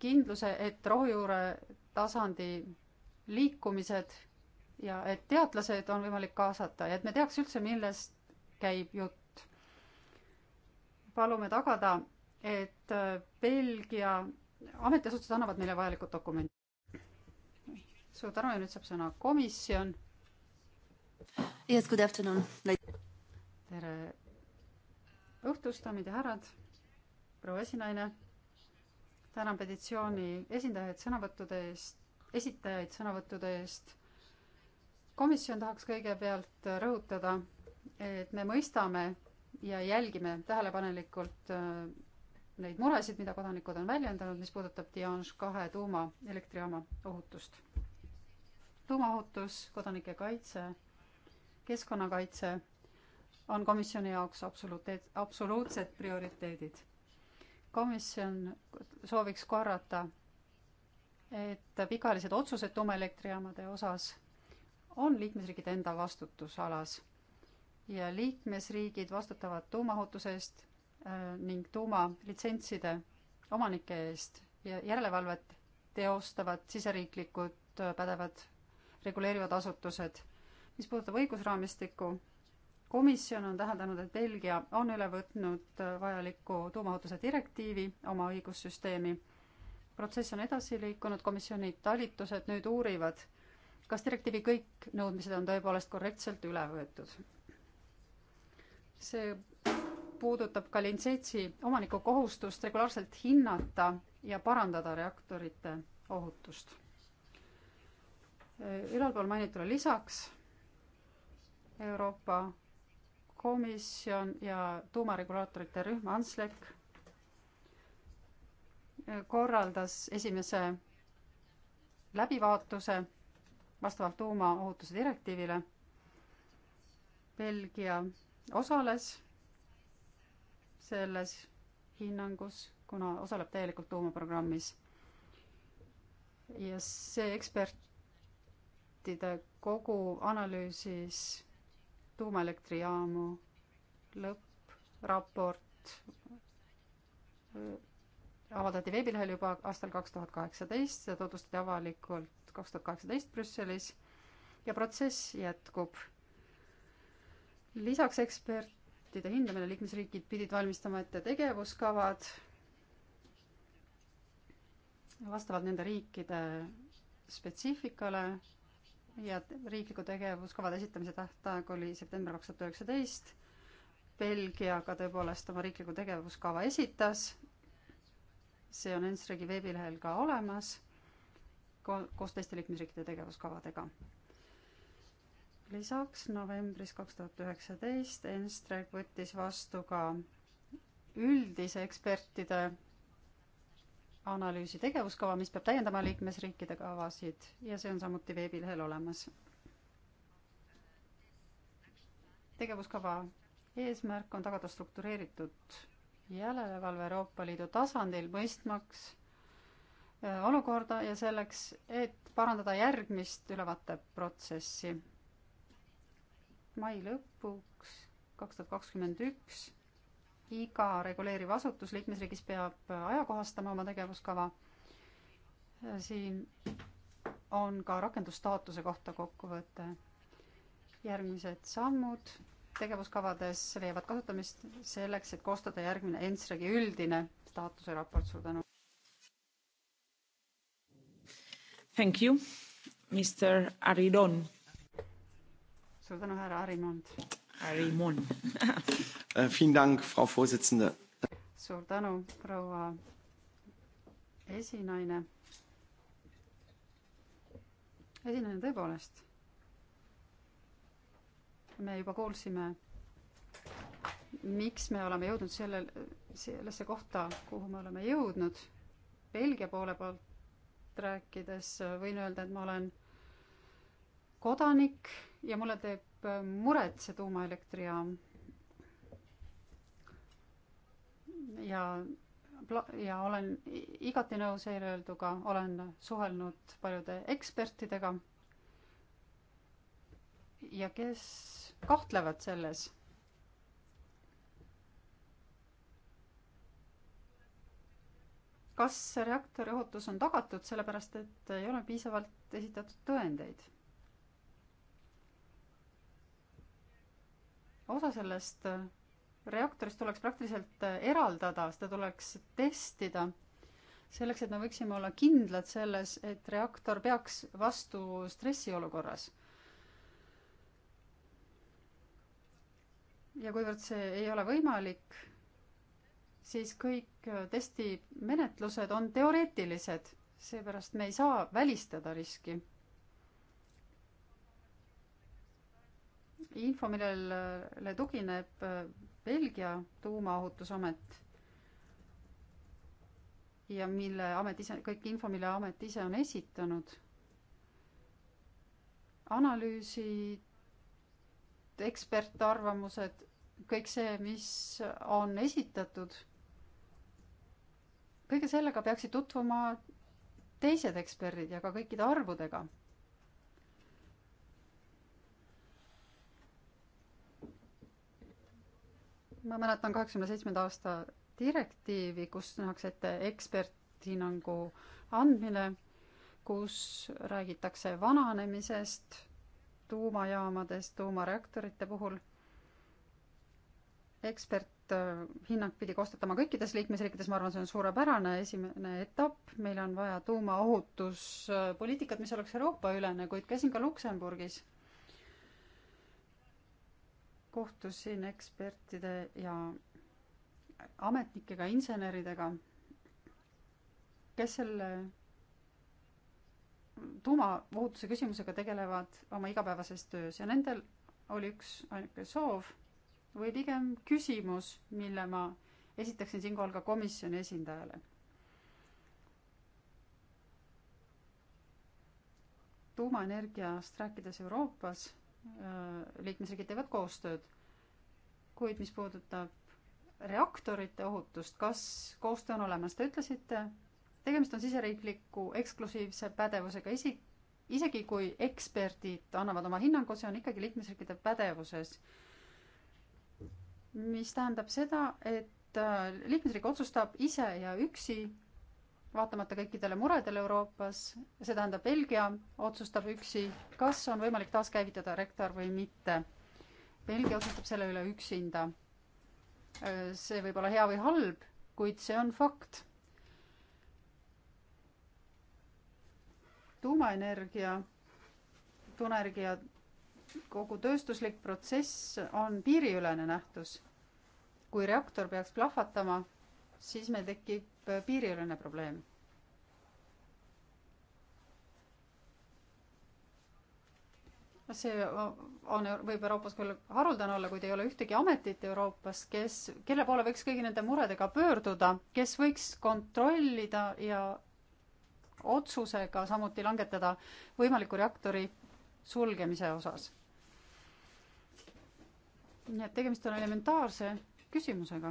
kindluse, et rohujuure tasandi liikumised ja et teadlased on võimalik kaasata ja et me teaks üldse, millest käib jutt. palume tagada, et äh, Belgia ametiasutused annavad meile vajalikud dokumendid. suur tänu ja nüüd saab sõna komisjon. Yes, good afternoon. tere õhtust, daamid ja härrad, proua esinaine. tänan petitsiooni esindajaid sõnavõttude eest, esitajaid sõnavõttude eest komisjon tahaks kõigepealt rõhutada, et me mõistame ja jälgime tähelepanelikult äh, neid muresid, mida kodanikud on väljendanud, mis puudutab Diange kahe tuumaelektrijaama ohutust. tuumaohutus, kodanike kaitse, keskkonnakaitse on komisjoni jaoks absoluut-, absoluutsed prioriteedid. komisjon sooviks korrata, et pikaajalised otsused tuumaelektrijaamade osas on liikmesriikide enda vastutusalas ja liikmesriigid vastutavad tuumaohutuse eest äh, ning tuumalitsentside omanike eest ja järelevalvet teostavad siseriiklikud äh, pädevad reguleerivad asutused. mis puudutab õigusraamistikku, komisjon on täheldanud, et Belgia on üle võtnud äh, vajaliku tuumaohutuse direktiivi oma õigussüsteemi. protsess on edasi liikunud, komisjoni talitused nüüd uurivad kas direktiivi kõik nõudmised on tõepoolest korrektselt üle võetud? see puudutab ka lintseitsi omaniku kohustust regulaarselt hinnata ja parandada reaktorite ohutust. ülalpool mainitule lisaks Euroopa Komisjon ja tuumaregulaatorite rühm Anslek korraldas esimese läbivaatuse vastavalt tuumaohutuse direktiivile. Belgia osales selles hinnangus, kuna osaleb täielikult tuumaprogrammis. ja see ekspertide kogu analüüsis tuumaelektrijaamu lõppraport äh, avaldati veebilehel juba aastal kaks tuhat kaheksateist, seda tutvustati avalikult kaks tuhat kaheksateist Brüsselis ja protsess jätkub. lisaks ekspertide hindamine liikmesriigid pidid valmistama ette tegevuskavad vastavalt nende riikide spetsiifikale ja riikliku tegevuskavade esitamise tähtaeg oli september kaks tuhat üheksateist. Belgia ka tõepoolest oma riikliku tegevuskava esitas. see on Ensregi veebilehel ka olemas koos teiste liikmesriikide tegevuskavadega. lisaks novembris kaks tuhat üheksateist Enstreg võttis vastu ka üldise ekspertide analüüsi tegevuskava, mis peab täiendama liikmesriikide kavasid ja see on samuti veebilehel olemas. tegevuskava eesmärk on tagada struktureeritud järelevalve Euroopa Liidu tasandil, mõistmaks Äh, olukorda ja selleks, et parandada järgmist ülevaateprotsessi. mai lõpuks kaks tuhat kakskümmend üks iga reguleeriv asutus liikmesriigis peab ajakohastama oma tegevuskava. Äh, siin on ka rakendusstaatuse kohta kokkuvõte. järgmised sammud tegevuskavades leiavad kasutamist selleks, et koostada järgmine ENSREG-i üldine staatuse raport. suur tänu! Thank you, Mr Aridon. suur tänu, härra Arimond. Arimon äh, Vielen Dank, Frau Vorsitzende. suur tänu, proua esinaine. esinaine tõepoolest. me juba kuulsime, miks me oleme jõudnud sellel, sellesse kohta, kuhu me oleme jõudnud Belgia poole poolt rääkides võin öelda, et ma olen kodanik ja mulle teeb äh, muret see tuumaelektrijaam. ja pla-, ja olen igati nõus eelöelduga, olen suhelnud paljude ekspertidega ja kes kahtlevad selles kas reaktori ohutus on tagatud, sellepärast et ei ole piisavalt esitatud tõendeid? osa sellest reaktorist tuleks praktiliselt eraldada, seda tuleks testida selleks, et me võiksime olla kindlad selles, et reaktor peaks vastu stressiolukorras. ja kuivõrd see ei ole võimalik siis kõik äh, testimenetlused on teoreetilised, seepärast me ei saa välistada riski. info, millele tugineb äh, Belgia tuumaohutusamet ja mille amet ise, kõik info, mille amet ise on esitanud, analüüsid, ekspertarvamused, kõik see, mis on esitatud kõige sellega peaksid tutvuma teised eksperdid ja ka kõikide arvudega. ma mäletan kaheksakümne seitsmenda aasta direktiivi, kus nähakse ette eksperthinnangu andmine, kus räägitakse vananemisest tuumajaamadest tuumareaktorite puhul. ekspert Äh, hinnang pidi koostatama kõikides liikmesriikides, ma arvan, see on suurepärane esimene etapp, meil on vaja tuumaohutuspoliitikat, mis oleks Euroopa-ülene, kuid käisin ka Luksemburgis. kohtusin ekspertide ja ametnikega, inseneridega, kes selle tuumaohutuse küsimusega tegelevad oma igapäevases töös ja nendel oli üks ainuke soov või pigem küsimus, mille ma esitaksin siinkohal ka komisjoni esindajale. tuumaenergiast rääkides Euroopas äh, liikmesriigid teevad koostööd, kuid mis puudutab reaktorite ohutust, kas koostöö on olemas, te ütlesite, tegemist on siseriikliku eksklusiivse pädevusega isik, isegi kui eksperdid annavad oma hinnangu, see on ikkagi liikmesriikide pädevuses mis tähendab seda, et äh, liikmesriik otsustab ise ja üksi, vaatamata kõikidele muredele Euroopas, see tähendab Belgia otsustab üksi, kas on võimalik taaskäivitada rektor või mitte. Belgia otsustab selle üle üksinda. Äh, see võib olla hea või halb, kuid see on fakt. tuumaenergia, tuumaenergia kogu tööstuslik protsess on piiriülene nähtus kui reaktor peaks plahvatama, siis meil tekib äh, piiriülene probleem. see on, võib Euroopas küll haruldane olla, kuid ei ole ühtegi ametit Euroopas, kes, kelle poole võiks kõigi nende muredega pöörduda, kes võiks kontrollida ja otsusega samuti langetada võimaliku reaktori sulgemise osas. nii et tegemist on elementaarse küsimusega.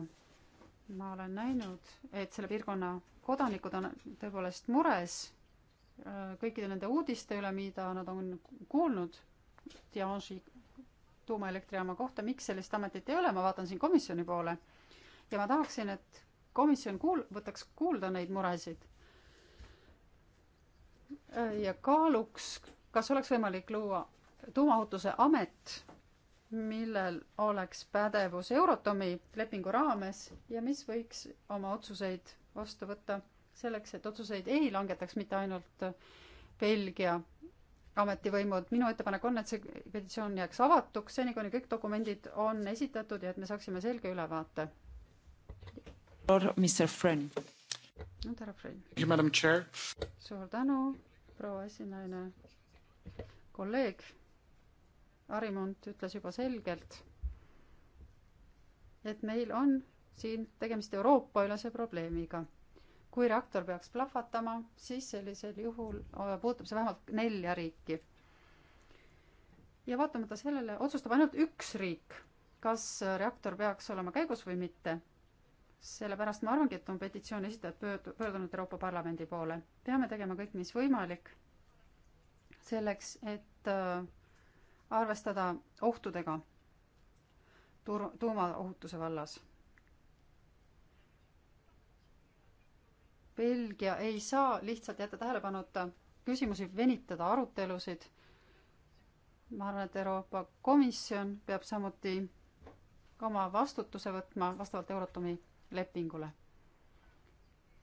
ma olen näinud, et selle piirkonna kodanikud on tõepoolest mures äh, kõikide nende uudiste üle, mida nad on kuulnud Tianji tuumaelektrijaama kohta, miks sellist ametit ei ole, ma vaatan siin komisjoni poole ja ma tahaksin, et komisjon kuul-, võtaks kuulda neid muresid äh, ja kaaluks, kas oleks võimalik luua tuumaohutuse amet millel oleks pädevus Eurotomi lepingu raames ja mis võiks oma otsuseid vastu võtta selleks, et otsuseid ei langetaks mitte ainult Belgia ametivõimud. minu ettepanek on, et see petitsioon jääks avatuks seni, kuni kõik dokumendid on esitatud ja et me saaksime selge ülevaate. Mr Frenn. nüüd härra Frenn. suur tänu, proua esinaine, kolleeg Arimont ütles juba selgelt, et meil on siin tegemist Euroopa-ülese probleemiga. kui reaktor peaks plahvatama, siis sellisel juhul äh, puutub see vähemalt nelja riiki. ja vaatamata sellele otsustab ainult üks riik, kas reaktor peaks olema käigus või mitte. sellepärast ma arvangi, et on petitsiooni esitajad pöördu-, pöördunud Euroopa Parlamendi poole. peame tegema kõik, mis võimalik, selleks et äh, arvestada ohtudega tur-, tuumaohutuse vallas. Belgia ei saa lihtsalt jätta tähelepanuta küsimusi, venitada arutelusid. ma arvan, et Euroopa Komisjon peab samuti oma vastutuse võtma vastavalt Euratomi lepingule.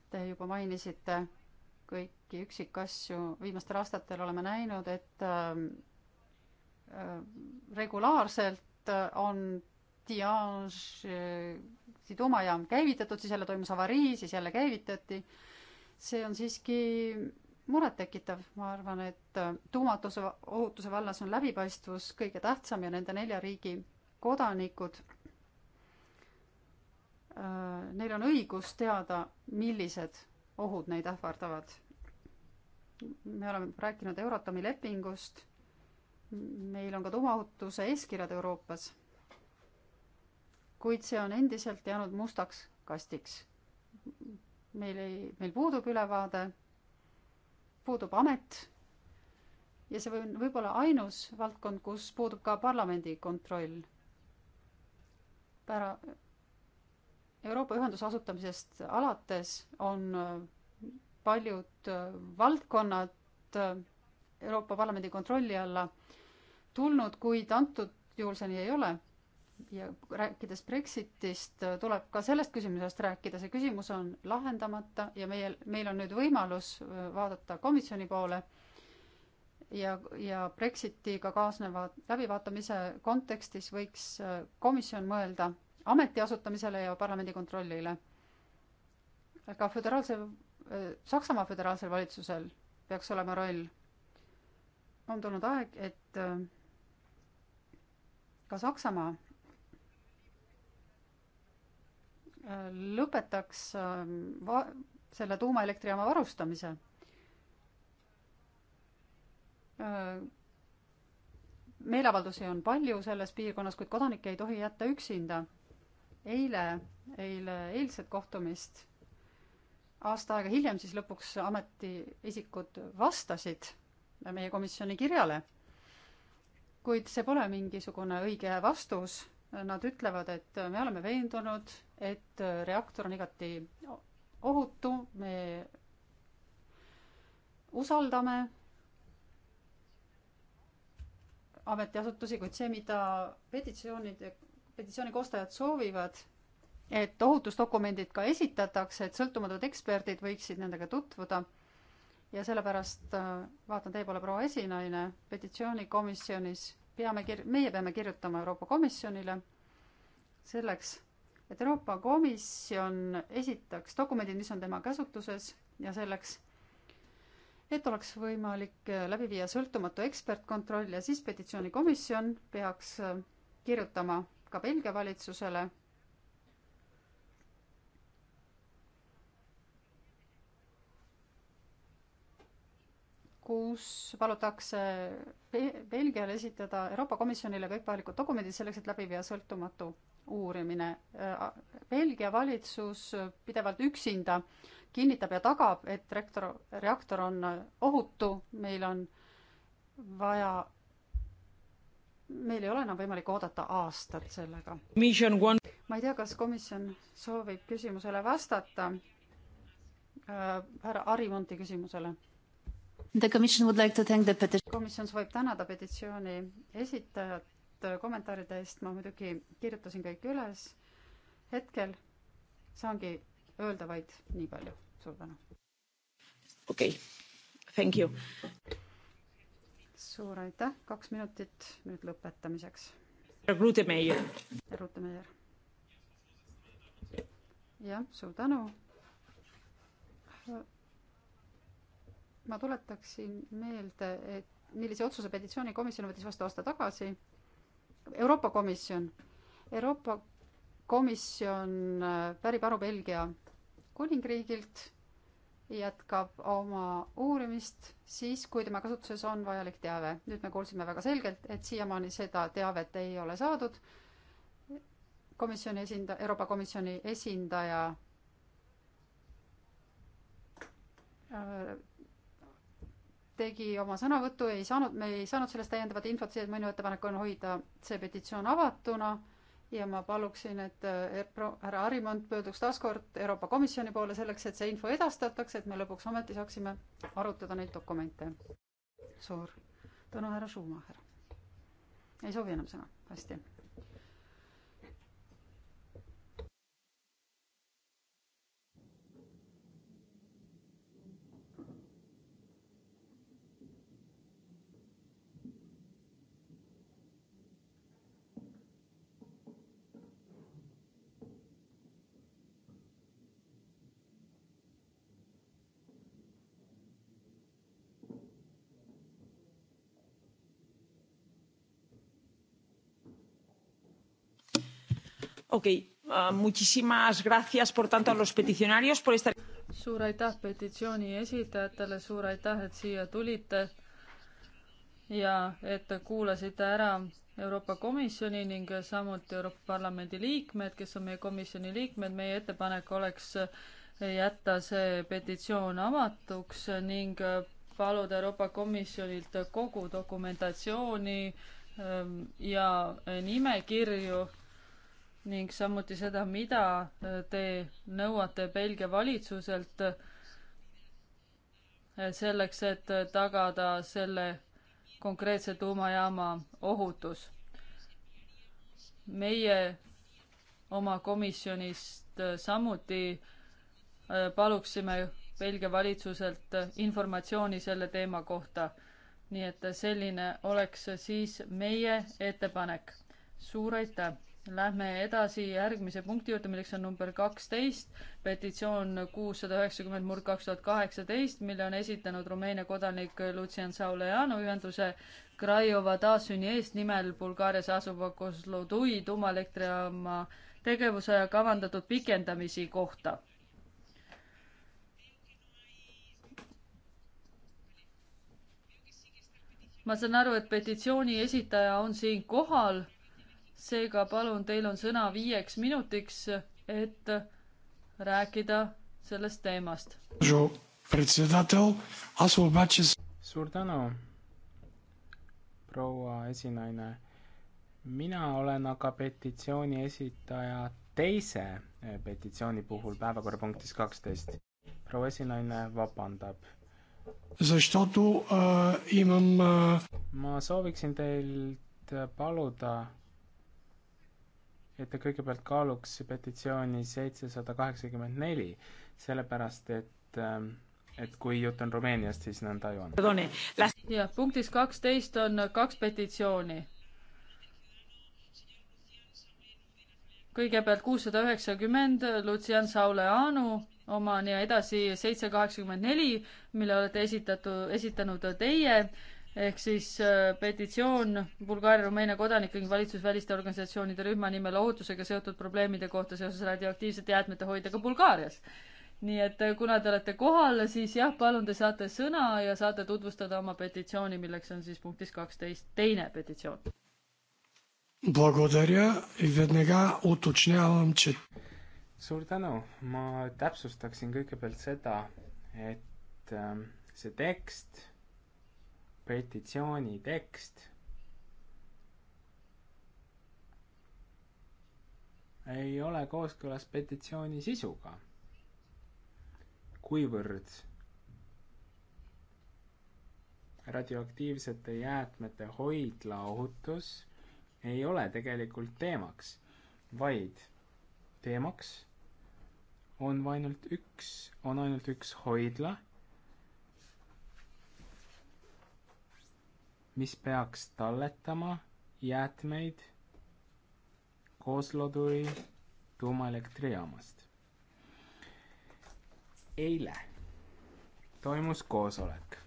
Te juba mainisite kõiki üksikasju, viimastel aastatel oleme näinud, et ähm, Äh, regulaarselt äh, on Tiange'i äh, tuumajaam käivitatud, siis jälle toimus avarii, siis jälle käivitati. see on siiski murettekitav, ma arvan, et tuumatuse ohutuse vallas on läbipaistvus kõige tähtsam ja nende nelja riigi kodanikud, neil on õigus teada, millised ohud neid ähvardavad. me oleme rääkinud Euratomi lepingust meil on ka tuumaohutuse eeskirjad Euroopas, kuid see on endiselt jäänud mustaks kastiks. meil ei, meil puudub ülevaade, puudub amet ja see on võib-olla ainus valdkond, kus puudub ka parlamendi kontroll. pära-, Euroopa Ühenduse asutamisest alates on äh, paljud äh, valdkonnad äh, Euroopa Parlamendi kontrolli alla äh, tulnud, kuid antud juhul see nii ei ole. ja rääkides Brexitist, tuleb ka sellest küsimusest rääkida, see küsimus on lahendamata ja meie, meil on nüüd võimalus äh, vaadata komisjoni poole ja, ja Brexitiga kaasneva läbivaatamise kontekstis võiks äh, komisjon mõelda ameti asutamisele ja parlamendi kontrollile. ka föderaalsel, äh, Saksamaa föderaalsel valitsusel peaks olema roll. on tulnud aeg, et ka Saksamaa lõpetaks ähm, va-, selle tuumaelektrijaama varustamise. Äh, meeleavaldusi on palju selles piirkonnas, kuid kodanikke ei tohi jätta üksinda. eile, eile, eilset kohtumist, aasta aega hiljem siis lõpuks ametiisikud vastasid meie komisjoni kirjale kuid see pole mingisugune õige vastus. Nad ütlevad, et me oleme veendunud, et reaktor on igati ohutu, me usaldame ametiasutusi, kuid see, mida petitsioonide, petitsiooni koostajad soovivad, et ohutusdokumendid ka esitatakse, et sõltumatud eksperdid võiksid nendega tutvuda ja sellepärast äh, vaatan teie poole, proua esinaine, petitsioonikomisjonis peame kir-, meie peame kirjutama Euroopa Komisjonile selleks, et Euroopa Komisjon esitaks dokumendid, mis on tema käsutuses ja selleks, et oleks võimalik äh, läbi viia sõltumatu ekspertkontroll ja siis petitsioonikomisjon peaks äh, kirjutama ka Belgia valitsusele kus palutakse Belgial esitada Euroopa Komisjonile kõik vajalikud dokumendid selleks, et läbi viia sõltumatu uurimine. Äh, Belgia valitsus pidevalt üksinda kinnitab ja tagab, et rektor, reaktor on ohutu, meil on vaja, meil ei ole enam võimalik oodata aastat sellega. ma ei tea, kas komisjon soovib küsimusele vastata äh,, härra Arimonti küsimusele komisjon soovib tänada petitsiooni esitajat kommentaaride eest, ma muidugi kirjutasin kõik üles. hetkel saangi öelda vaid nii palju, suur tänu. okei okay., thank you. suur aitäh, kaks minutit nüüd lõpetamiseks. Rutemeier. Rutemeier. jah, suur tänu ma tuletaksin meelde, et millise otsuse petitsioonikomisjon võttis vastu aasta tagasi. Euroopa Komisjon, Euroopa Komisjon pärib äh, aru Belgia kuningriigilt, jätkab oma uurimist siis, kui tema kasutuses on vajalik teave. nüüd me kuulsime väga selgelt, et siiamaani seda teavet ei ole saadud. komisjoni esinda-, Euroopa Komisjoni esindaja äh, tegi oma sõnavõttu, ei saanud, me ei saanud sellest täiendavat infot, see minu ettepanek on hoida see petitsioon avatuna ja ma paluksin, et eh, härra Harimond pöörduks taas kord Euroopa Komisjoni poole selleks, et see info edastatakse, et me lõpuks ometi saaksime arutada neid dokumente. suur tänu, härra Schumacher. ei soovi enam sõna, hästi Ok, uh, muchísimas gracias por tanto a los peticionarios por esta. suur aitäh petitsiooni esitajatele, suur aitäh, et siia tulite ja et kuulasite ära Euroopa Komisjoni ning samuti Euroopa Parlamendi liikmed, kes on meie komisjoni liikmed, meie ettepanek oleks jätta see petitsioon avatuks ning paluda Euroopa Komisjonilt kogu dokumentatsiooni ähm, ja nimekirju ning samuti seda, mida äh, te nõuate Belgia valitsuselt äh, selleks, et äh, tagada selle konkreetse tuumajaama ohutus. meie oma komisjonist samuti paluksime Belgia valitsuselt informatsiooni selle teema kohta. nii et selline oleks siis meie ettepanek. suur aitäh! Lähme edasi järgmise punkti juurde, milleks on number kaksteist, petitsioon kuussada üheksakümmend murd kaks tuhat kaheksateist, mille on esitanud Rumeenia kodanik Lucian Sauleanu ühenduse Kraiova taassünni eest nimel Bulgaarias asuva Kozlodui tuumaelektrijaama tegevuse kavandatud pikendamisi kohta. ma saan aru, et petitsiooni esitaja on siin kohal seega palun, teil on sõna viieks minutiks, et rääkida sellest teemast. suur tänu, proua esinaine. mina olen aga petitsiooni esitaja teise eh, petitsiooni puhul päevakorrapunktis kaksteist. proua esinaine vabandab. Eh, eh, ma sooviksin teilt paluda et ta kõigepealt kaaluks petitsiooni seitsesada kaheksakümmend neli, sellepärast et ähm, et kui jutt on Rumeeniast, siis nõnda ju on. jah, punktis kaksteist on kaks petitsiooni. kõigepealt kuussada üheksakümmend Lucian Sauleanu omani ja edasi seitse kaheksakümmend neli, mille olete esitatud, esitanud teie ehk siis äh, petitsioon Bulgaaria, Rumeenia kodanike ning valitsusväliste organisatsioonide rühma nimel ohutusega seotud probleemide kohta seoses radioaktiivsete jäätmete hoidega Bulgaarias. nii et äh, kuna te olete kohal, siis jah, palun, te saate sõna ja saate tutvustada oma petitsiooni, milleks on siis punktis kaksteist teine petitsioon. suur tänu, ma täpsustaksin kõigepealt seda, et äh, see tekst petitsiooni tekst ei ole kooskõlas petitsiooni sisuga. kuivõrd radioaktiivsete jäätmete hoidla ohutus ei ole tegelikult teemaks, vaid teemaks on ainult üks, on ainult üks hoidla mis peaks talletama jäätmeid Kosloduri tuumaelektrijaamast. eile toimus koosolek.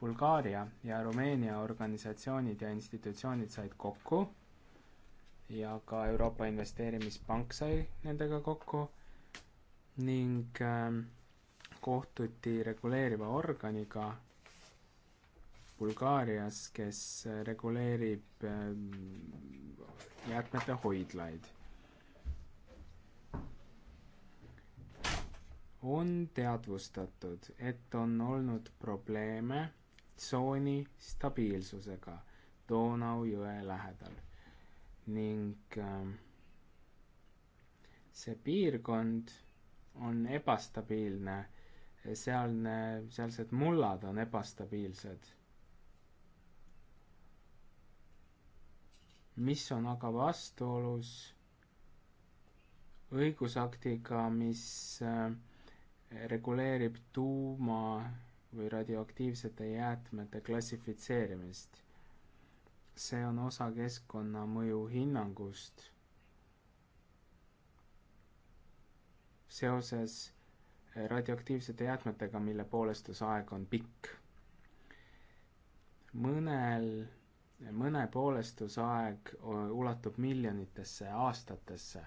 Bulgaaria ja Rumeenia organisatsioonid ja institutsioonid said kokku ja ka Euroopa Investeerimispank sai nendega kokku ning ähm, kohtuti reguleeriva organiga Bulgaarias, kes äh, reguleerib ähm, jäätmete hoidlaid. on teadvustatud, et on olnud probleeme tsooni stabiilsusega Donau jõe lähedal ning ähm, see piirkond on ebastabiilne, sealne, sealsed mullad on ebastabiilsed mis on aga vastuolus õigusaktiga, mis äh, reguleerib tuuma või radioaktiivsete jäätmete klassifitseerimist. see on osa keskkonnamõju hinnangust seoses äh, radioaktiivsete jäätmetega, mille poolestusaeg on pikk. mõnel mõne poolestusaeg ulatub miljonitesse aastatesse.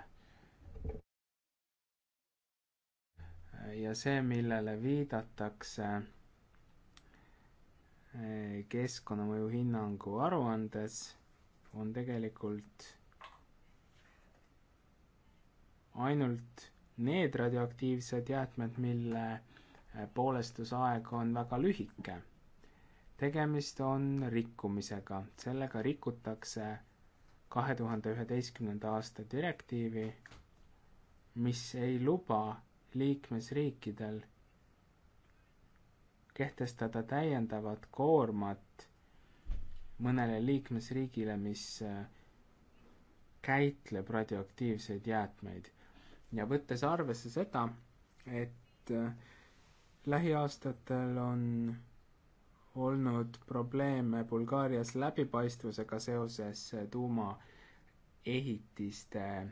ja see, millele viidatakse e, keskkonnamõju hinnangu aruandes, on tegelikult ainult need radioaktiivsed jäätmed, mille e, poolestusaeg on väga lühike tegemist on rikkumisega sellega rikutakse 2011 aasta direktiivi mis ei luba liikmesriikidel kehtestada täiendavat koormat mõnele liikmesriigile mis äh, käitleb radioaktiivseid jäätmeid ja võttes arvesse seda et äh, lähiaastatel on olnud probleeme Bulgaarias läbipaistvusega seoses tuumaehitiste äh,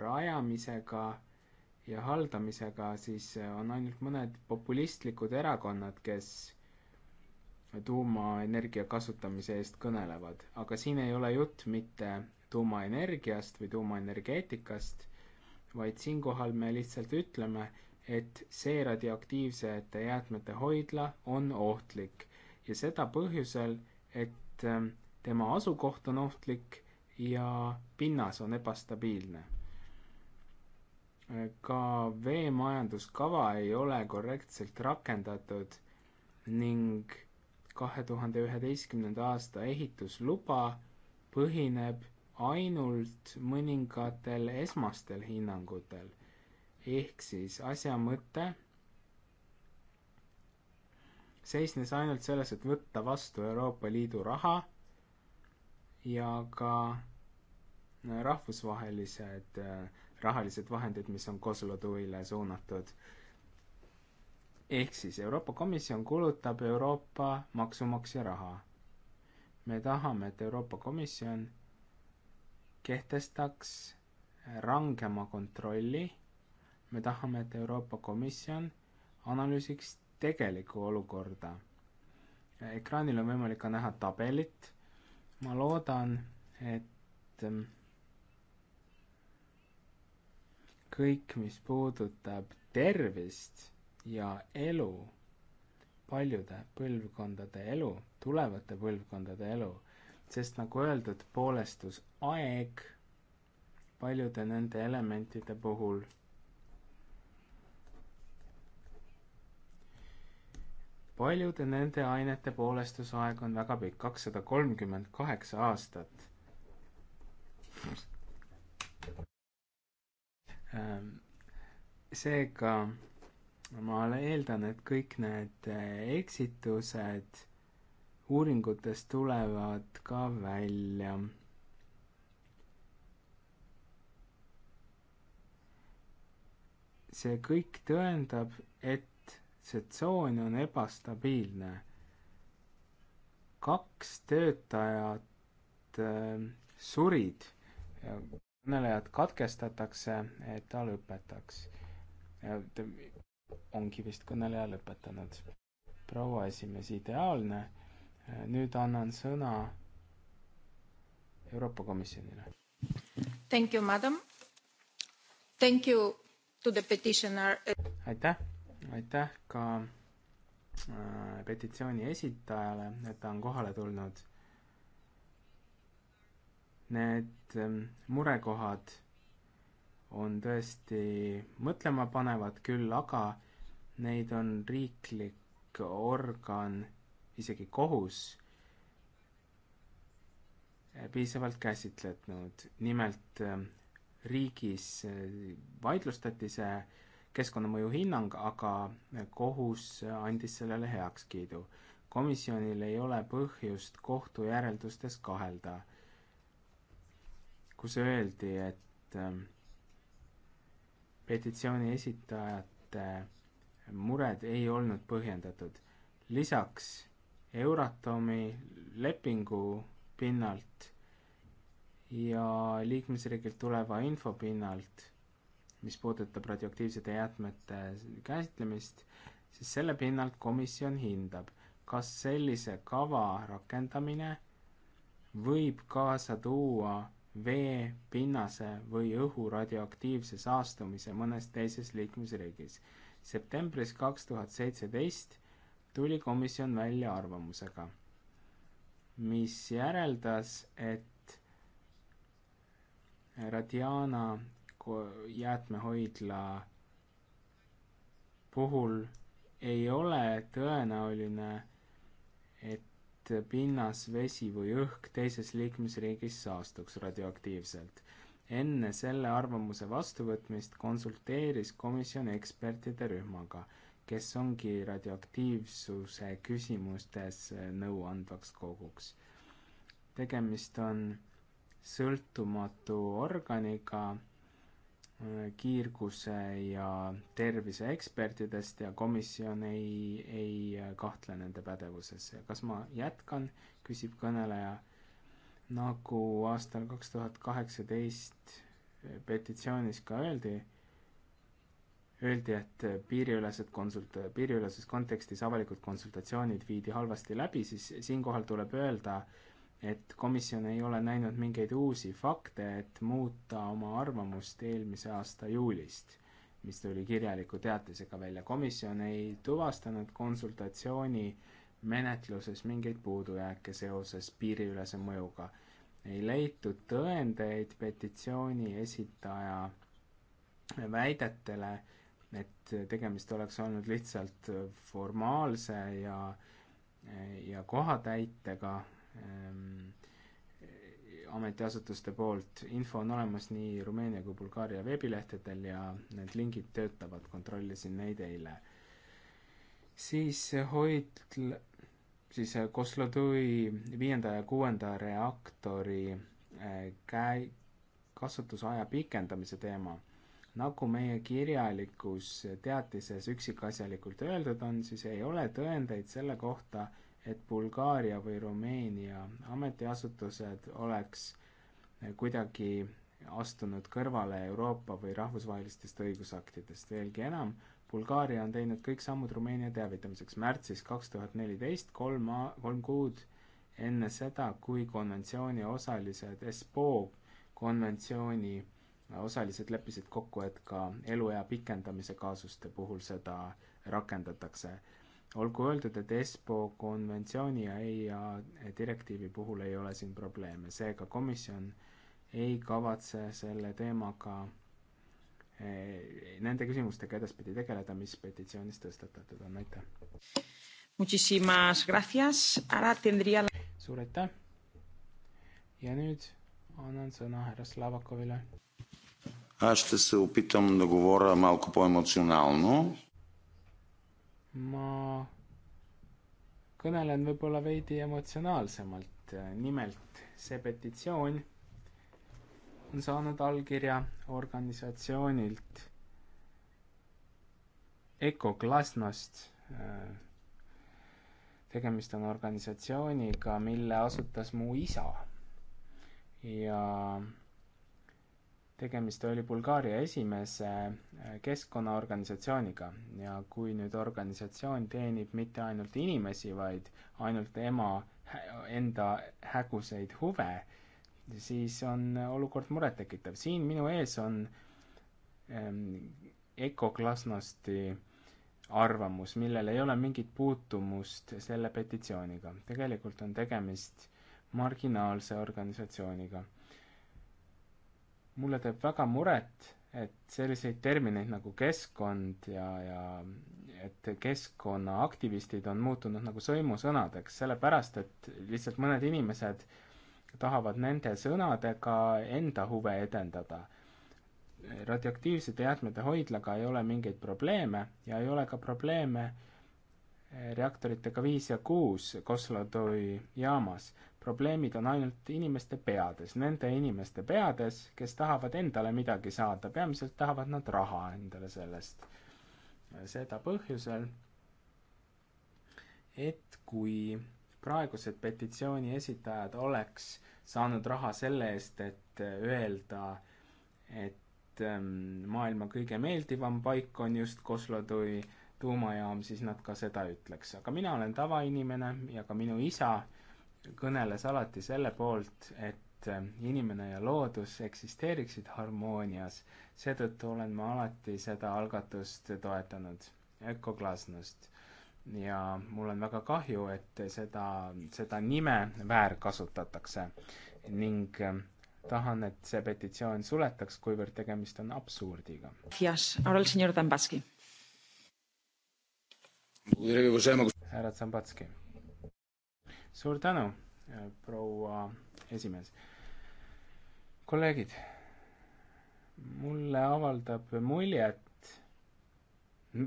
rajamisega ja haldamisega, siis äh, on ainult mõned populistlikud erakonnad, kes tuumaenergia kasutamise eest kõnelevad, aga siin ei ole jutt mitte tuumaenergiast või tuumaenergeetikast, vaid siinkohal me lihtsalt ütleme, et see radioaktiivsete jäätmete hoidla on ohtlik ja seda põhjusel, et ähm, tema asukoht on ohtlik ja pinnas on ebastabiilne. ka veemajanduskava ei ole korrektselt rakendatud ning kahe tuhande üheteistkümnenda aasta ehitusluba põhineb ainult mõningatel esmastel hinnangutel ehk siis asja mõte seisnes ainult selles, et võtta vastu Euroopa Liidu raha ja ka äh, rahvusvahelised äh, rahalised vahendid, mis on Kozloduile suunatud. ehk siis Euroopa Komisjon kulutab Euroopa maksumaksja raha. me tahame, et Euroopa Komisjon kehtestaks rangema kontrolli me tahame et euroopa komisjon analüüsiks tegelikku olukorda ekraanil on võimalik ka näha tabelit ma loodan et ehm, kõik mis puudutab tervist ja elu paljude põlvkondade elu, tulevate põlvkondade elu, sest nagu öeldud, poolestus aeg paljude nende elementide puhul paljude nende ainete poolestusaeg on väga pikk, kakssada kolmkümmend kaheksa aastat. Ähm, seega ma eeldan, et kõik need äh, eksitused uuringutest tulevad ka välja. see kõik tõendab, et see tsoon on ebastabiilne. kaks töötajat äh, surid, kõnelejad katkestatakse, et ta lõpetaks. ongi vist kõneleja lõpetanud. proua esimees, ideaalne. nüüd annan sõna Euroopa Komisjonile. Thank you, madam. Thank you to the petitioner. aitäh aitäh ka äh, petitsiooni esitajale, et ta on kohale tulnud. Need ähm, murekohad on tõesti mõtlemapanevad küll, aga neid on riiklik organ, isegi kohus, piisavalt käsitlenud. nimelt ähm, riigis äh, vaidlustati see keskkonnamõju hinnang, aga kohus andis sellele heakskiidu. komisjonil ei ole põhjust kohtu järeldustes kahelda, kus öeldi, et ähm, petitsiooni esitajate mured ei olnud põhjendatud. lisaks Euratomi lepingu pinnalt ja liikmesriigilt tuleva info pinnalt mis puudutab radioaktiivsete jäätmete käsitlemist, siis selle pinnalt komisjon hindab, kas sellise kava rakendamine võib kaasa tuua vee, pinnase või õhu radioaktiivse saastumise mõnes teises liikmesriigis. septembris kaks tuhat seitseteist tuli komisjon välja arvamusega, mis järeldas, et Radiana jäätmehoidla puhul ei ole tõenäoline, et pinnas, vesi või õhk teises liikmesriigis saastuks radioaktiivselt. enne selle arvamuse vastuvõtmist konsulteeris komisjon ekspertide rühmaga, kes ongi radioaktiivsuse küsimustes nõuandvaks koguks. tegemist on sõltumatu organiga kiirguse ja tervise ekspertidest ja komisjon ei, ei kahtle nende pädevuses. kas ma jätkan, küsib kõneleja. nagu aastal kaks tuhat kaheksateist petitsioonis ka öeldi, öeldi, et piiriülesed konsult-, piiriüleses kontekstis avalikud konsultatsioonid viidi halvasti läbi, siis siinkohal tuleb öelda, äh, et komisjon ei ole näinud mingeid uusi fakte, et muuta oma arvamust eelmise aasta juulist, mis tuli kirjaliku teatisega välja. komisjon ei tuvastanud konsultatsiooni menetluses mingeid puudujääke seoses piiriülese mõjuga. ei leitud tõendeid petitsiooni esitaja väidetele, et tegemist oleks olnud lihtsalt formaalse ja ja kohatäitega Ehm, ametiasutuste poolt. info on olemas nii Rumeenia kui Bulgaaria veebilehtedel ja need lingid töötavad, kontrollisin neid eile. siis hoidl-, siis Koslodui viienda ja kuuenda reaktori eh, käi-, kasutusaja pikendamise teema. nagu meie kirjalikus teatises üksikasjalikult öeldud on, siis ei ole tõendeid selle kohta, et Bulgaaria või Rumeenia ametiasutused oleks kuidagi astunud kõrvale Euroopa või rahvusvahelistest õigusaktidest, veelgi enam, Bulgaaria on teinud kõik sammud Rumeenia teavitamiseks. märtsis kaks tuhat neliteist, kolm a-, kolm kuud enne seda, kui konventsiooni osalised, SPO konventsiooni osalised leppisid kokku, et ka eluea pikendamise kaasuste puhul seda rakendatakse olgu öeldud, et ESPO konventsiooni ja EIA direktiivi puhul ei ole siin probleeme, seega komisjon ei kavatse selle teemaga e, nende küsimustega edaspidi tegeleda, mis petitsioonis tõstatatud on, aitäh. suur aitäh. ja nüüd annan sõna härra Slavakovile. Аз ще се опитам да говоря малко по-емоционално ma kõnelen võib-olla veidi emotsionaalsemalt, nimelt see petitsioon on saanud allkirja organisatsioonilt Eko Glasnost. tegemist on organisatsiooniga, mille asutas mu isa ja tegemist oli Bulgaaria esimese äh, keskkonnaorganisatsiooniga ja kui nüüd organisatsioon teenib mitte ainult inimesi, vaid ainult ema enda häguseid huve, siis on olukord murettekitav. siin minu ees on ähm, Ekoklasnosti arvamus, millel ei ole mingit puutumust selle petitsiooniga. tegelikult on tegemist marginaalse organisatsiooniga mulle teeb väga muret, et selliseid termineid nagu keskkond ja, ja et keskkonnaaktivistid on muutunud nagu sõimusõnadeks, sellepärast et lihtsalt mõned inimesed tahavad nende sõnadega enda huve edendada. radioaktiivsete jäätmete hoidlaga ei ole mingeid probleeme ja ei ole ka probleeme reaktoritega viis ja kuus Kosladoi jaamas probleemid on ainult inimeste peades, nende inimeste peades, kes tahavad endale midagi saada, peamiselt tahavad nad raha endale sellest. seda põhjusel, et kui praegused petitsiooni esitajad oleks saanud raha selle eest, et öelda, et ähm, maailma kõige meeldivam paik on just Koslodui tuumajaam, siis nad ka seda ütleks, aga mina olen tavainimene ja ka minu isa äh, kõneles alati selle poolt, et äh, inimene ja loodus eksisteeriksid harmoonias. seetõttu olen ma alati seda algatust toetanud, ökoklasnust. ja mul on väga kahju, et seda, seda nime väärkasutatakse ning äh, tahan, et see petitsioon suletaks, kuivõrd tegemist on absurdiga. härra Zambatski suur tänu, äh, proua esimees. kolleegid, mulle avaldab muljet,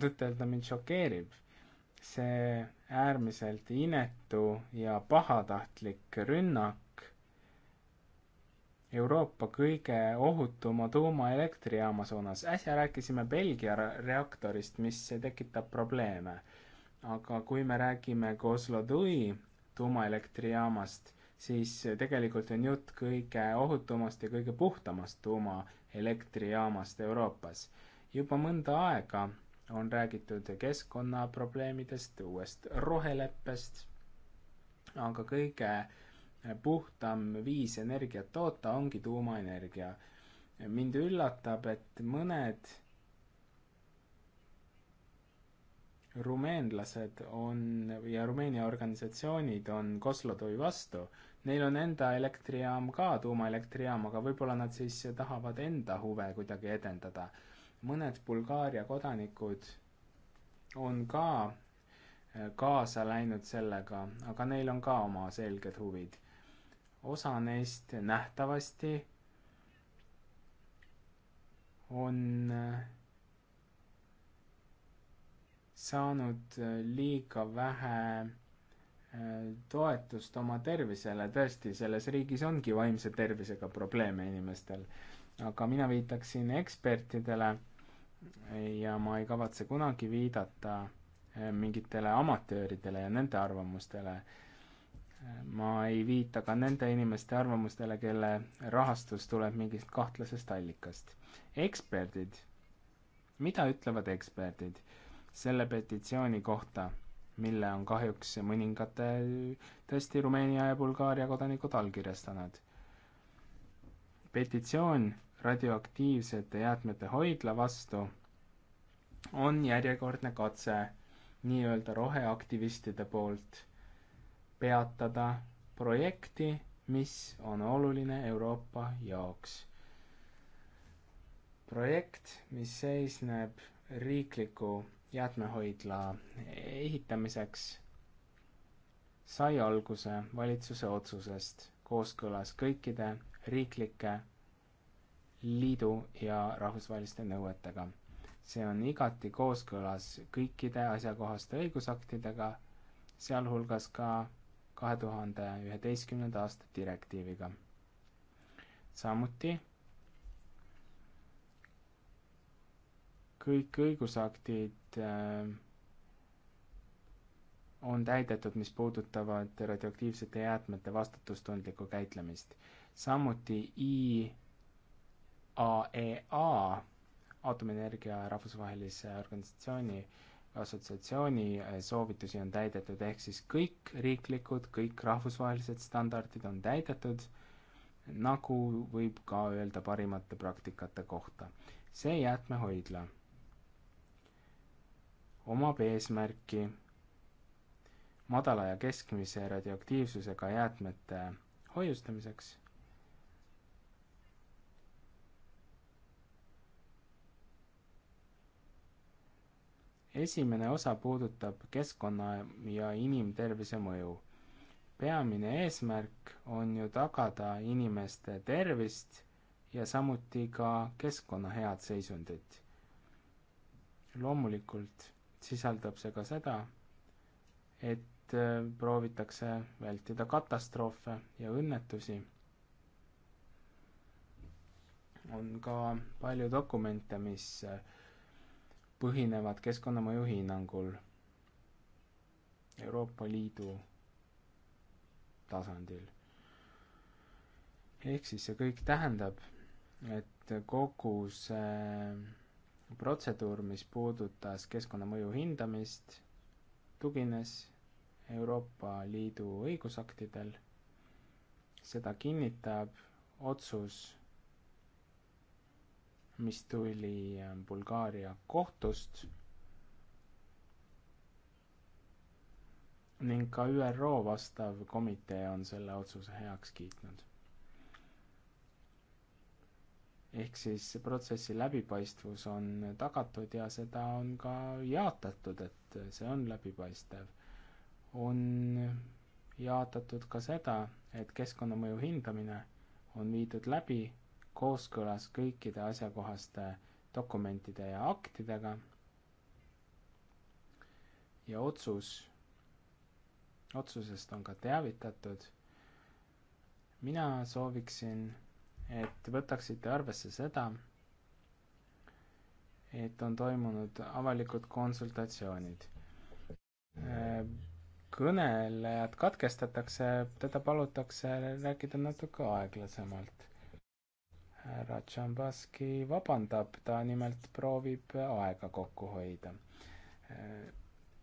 tõtt-öelda mind šokeerib see äärmiselt inetu ja pahatahtlik rünnak Euroopa kõige ohutuma tuumaelektrijaama suunas. äsja rääkisime Belgia reaktorist, mis tekitab probleeme. aga kui me räägime Kozlodui tuumaelektrijaamast, siis tegelikult on jutt kõige ohutumast ja kõige puhtamast tuumaelektrijaamast Euroopas. juba mõnda aega on räägitud keskkonnaprobleemidest, uuest roheleppest, aga kõige puhtam viis energiat toota ongi tuumaenergia. mind üllatab, et mõned rumeenlased on ja Rumeenia organisatsioonid on Kosloduj vastu. Neil on enda elektrijaam ka, tuumaelektrijaam, aga võib-olla nad siis tahavad enda huve kuidagi edendada. mõned Bulgaaria kodanikud on ka eh, kaasa läinud sellega, aga neil on ka oma selged huvid. osa neist nähtavasti on äh, saanud äh, liiga vähe äh, toetust oma tervisele, tõesti, selles riigis ongi vaimse tervisega probleeme inimestel. aga mina viitaksin ekspertidele ja ma ei kavatse kunagi viidata äh, mingitele amatööridele ja nende arvamustele. ma ei viita ka nende inimeste arvamustele, kelle rahastus tuleb mingist kahtlasest allikast. eksperdid, mida ütlevad eksperdid? selle petitsiooni kohta, mille on kahjuks mõningate tõesti Rumeenia ja Bulgaaria kodanikud allkirjastanud. petitsioon radioaktiivsete jäätmete hoidla vastu on järjekordne katse nii-öelda roheaktivistide poolt peatada projekti, mis on oluline Euroopa jaoks. projekt, mis seisneb riikliku jäätmehoidla ehitamiseks sai alguse valitsuse otsusest kooskõlas kõikide riiklike liidu ja rahvusvaheliste nõuetega. see on igati kooskõlas kõikide asjakohaste õigusaktidega, sealhulgas ka kahe tuhande üheteistkümnenda aasta direktiiviga. samuti kõik õigusaktid äh, on täidetud, mis puudutavad radioaktiivsete jäätmete vastutustundlikku käitlemist. samuti IAEA, e aatomienergia rahvusvahelise organisatsiooni, assotsiatsiooni äh, soovitusi on täidetud, ehk siis kõik riiklikud, kõik rahvusvahelised standardid on täidetud, nagu võib ka öelda parimate praktikate kohta. see jäätmehoidla omab eesmärki madala ja keskmise radioaktiivsusega jäätmete hoiustamiseks esimene osa puudutab keskkonna ja inimtervise mõju. peamine eesmärk on ju tagada inimeste tervist ja samuti ka keskkonna head seisundit. loomulikult sisaldab see ka seda, et äh, proovitakse vältida katastroofe ja õnnetusi. on ka palju dokumente, mis äh, põhinevad keskkonnamõju hinnangul Euroopa Liidu tasandil. ehk siis see kõik tähendab, et kogu see äh, protseduur, mis puudutas keskkonnamõju hindamist, tugines Euroopa Liidu õigusaktidel, seda kinnitab otsus, mis tuli Bulgaaria kohtust ning ka ÜRO vastav komitee on selle otsuse heaks kiitnud ehk siis protsessi läbipaistvus on tagatud ja seda on ka jaatatud, et see on läbipaistev. on jaatatud ka seda, et keskkonnamõju hindamine on viidud läbi kooskõlas kõikide asjakohaste dokumentide ja aktidega ja otsus, otsusest on ka teavitatud. mina sooviksin et võtaksite arvesse seda, et on toimunud avalikud konsultatsioonid. kõnelejad katkestatakse, teda palutakse rääkida natuke aeglasemalt. härra Tšambaski vabandab, ta nimelt proovib aega kokku hoida.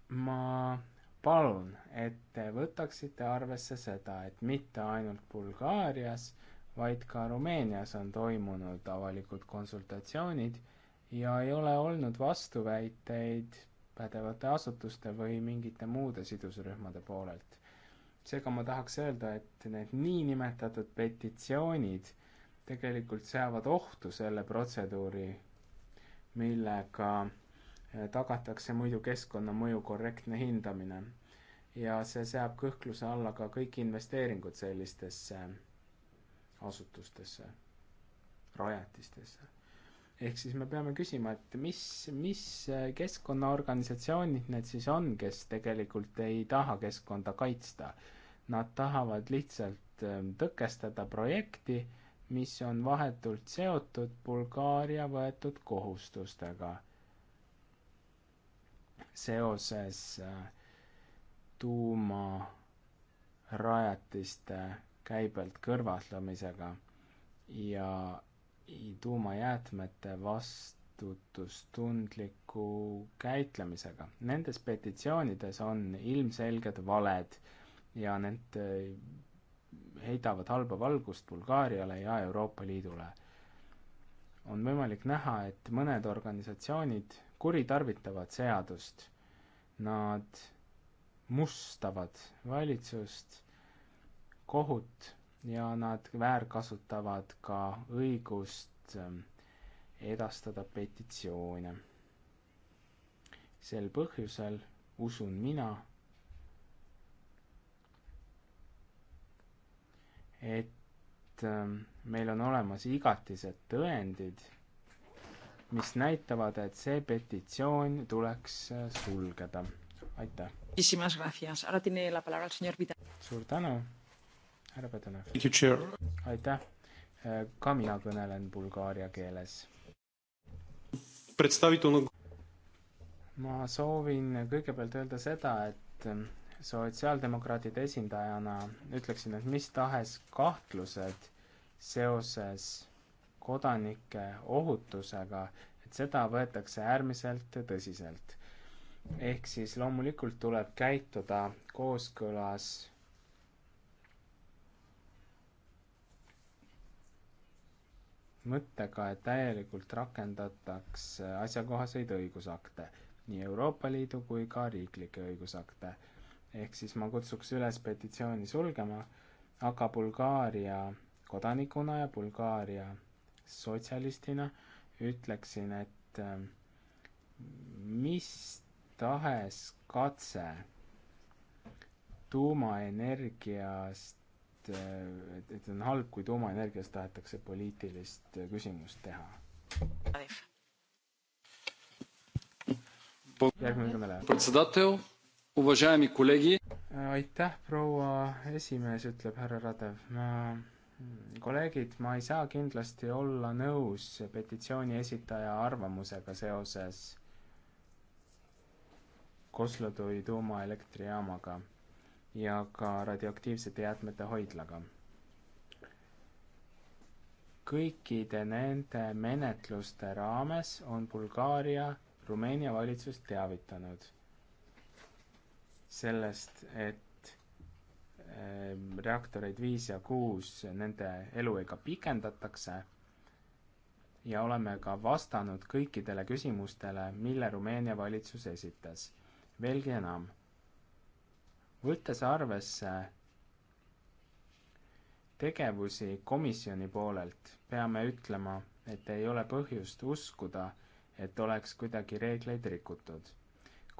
ma palun, et te võtaksite arvesse seda, et mitte ainult Bulgaarias, vaid ka Rumeenias on toimunud avalikud konsultatsioonid ja ei ole olnud vastuväiteid pädevate asutuste või mingite muude sidusrühmade poolelt. seega ma tahaks öelda, et need niinimetatud petitsioonid tegelikult seavad ohtu selle protseduuri, millega eh, tagatakse muidu keskkonnamõju korrektne hindamine. ja see seab kõhkluse alla ka kõik investeeringud sellistesse asutustesse, rajatistesse. ehk siis me peame küsima, et mis, mis äh, keskkonnaorganisatsioonid need siis on, kes tegelikult ei taha keskkonda kaitsta. Nad tahavad lihtsalt ähm, tõkestada projekti, mis on vahetult seotud Bulgaaria võetud kohustustega seoses äh, tuumarajatiste käibelt kõrvaldamisega ja tuumajäätmete vastutustundliku käitlemisega. Nendes petitsioonides on ilmselged valed ja need eh, heidavad halba valgust Bulgaariale ja Euroopa Liidule. on võimalik näha, et mõned organisatsioonid kuritarvitavad seadust. Nad mustavad valitsust kohut ja nad väärkasutavad ka õigust ähm, edastada petitsioone. sel põhjusel usun mina, et ähm, meil on olemas igatised tõendid, mis näitavad, et see petitsioon tuleks äh, sulgeda. aitäh! suur tänu! härra Pedonev. aitäh, ka mina kõnelen bulgaaria keeles. ma soovin kõigepealt öelda seda, et sotsiaaldemokraatide esindajana ütleksin, et mis tahes kahtlused seoses kodanike ohutusega, et seda võetakse äärmiselt tõsiselt. ehk siis loomulikult tuleb käituda kooskõlas mõttega, et täielikult rakendataks asjakohaseid õigusakte, nii Euroopa Liidu kui ka riiklikke õigusakte. ehk siis ma kutsuks üles petitsiooni sulgema, aga Bulgaaria kodanikuna ja Bulgaaria sotsialistina ütleksin, et ähm, mis tahes katse tuumaenergiast et, et, et on halb, kui tuumaenergiast tahetakse poliitilist küsimust teha. aitäh, proua esimees, ütleb härra Radev, ma kolleegid, ma ei saa kindlasti olla nõus petitsiooni esitaja arvamusega seoses Koslodui tuumaelektrijaamaga ja ka radioaktiivsete jäätmete hoidlaga. kõikide nende menetluste raames on Bulgaaria Rumeenia valitsust teavitanud sellest, et ehm, reaktoreid viis ja kuus, nende eluiga pikendatakse ja oleme ka vastanud kõikidele küsimustele, mille Rumeenia valitsus esitas. veelgi enam võttes arvesse tegevusi komisjoni poolelt, peame ütlema, et ei ole põhjust uskuda, et oleks kuidagi reegleid rikutud.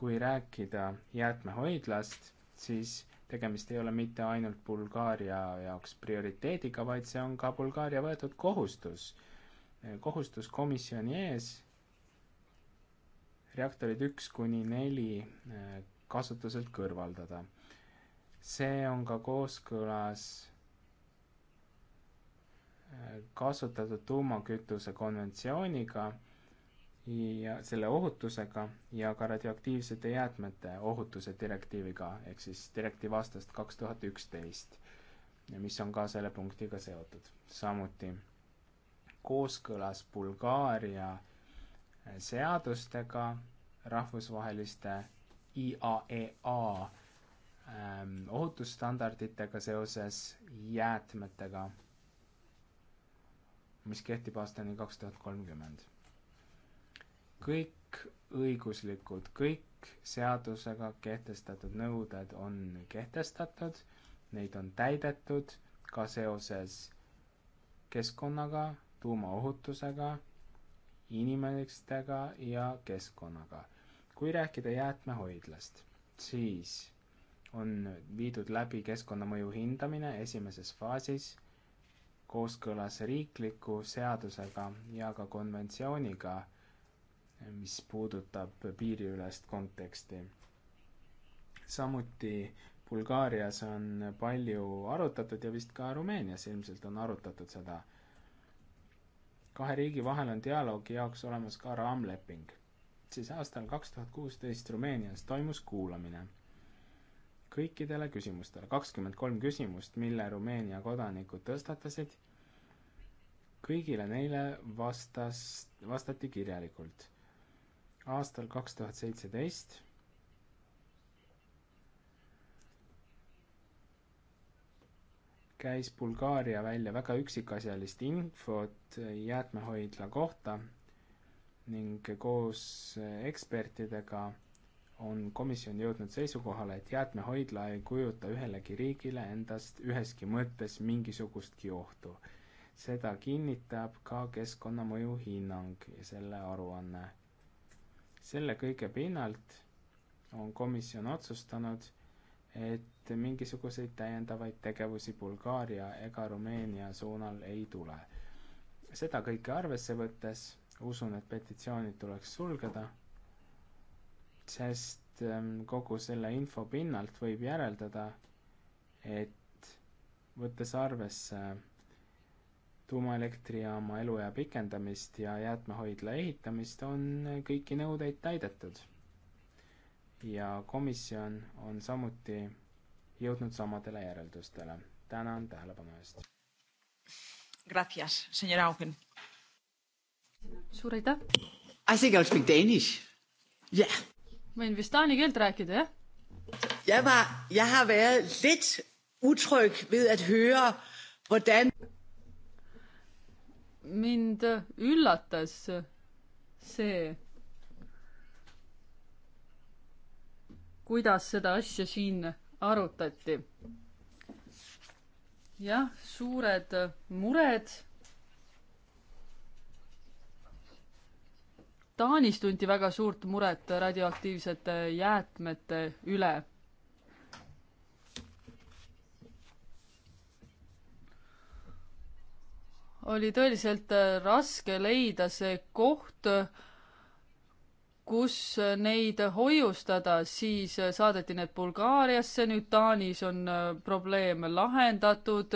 kui rääkida jäätmehoidlast, siis tegemist ei ole mitte ainult Bulgaaria jaoks prioriteediga, vaid see on ka Bulgaaria võetud kohustus, kohustus komisjoni ees, reaktorid üks kuni neli eh, kasutuselt kõrvaldada see on ka kooskõlas äh, kasutatud tuumakütuse konventsiooniga ja selle ohutusega ja ka radioaktiivsete jäätmete ohutuse direktiiviga ehk siis direktiiv aastast kaks tuhat üksteist, mis on ka selle punktiga seotud. samuti kooskõlas Bulgaaria äh, seadustega rahvusvaheliste IAEA e Ähm, ohutusstandarditega seoses jäätmetega, mis kehtib aastani kaks tuhat kolmkümmend. kõik õiguslikud, kõik seadusega kehtestatud nõuded on kehtestatud, neid on täidetud ka seoses keskkonnaga, tuumaohutusega, inimestega ja keskkonnaga. kui rääkida jäätmehoidlast, siis on viidud läbi keskkonnamõju hindamine esimeses faasis kooskõlas riikliku seadusega ja ka konventsiooniga, mis puudutab piiriülest konteksti. samuti Bulgaarias on palju arutatud ja vist ka Rumeenias ilmselt on arutatud seda. kahe riigi vahel on dialoogi jaoks olemas ka raamleping. siis aastal kaks tuhat kuusteist Rumeenias toimus kuulamine kõikidele küsimustele, kakskümmend kolm küsimust, mille Rumeenia kodanikud tõstatasid, kõigile neile vastas, vastati kirjalikult. aastal kaks tuhat seitseteist käis Bulgaaria välja väga üksikasjalist infot jäätmehoidla kohta ning koos ekspertidega on komisjon jõudnud seisukohale, et jäätmehoidla ei kujuta ühelegi riigile endast üheski mõttes mingisugustki ohtu. seda kinnitab ka keskkonnamõju hinnang ja selle aruanne. selle kõige pinnalt on komisjon otsustanud, et mingisuguseid täiendavaid tegevusi Bulgaaria ega Rumeenia suunal ei tule. seda kõike arvesse võttes usun, et petitsioonid tuleks sulgeda sest ähm, kogu selle info pinnalt võib järeldada, et võttes arvesse tuumaelektrijaama eluea pikendamist ja jäätmehoidla ehitamist, on kõiki nõudeid täidetud. ja komisjon on samuti jõudnud samadele järeldustele. tänan tähelepanu eest. Gracias, senor Augen. suur aitäh. I think I will speak danish. Yeah võin vist taani keelt rääkida, jah? Jeg var, jeg har været lidt utryg ved at høre, hvordan... Mind üllatas see, kuidas seda asja siin arutati. jah, suured mured Taanis tunti väga suurt muret radioaktiivsete jäätmete üle. oli tõeliselt äh, raske leida see koht, kus äh, neid hoiustada, siis äh, saadeti need Bulgaariasse, nüüd Taanis on probleem lahendatud.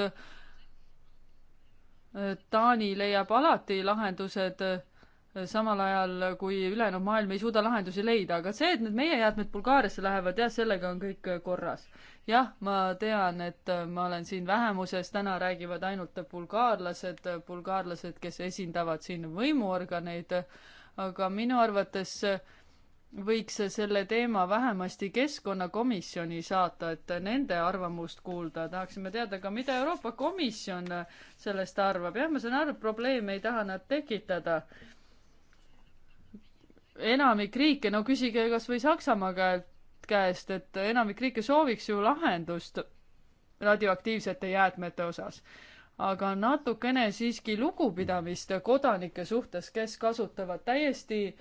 Taani leiab alati lahendused samal ajal kui ülejäänud maailm ei suuda lahendusi leida, aga see, et need meie jäätmed Bulgaariasse lähevad, jah, sellega on kõik korras. jah, ma tean, et ma olen siin vähemuses, täna räägivad ainult bulgaarlased, bulgaarlased, kes esindavad siin võimuorganeid, aga minu arvates võiks selle teema vähemasti Keskkonnakomisjoni saata, et nende arvamust kuulda. tahaksime teada ka, mida Euroopa Komisjon sellest arvab. jah, ma saan aru, et probleeme ei taha nad tekitada enamik riike, no küsige kas või Saksamaa käest, et enamik riike sooviks ju lahendust radioaktiivsete jäätmete osas. aga natukene siiski lugupidamist kodanike suhtes, kes kasutavad täiesti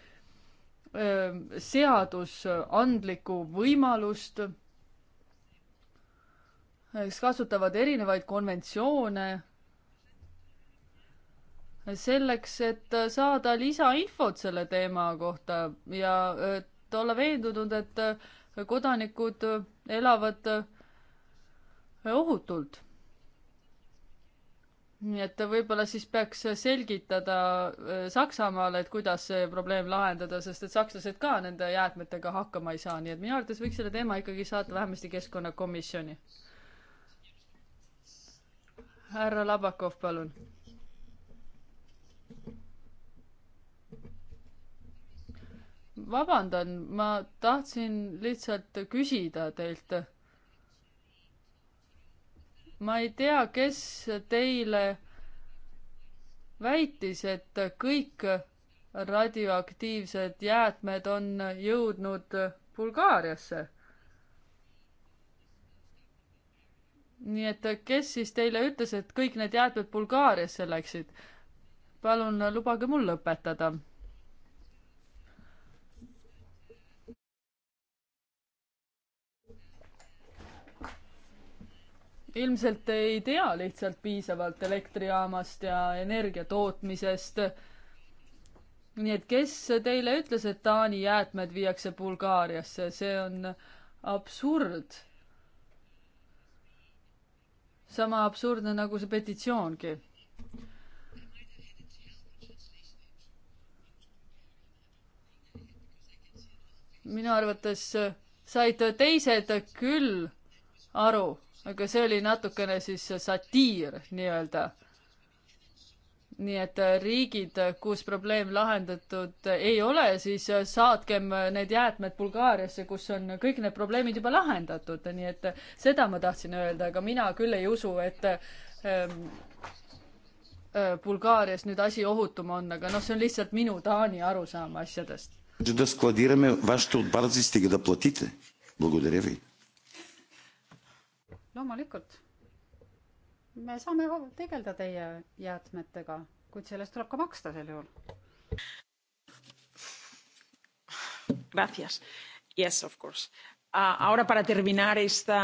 öö, seadusandlikku võimalust, kes kasutavad erinevaid konventsioone selleks, et saada lisainfot selle teema kohta ja et olla veendunud, et kodanikud elavad ohutult. nii et võib-olla siis peaks selgitada äh, Saksamaale, et kuidas see probleem lahendada, sest et sakslased ka nende jäätmetega hakkama ei saa, nii et minu arvates võiks selle teema ikkagi saata vähemasti keskkonnakomisjoni. härra Labakov, palun vabandan, ma tahtsin lihtsalt küsida teilt. ma ei tea, kes teile väitis, et kõik radioaktiivsed jäätmed on jõudnud Bulgaariasse. nii et kes siis teile ütles, et kõik need jäätmed Bulgaariasse läksid? palun lubage mul lõpetada ilmselt ei tea lihtsalt piisavalt elektrijaamast ja energia tootmisest. nii et kes teile ütles, et Taani jäätmed viiakse Bulgaariasse, see on absurd. sama absurdne nagu see petitsioongi. minu arvates said teised küll aru aga see oli natukene siis satiir nii-öelda. nii et äh, riigid, kus probleem lahendatud ei ole, siis äh, saatkem need jäätmed Bulgaariasse, kus on kõik need probleemid juba lahendatud, nii et äh, seda ma tahtsin öelda, aga mina küll ei usu, et ähm, Bulgaarias nüüd asi ohutum on, aga noh, see on lihtsalt minu Taani arusaam asjadest. Да складираме вашите отпадъци, стига да платите. Благодаря ви loomulikult, me saame tegeleda teie jäätmetega, kuid sellest tuleb ka maksta sel juhul. Gracias. Yes, of course. Uh, ahora para terminar esta,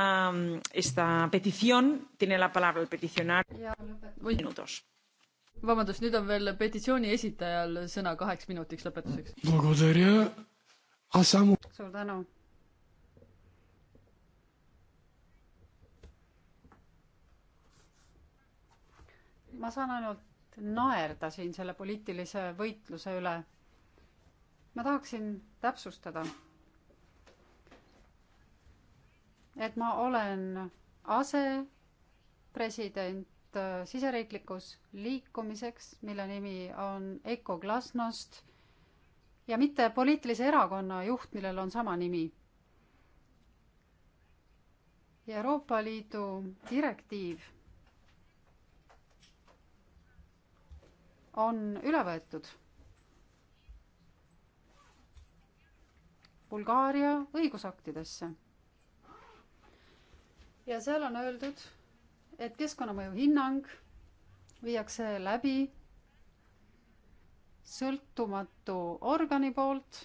esta petición, tiene la palabra el peticionario. Ja, või... minutos. vabandust, nüüd on veel petitsiooni esitajal sõna kaheks minutiks lõpetuseks. suur tänu ma saan ainult naerda siin selle poliitilise võitluse üle. ma tahaksin täpsustada, et ma olen asepresident äh, siseriiklikus liikumiseks, mille nimi on Eko Glasnost ja mitte poliitilise erakonna juht, millel on sama nimi. Euroopa Liidu direktiiv on üle võetud. Bulgaaria õigusaktidesse. ja seal on öeldud, et keskkonnamõju hinnang viiakse läbi sõltumatu organi poolt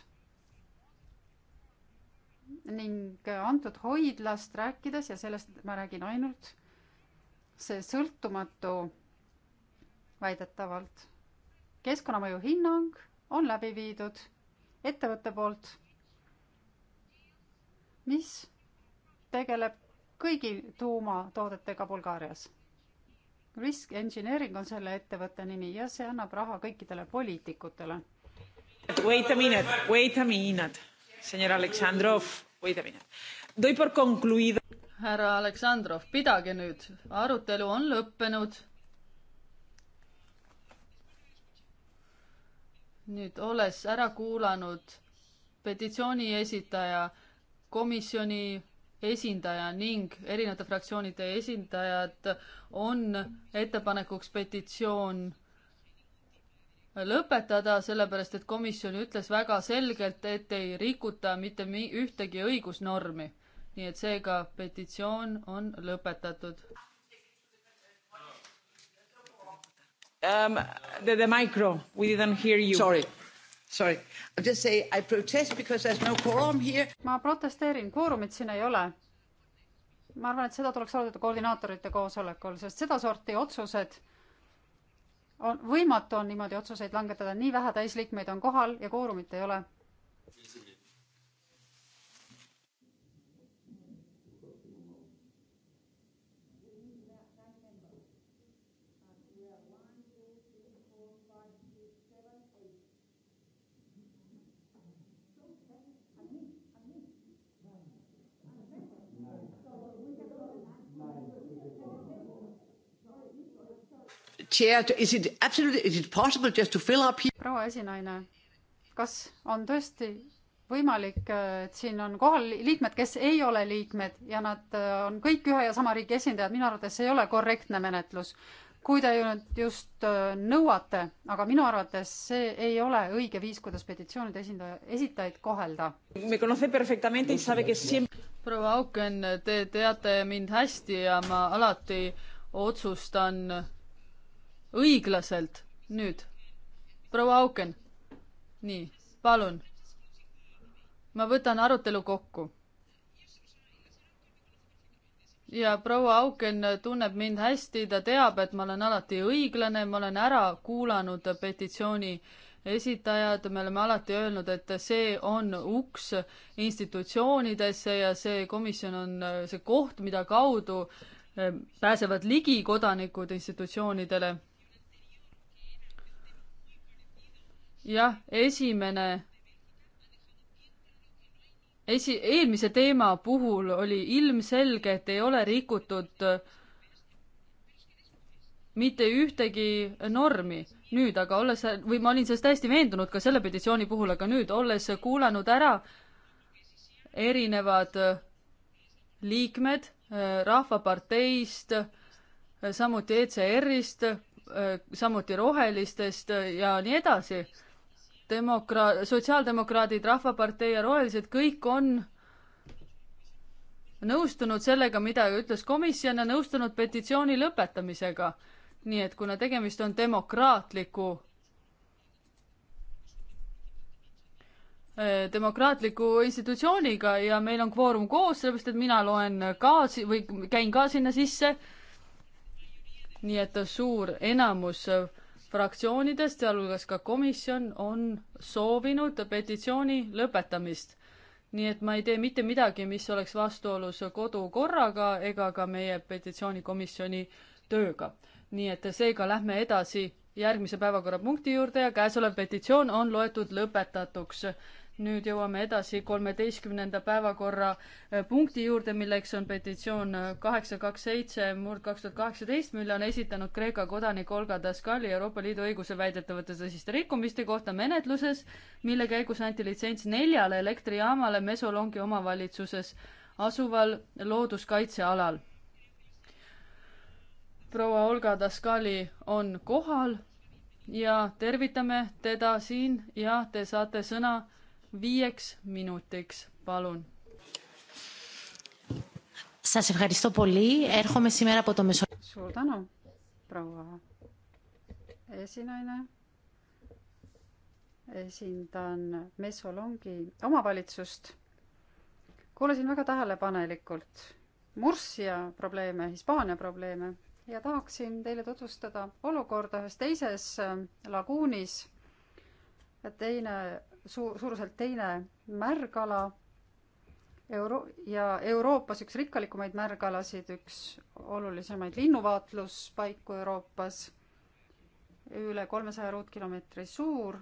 ning antud hoidlast rääkides ja sellest ma räägin ainult, see sõltumatu väidetavalt keskkonnamõju hinnang on läbi viidud ettevõtte poolt, mis tegeleb kõigi tuumatoodetega Bulgaarias. Risk Engineering on selle ettevõtte nimi ja see annab raha kõikidele poliitikutele. Wait a minute, wait a minute, senor Aleksandrov, wait a minute. Doy por concluido. härra Aleksandrov, pidage nüüd, arutelu on lõppenud nüüd olles ära kuulanud petitsiooni esitaja, komisjoni esindaja ning erinevate fraktsioonide esindajad, on ettepanekuks petitsioon lõpetada, sellepärast et komisjon ütles väga selgelt, et ei rikuta mitte mi-, ühtegi õigusnormi. nii et seega petitsioon on lõpetatud. Um, the, the micro, we didn't hear you. Sorry. Sorry, I just say I protest because there is no quorum here. ma protesteerin, kvoorumit siin ei ole. ma arvan, et seda tuleks arutada koordinaatorite koosolekul, sest sedasorti otsused on, võimatu on niimoodi otsuseid langetada, nii vähe täisliikmeid on kohal ja kvoorumit ei ole. Chair, is it absolutely, is it possible just to fill up here? proua esinaine, kas on tõesti võimalik, et siin on kohal liikmed, kes ei ole liikmed ja nad äh, on kõik ühe ja sama riigi esindajad, minu arvates see ei ole korrektne menetlus. kui te ju nüüd just äh, nõuate, aga minu arvates see ei ole õige viis, kuidas petitsioonide esindaja, esitajaid kohelda. proua Auken, te teate mind hästi ja ma alati otsustan õiglaselt. nüüd, proua Auken. nii, palun. ma võtan arutelu kokku. ja proua Auken tunneb mind hästi, ta teab, et ma olen alati õiglane, ma olen ära kuulanud petitsiooni esitajad, me oleme alati öelnud, et see on uks institutsioonidesse ja see komisjon on see koht, mida kaudu eh, pääsevad ligi kodanikud institutsioonidele. jah, esimene, esi, eelmise teema puhul oli ilmselge, et ei ole rikutud mitte ühtegi normi nüüd, aga olles, või ma olin sellest täiesti veendunud ka selle petitsiooni puhul, aga nüüd, olles kuulanud ära erinevad liikmed Rahvaparteist, samuti ECR-ist, samuti Rohelistest ja nii edasi demokra-, sotsiaaldemokraadid, Rahvapartei ja Rohelised, kõik on nõustunud sellega, mida ütles komisjon ja nõustunud petitsiooni lõpetamisega. nii et kuna tegemist on demokraatliku eh, demokraatliku institutsiooniga ja meil on kvoorum koos, sellepärast et mina loen ka või käin ka sinna sisse. nii et suur enamus fraktsioonidest, sealhulgas ka komisjon, on soovinud petitsiooni lõpetamist. nii et ma ei tee mitte midagi, mis oleks vastuolus kodukorraga ega ka meie petitsioonikomisjoni tööga. nii et seega lähme edasi järgmise päevakorrapunkti juurde ja käesolev petitsioon on loetud lõpetatuks nüüd jõuame edasi kolmeteistkümnenda päevakorrapunkti äh, juurde, milleks on petitsioon äh, kaheksa, kaks, seitse, murd kaks tuhat kaheksateist, mille on esitanud Kreeka kodanik Olga Daskali Euroopa Liidu õiguse väidetavate tõsiste rikkumiste kohta menetluses, mille käigus anti litsents neljale elektrijaamale Mesolongi omavalitsuses asuval looduskaitsealal. proua Olga Daskali on kohal ja tervitame teda siin ja te saate sõna viieks minutiks, palun. suur tänu, proua esinaine. esindan Mesolongi omavalitsust. kuulasin väga tähelepanelikult Murcia probleeme, Hispaania probleeme ja tahaksin teile tutvustada olukorda ühes teises äh, laguunis. teine su-, suuruselt teine märgala Euro- ja Euroopas üks rikkalikumaid märgalasid, üks olulisemaid linnuvaatluspaiku Euroopas, üle kolmesaja ruutkilomeetri suur,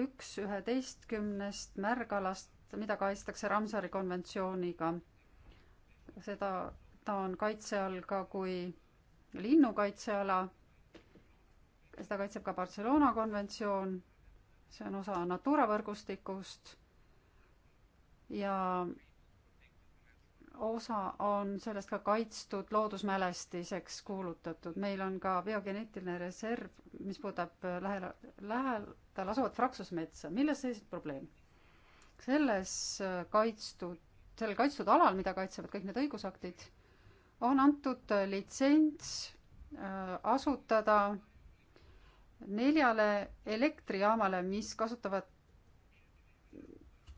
üks üheteistkümnest märgalast, mida kaitstakse Ramsari konventsiooniga. seda, ta on kaitse all ka kui linnukaitseala, seda kaitseb ka Barcelona konventsioon see on osa Natura võrgustikust ja osa on sellest ka kaitstud loodusmälestiseks kuulutatud. meil on ka biogeneetiline reserv, mis puudutab äh, lähel, lähedal asuvat fraksusmetsa. milles seisneb probleem? selles äh, kaitstud, sellel kaitstud alal, mida kaitsevad kõik need õigusaktid, on antud äh, litsents asutada neljale elektrijaamale, mis kasutavad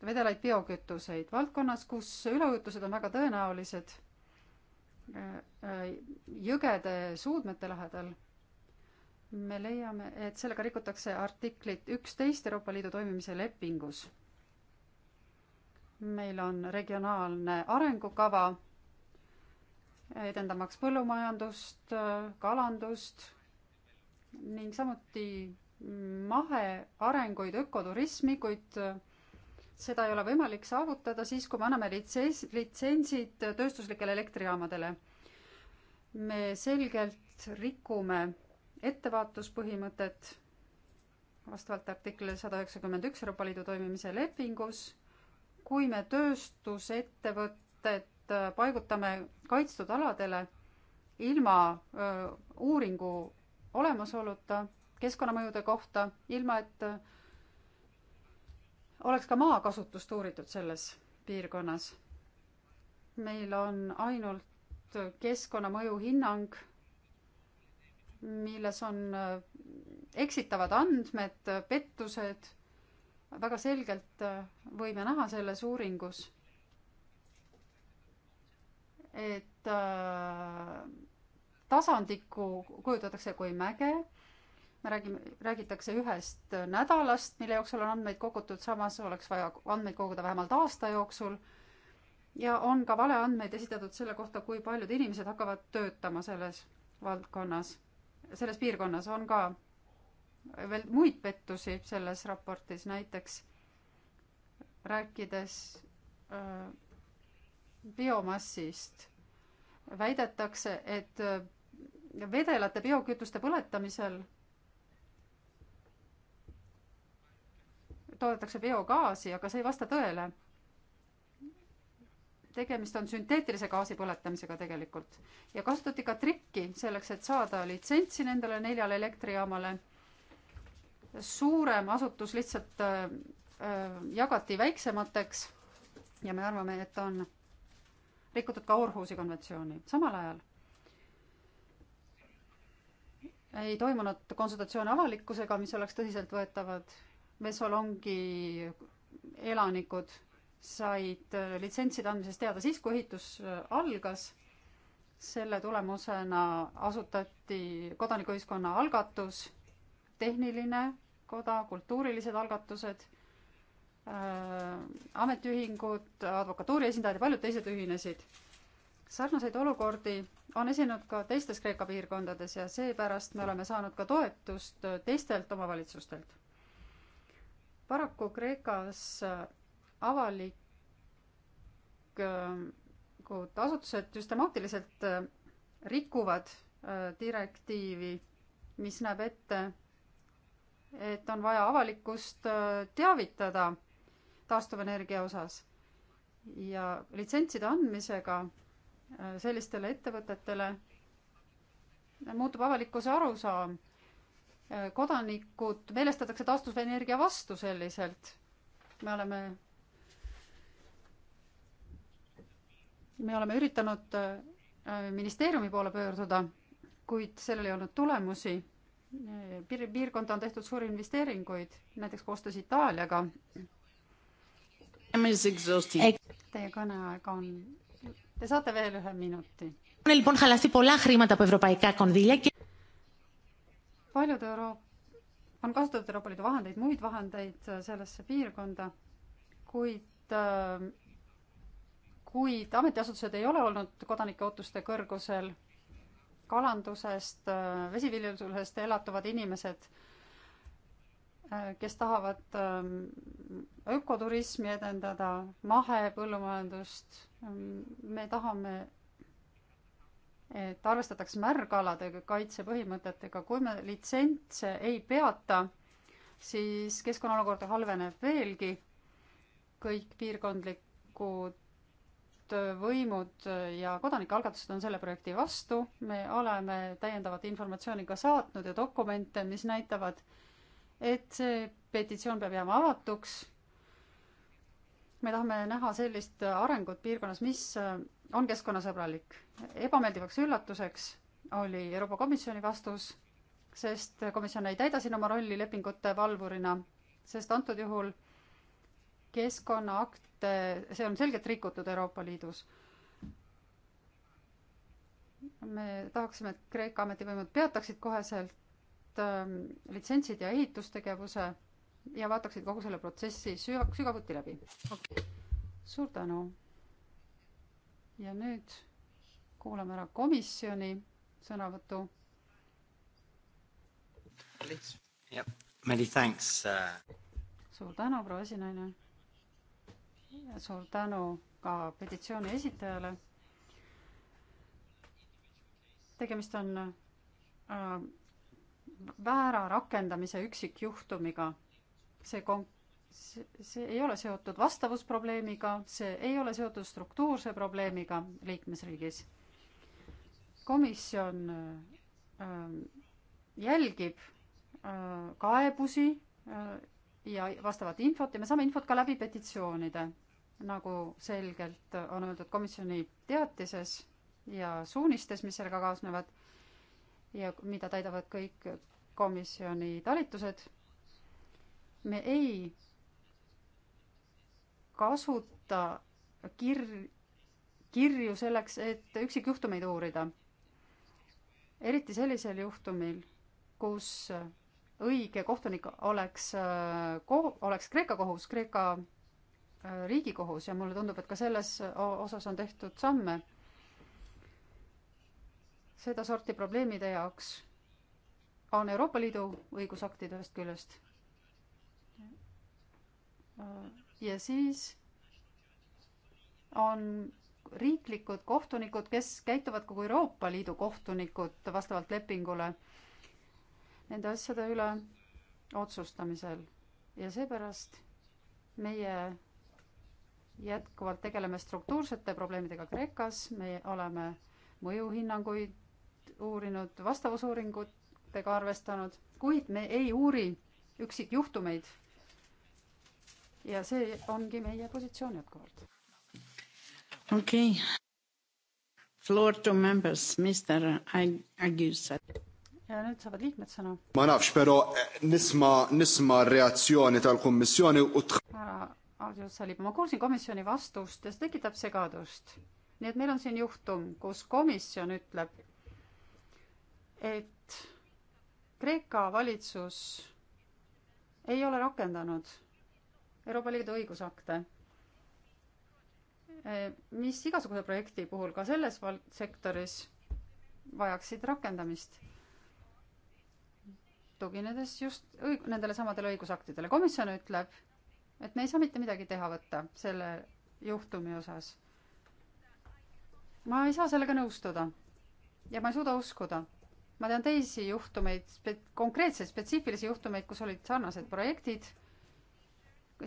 vedelaid biokütuseid valdkonnas, kus üleujutused on väga tõenäolised jõgede suudmete lähedal. me leiame, et sellega rikutakse artiklit üksteist Euroopa Liidu toimimise lepingus. meil on regionaalne arengukava edendamaks põllumajandust, kalandust ning samuti mahearenguid, ökoturismi, kuid äh, seda ei ole võimalik saavutada siis, kui me anname litsents, litsentsid tööstuslikele elektrijaamadele. me selgelt rikume ettevaatuspõhimõtet vastavalt artiklile sada üheksakümmend üks Euroopa Liidu toimimise lepingus, kui me tööstusettevõtted äh, paigutame kaitstud aladele ilma öö, äh, uuringu olemasoluta keskkonnamõjude kohta, ilma et oleks ka maakasutust uuritud selles piirkonnas. meil on ainult keskkonnamõju hinnang, milles on eksitavad andmed, pettused, väga selgelt võime näha selles uuringus, et äh, tasandikku kujutatakse kui mäge. me räägime, räägitakse ühest nädalast, mille jooksul on andmeid kogutud, samas oleks vaja andmeid koguda vähemalt aasta jooksul. ja on ka valeandmeid esitatud selle kohta, kui paljud inimesed hakkavad töötama selles valdkonnas, selles piirkonnas on ka veel muid pettusi selles raportis, näiteks rääkides öö, äh, biomassist väidetakse, et äh, vedelate biokütuste põletamisel toodetakse biogaasi, aga see ei vasta tõele. tegemist on sünteetilise gaasi põletamisega tegelikult ja kasutati ka trikki selleks, et saada litsentsi nendele neljale elektrijaamale. suurem asutus lihtsalt äh, äh jagati väiksemateks ja me arvame, et on rikutud ka Orhusi konventsiooni. samal ajal ei toimunud konsultatsioone avalikkusega, mis oleks tõsiseltvõetavad. Mesolongi elanikud said litsentside andmisest teada siis, kui ehitus algas. selle tulemusena asutati kodanikuühiskonna algatus, tehniline koda, kultuurilised algatused Äh, ametiühingud, advokatuuri esindajad ja paljud teised ühinesid. sarnaseid olukordi on esinenud ka teistes Kreeka piirkondades ja seepärast me oleme saanud ka toetust teistelt omavalitsustelt. paraku Kreekas äh, avalikud äh, asutused süstemaatiliselt rikuvad direktiivi, mis näeb ette, et on vaja avalikkust teavitada taastuvenergia osas. ja litsentside andmisega äh, sellistele ettevõtetele muutub avalikkuse arusaam. Äh, kodanikud meelestatakse taastuvenergia vastu selliselt. me oleme, me oleme üritanud äh, ministeeriumi poole pöörduda, kuid sellel ei olnud tulemusi. piir, piirkonda on tehtud suuri investeeringuid, näiteks koostöös Itaaliaga Teie kõneaeg on, te saate veel ühe minuti. paljud euro-, on kasutatud Euroopa Liidu vahendeid, muid vahendeid äh, sellesse piirkonda, kuid äh, kuid ametiasutused ei ole olnud kodanike ootuste kõrgusel. kalandusest, äh, vesiviljelusest elatuvad inimesed Äh, kes tahavad ähm, ökoturismi edendada, mahepõllumajandust. Ähm, me tahame, et arvestataks märgalade kaitsepõhimõtetega, kui me litsentse ei peata, siis keskkonnaolukord halveneb veelgi. kõik piirkondlikud äh, võimud ja kodanikualgatused on selle projekti vastu. me oleme täiendavat informatsiooni ka saatnud ja dokumente, mis näitavad, et see petitsioon peab jääma avatuks. me tahame näha sellist arengut piirkonnas, mis on keskkonnasõbralik. ebameeldivaks üllatuseks oli Euroopa Komisjoni vastus, sest komisjon ei täida siin oma rolli lepingute valvurina, sest antud juhul keskkonnaakte, see on selgelt rikutud Euroopa Liidus. me tahaksime, et Kreeka ametivõimud peataksid koheselt Ähm, litsentsid ja ehitustegevuse ja vaataksid kogu selle protsessi sügav, sügavuti läbi okay.. suur tänu. ja nüüd kuulame ära komisjoni sõnavõtu. Yeah. Many thanks uh.... suur tänu, proua esinaine. suur tänu ka petitsiooni esitajale. tegemist on uh, väära rakendamise üksikjuhtumiga. see kon-, see, see ei ole seotud vastavusprobleemiga, see ei ole seotud struktuurse probleemiga liikmesriigis. komisjon äh, äh, jälgib äh, kaebusi äh, ja vastavat infot ja me saame infot ka läbi petitsioonide, nagu selgelt on öeldud komisjoni teatises ja suunistes, mis sellega kaasnevad ja mida täidavad kõik komisjoni talitused. me ei kasuta kir-, kirju selleks, et üksikjuhtumeid uurida. eriti sellisel juhtumil, kus õige kohtunik oleks ko-, oleks Kreeka kohus, Kreeka äh, riigikohus ja mulle tundub, et ka selles osas on tehtud samme sedasorti probleemide jaoks on Euroopa Liidu õigusaktid ühest küljest. ja siis on riiklikud kohtunikud, kes käituvad kogu Euroopa Liidu kohtunikud vastavalt lepingule nende asjade üle otsustamisel ja seepärast meie jätkuvalt tegeleme struktuursete probleemidega Kreekas, me oleme mõjuhinnanguid uurinud, vastavusuuringut ettepanekutega arvestanud, kuid me ei uuri üksikjuhtumeid. ja see ongi meie positsioon jätkuvalt. okei okay.. Floor to members, Mr Agusa. ja nüüd saavad liikmed sõna. ma nafx, pero eh, nisma, nisma reaktsiooni tal komisjoni. härra Agusa oli, ma kuulsin komisjoni vastust ja see tekitab segadust. nii et meil on siin juhtum, kus komisjon ütleb, et Kreeka valitsus ei ole rakendanud Euroopa Liidu õigusakte, eh, mis igasuguse projekti puhul ka selles val-, sektoris vajaksid rakendamist, tuginedes just õig-, nendele samadele õigusaktidele. komisjon ütleb, et me ei saa mitte midagi teha võtta selle juhtumi osas. ma ei saa sellega nõustuda ja ma ei suuda uskuda ma tean teisi juhtumeid spe-, konkreetseid spetsiifilisi juhtumeid, kus olid sarnased projektid,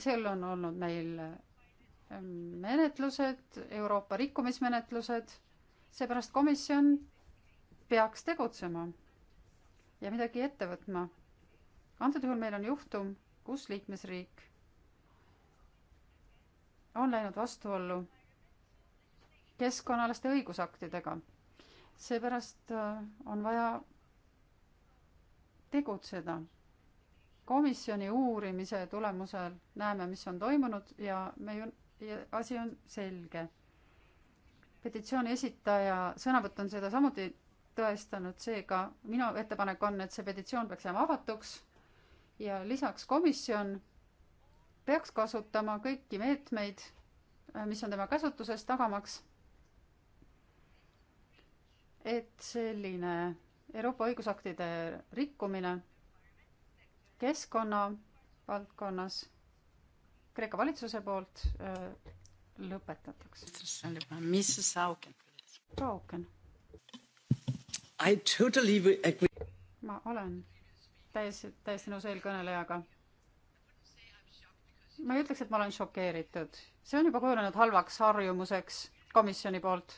seal on olnud meil ehm, menetlused, Euroopa rikkumismenetlused, seepärast komisjon peaks tegutsema ja midagi ette võtma. antud juhul meil on juhtum, kus liikmesriik on läinud vastuollu keskkonnaalaste õigusaktidega seepärast äh, on vaja tegutseda. komisjoni uurimise tulemusel näeme, mis on toimunud ja me ju, asi on selge. petitsiooni esitaja sõnavõtt on seda samuti tõestanud, seega minu ettepanek on, et see petitsioon peaks jääma avatuks ja lisaks komisjon peaks kasutama kõiki meetmeid, äh, mis on tema käsutuses, tagamaks et selline Euroopa õigusaktide rikkumine keskkonna valdkonnas Kreeka valitsuse poolt äh, lõpetatakse. proua Auken. ma olen täiesti, täiesti nõus eelkõnelejaga. ma ei ütleks, et ma olen šokeeritud, see on juba kujunenud halvaks harjumuseks komisjoni poolt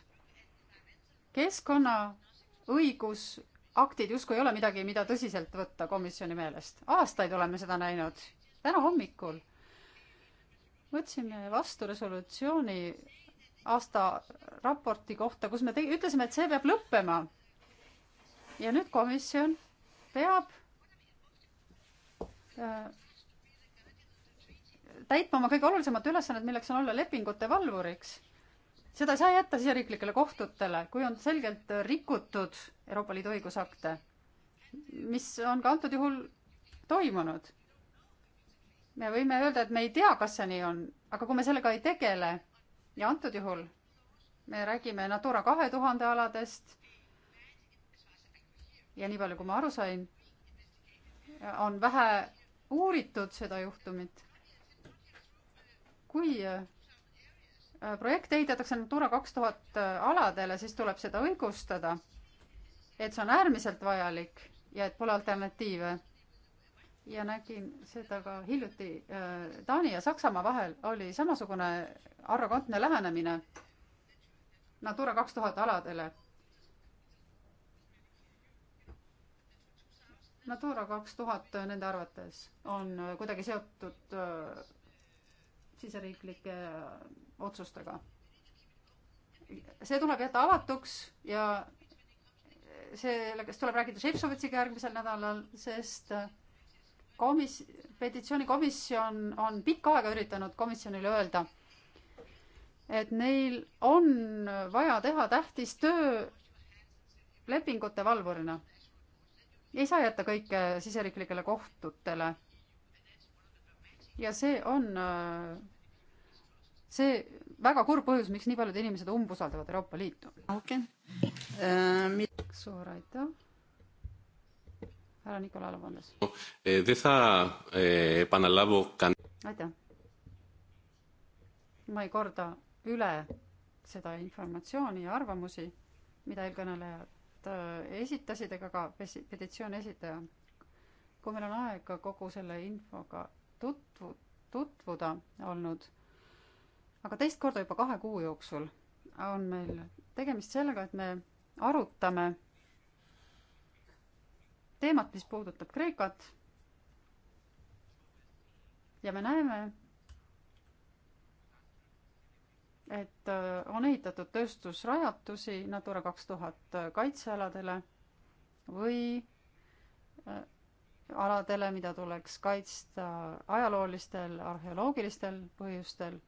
keskkonnaõigusaktid justkui ei ole midagi, mida tõsiselt võtta komisjoni meelest. aastaid oleme seda näinud. täna hommikul võtsime vastu resolutsiooni aastaraporti kohta, kus me tegi, ütlesime, et see peab lõppema. ja nüüd komisjon peab äh, täitma oma kõige olulisemat ülesannet, milleks on olla lepingute valvuriks seda ei saa jätta siseriiklikele kohtutele, kui on selgelt rikutud Euroopa Liidu õigusakte, mis on ka antud juhul toimunud. me võime öelda, et me ei tea, kas see nii on, aga kui me sellega ei tegele ja antud juhul me räägime Natura kahe tuhande aladest ja nii palju, kui ma aru sain, on vähe uuritud seda juhtumit. kui Äh, projekt ehitatakse Natura kaks tuhat äh, aladele, siis tuleb seda õigustada, et see on äärmiselt vajalik ja et pole alternatiive. ja nägin seda ka hiljuti äh, Taani ja Saksamaa vahel oli samasugune arrogantne lähenemine Natura kaks tuhat aladele. Natura kaks tuhat nende arvates on kuidagi seotud siseriiklike äh, otsustega. see tuleb jätta avatuks ja sellest tuleb rääkida Šefčovitsiga järgmisel nädalal, sest äh, komis-, petitsioonikomisjon on pikka aega üritanud komisjonile öelda, et neil on vaja teha tähtis töö lepingute valvurina. ei saa jätta kõike siseriiklikele kohtutele ja see on äh, see väga kurb põhjus, miks nii paljud inimesed umbusaldavad Euroopa Liitu. okei okay. Äh, ähm.... suur aitäh. härra Nikolai Lavanas. Eh, eh, aitäh. ma ei korda üle seda informatsiooni ja arvamusi, mida eelkõnelejad äh, esitasid, ega ka petitsiooni esitaja. kui meil on aega kogu selle infoga tutvu-, tutvuda olnud, aga teist korda juba kahe kuu jooksul on meil tegemist sellega, et me arutame teemat, mis puudutab Kreekat. ja me näeme, et äh, on ehitatud tööstusrajatusi Natura kaks tuhat kaitsealadele või äh, aladele, mida tuleks kaitsta ajaloolistel, arheoloogilistel põhjustel,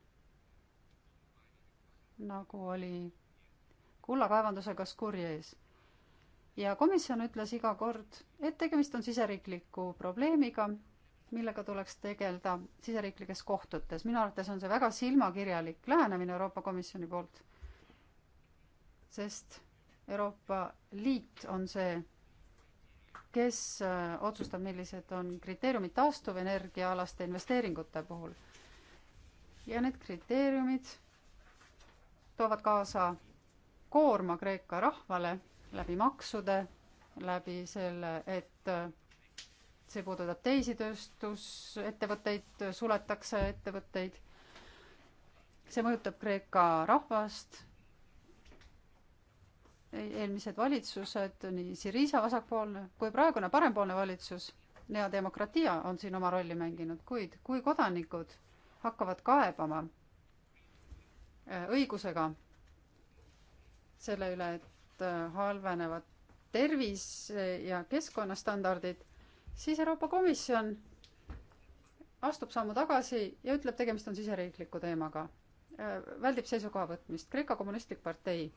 nagu oli kullakaevandusega Skurjeis. ja komisjon ütles iga kord, et tegemist on siseriikliku probleemiga, millega tuleks tegeleda siseriiklikes kohtutes. minu arvates on see väga silmakirjalik lähenemine Euroopa Komisjoni poolt, sest Euroopa Liit on see kes äh, otsustab, millised on kriteeriumid taastuvenergiaalaste investeeringute puhul. ja need kriteeriumid toovad kaasa koorma Kreeka rahvale läbi maksude, läbi selle, et äh, see puudutab teisi tööstusettevõtteid, suletakse ettevõtteid. see mõjutab Kreeka rahvast eelmised valitsused, nii Siriisa vasakpoolne kui praegune parempoolne valitsus, Nea Demokratia on siin oma rolli mänginud, kuid kui kodanikud hakkavad kaebama äh, õigusega selle üle, et äh, halvenevad tervis- ja keskkonnastandardid, siis Euroopa Komisjon astub sammu tagasi ja ütleb, tegemist on siseriikliku teemaga. Äh, väldib seisukoha võtmist. Kreeka Kommunistlik Partei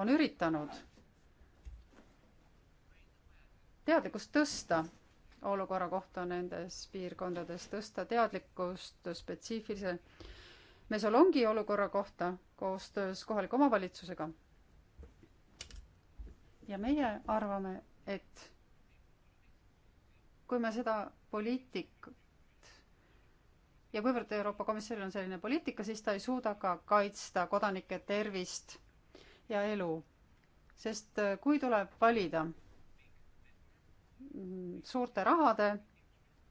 on üritanud teadlikkust tõsta olukorra kohta nendes piirkondades, tõsta teadlikkust spetsiifilise mesolongi olukorra kohta koostöös kohaliku omavalitsusega. ja meie arvame, et kui me seda poliitikut ja kuivõrd Euroopa Komisjonil on selline poliitika, siis ta ei suuda ka kaitsta kodanike tervist ja elu. sest äh, kui tuleb valida mm, suurte rahade,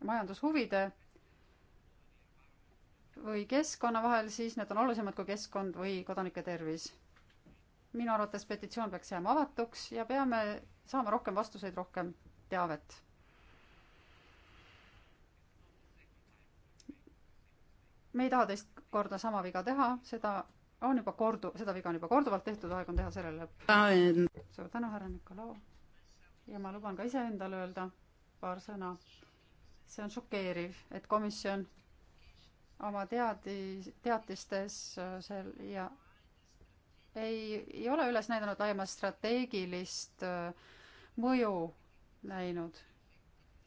majandushuvide või keskkonna vahel, siis need on olulisemad kui keskkond või kodanike tervis. minu arvates petitsioon peaks jääma avatuks ja peame saama rohkem vastuseid, rohkem teavet. me ei taha teist korda sama viga teha, seda on juba kordu-, seda viga on juba korduvalt tehtud, aeg on teha selle lõpp. suur tänu, härra Nikolau. ja ma luban ka iseendale öelda paar sõna. see on šokeeriv, et komisjon oma teadi-, teatistes äh, seal ja ei, ei ole üles näidanud laiemat strateegilist äh, mõju näinud.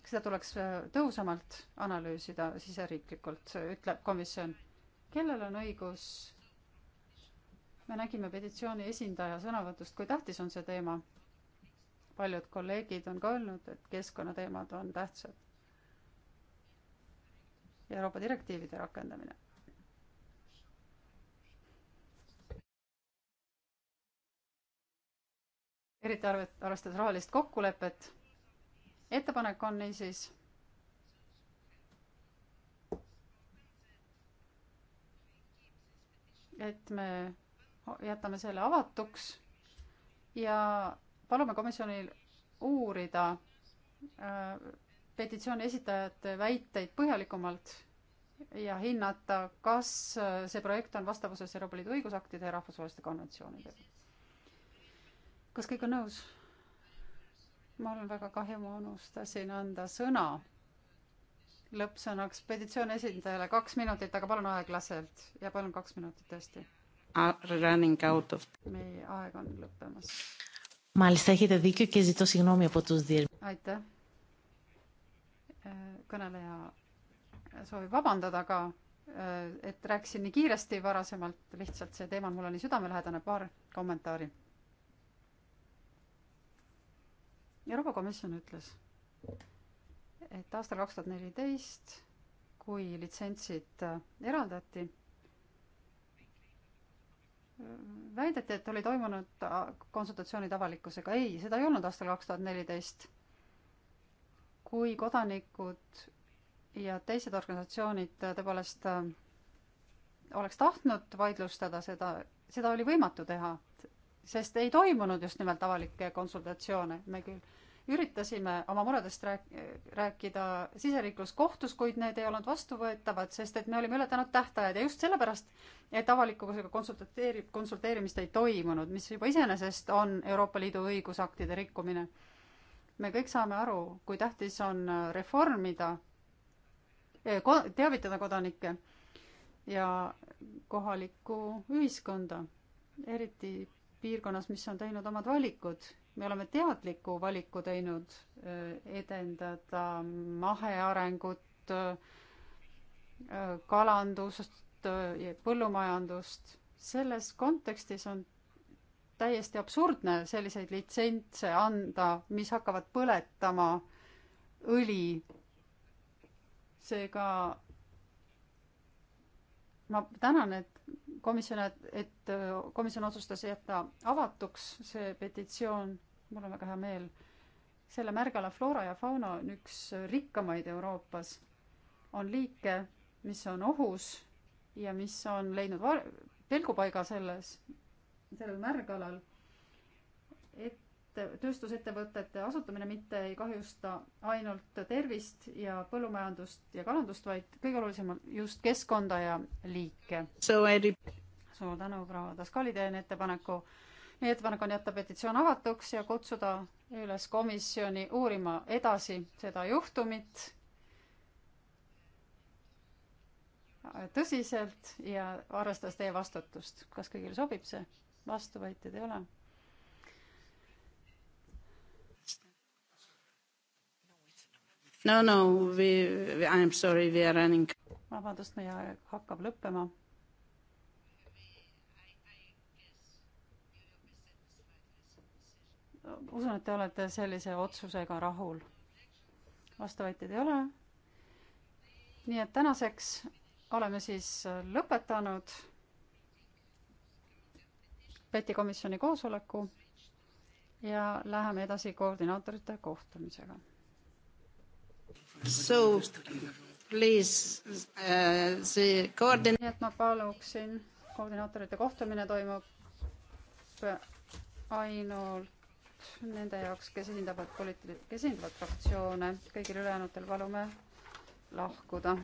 seda tuleks äh, tõhusamalt analüüsida siseriiklikult, ütleb komisjon. kellel on õigus me nägime petitsiooni esindaja sõnavõtust, kui tähtis on see teema. paljud kolleegid on ka öelnud, et keskkonnateemad on tähtsad. Euroopa direktiivide rakendamine. eriti arvet-, arvestades rahalist kokkulepet, ettepanek on niisiis et me jätame selle avatuks ja palume komisjonil uurida äh, petitsiooni esitajate väiteid põhjalikumalt ja hinnata, kas äh, see projekt on vastavuses Euroopa Liidu õigusaktide ja rahvusvaheliste konventsioonidega. kas kõik on nõus? mul on väga kahju, ma unustasin anda sõna lõppsõnaks petitsiooni esindajale kaks minutit, aga palun aeglaselt ja palun kaks minutit tõesti running out of meie aeg on lõppemas. Μάλιστα, έχετε δίκιο και ζητώ συγγνώμη από τους διερμηνείς. Aitäh. Kõneleja soovib vabandada ka, et rääkisin nii kiiresti varasemalt, lihtsalt see teema on mulle nii südamelähedane, paar kommentaari. Euroopa Komisjon ütles, et aastal kaks tuhat neliteist, kui litsentsid äh, eraldati väideti, et oli toimunud äh, konsultatsioonid avalikkusega. ei, seda ei olnud aastal kaks tuhat neliteist. kui kodanikud ja teised organisatsioonid tõepoolest äh, oleks tahtnud vaidlustada seda, seda oli võimatu teha, sest ei toimunud just nimelt avalikke konsultatsioone. me küll üritasime oma muredest rääk-, rääkida siseriikluskohtus, kuid need ei olnud vastuvõetavad, sest et me olime ületanud tähtajad ja just sellepärast, et avalikkusega konsulteeri-, konsulteerimist ei toimunud, mis juba iseenesest on Euroopa Liidu õigusaktide rikkumine. me kõik saame aru, kui tähtis on reformida, eh, teavitada kodanikke ja kohalikku ühiskonda, eriti piirkonnas, mis on teinud omad valikud me oleme teadliku valiku teinud eh, edendada mahearengut, eh, kalandust, eh, põllumajandust. selles kontekstis on täiesti absurdne selliseid litsentse anda, mis hakkavad põletama õli. seega ma tänan, et komisjon, et komisjon otsustas jätta avatuks see petitsioon, mul on väga hea meel, selle märgala floora ja fauna on üks rikkamaid Euroopas. on liike, mis on ohus ja mis on leidnud pelgupaiga selles, sellel märgalal. et ette, tööstusettevõtete asutamine mitte ei kahjusta ainult tervist ja põllumajandust ja kalandust, vaid kõige olulisem on just keskkonda ja liike. suur tänu, proua Taskali, teen ettepaneku. meie ettepanek on jätta petitsioon avatuks ja kutsuda üles komisjoni uurima edasi seda juhtumit tõsiselt ja arvestades teie vastutust. kas kõigile sobib see? vastuvõtjaid ei ole no no we, we, I am sorry, we are running. vabandust, meie aeg hakkab lõppema. usun, et te olete sellise otsusega rahul. vastuvõtjaid ei ole. nii et tänaseks oleme siis lõpetanud Peti komisjoni koosoleku ja läheme edasi koordinaatorite kohtumisega So please uh, see koordin-. nii et ma paluksin, koordinaatorite kohtumine toimub ainult nende jaoks, kes esindavad poliitilit-, kes esindavad fraktsioone, kõigil ülejäänutel palume lahkuda.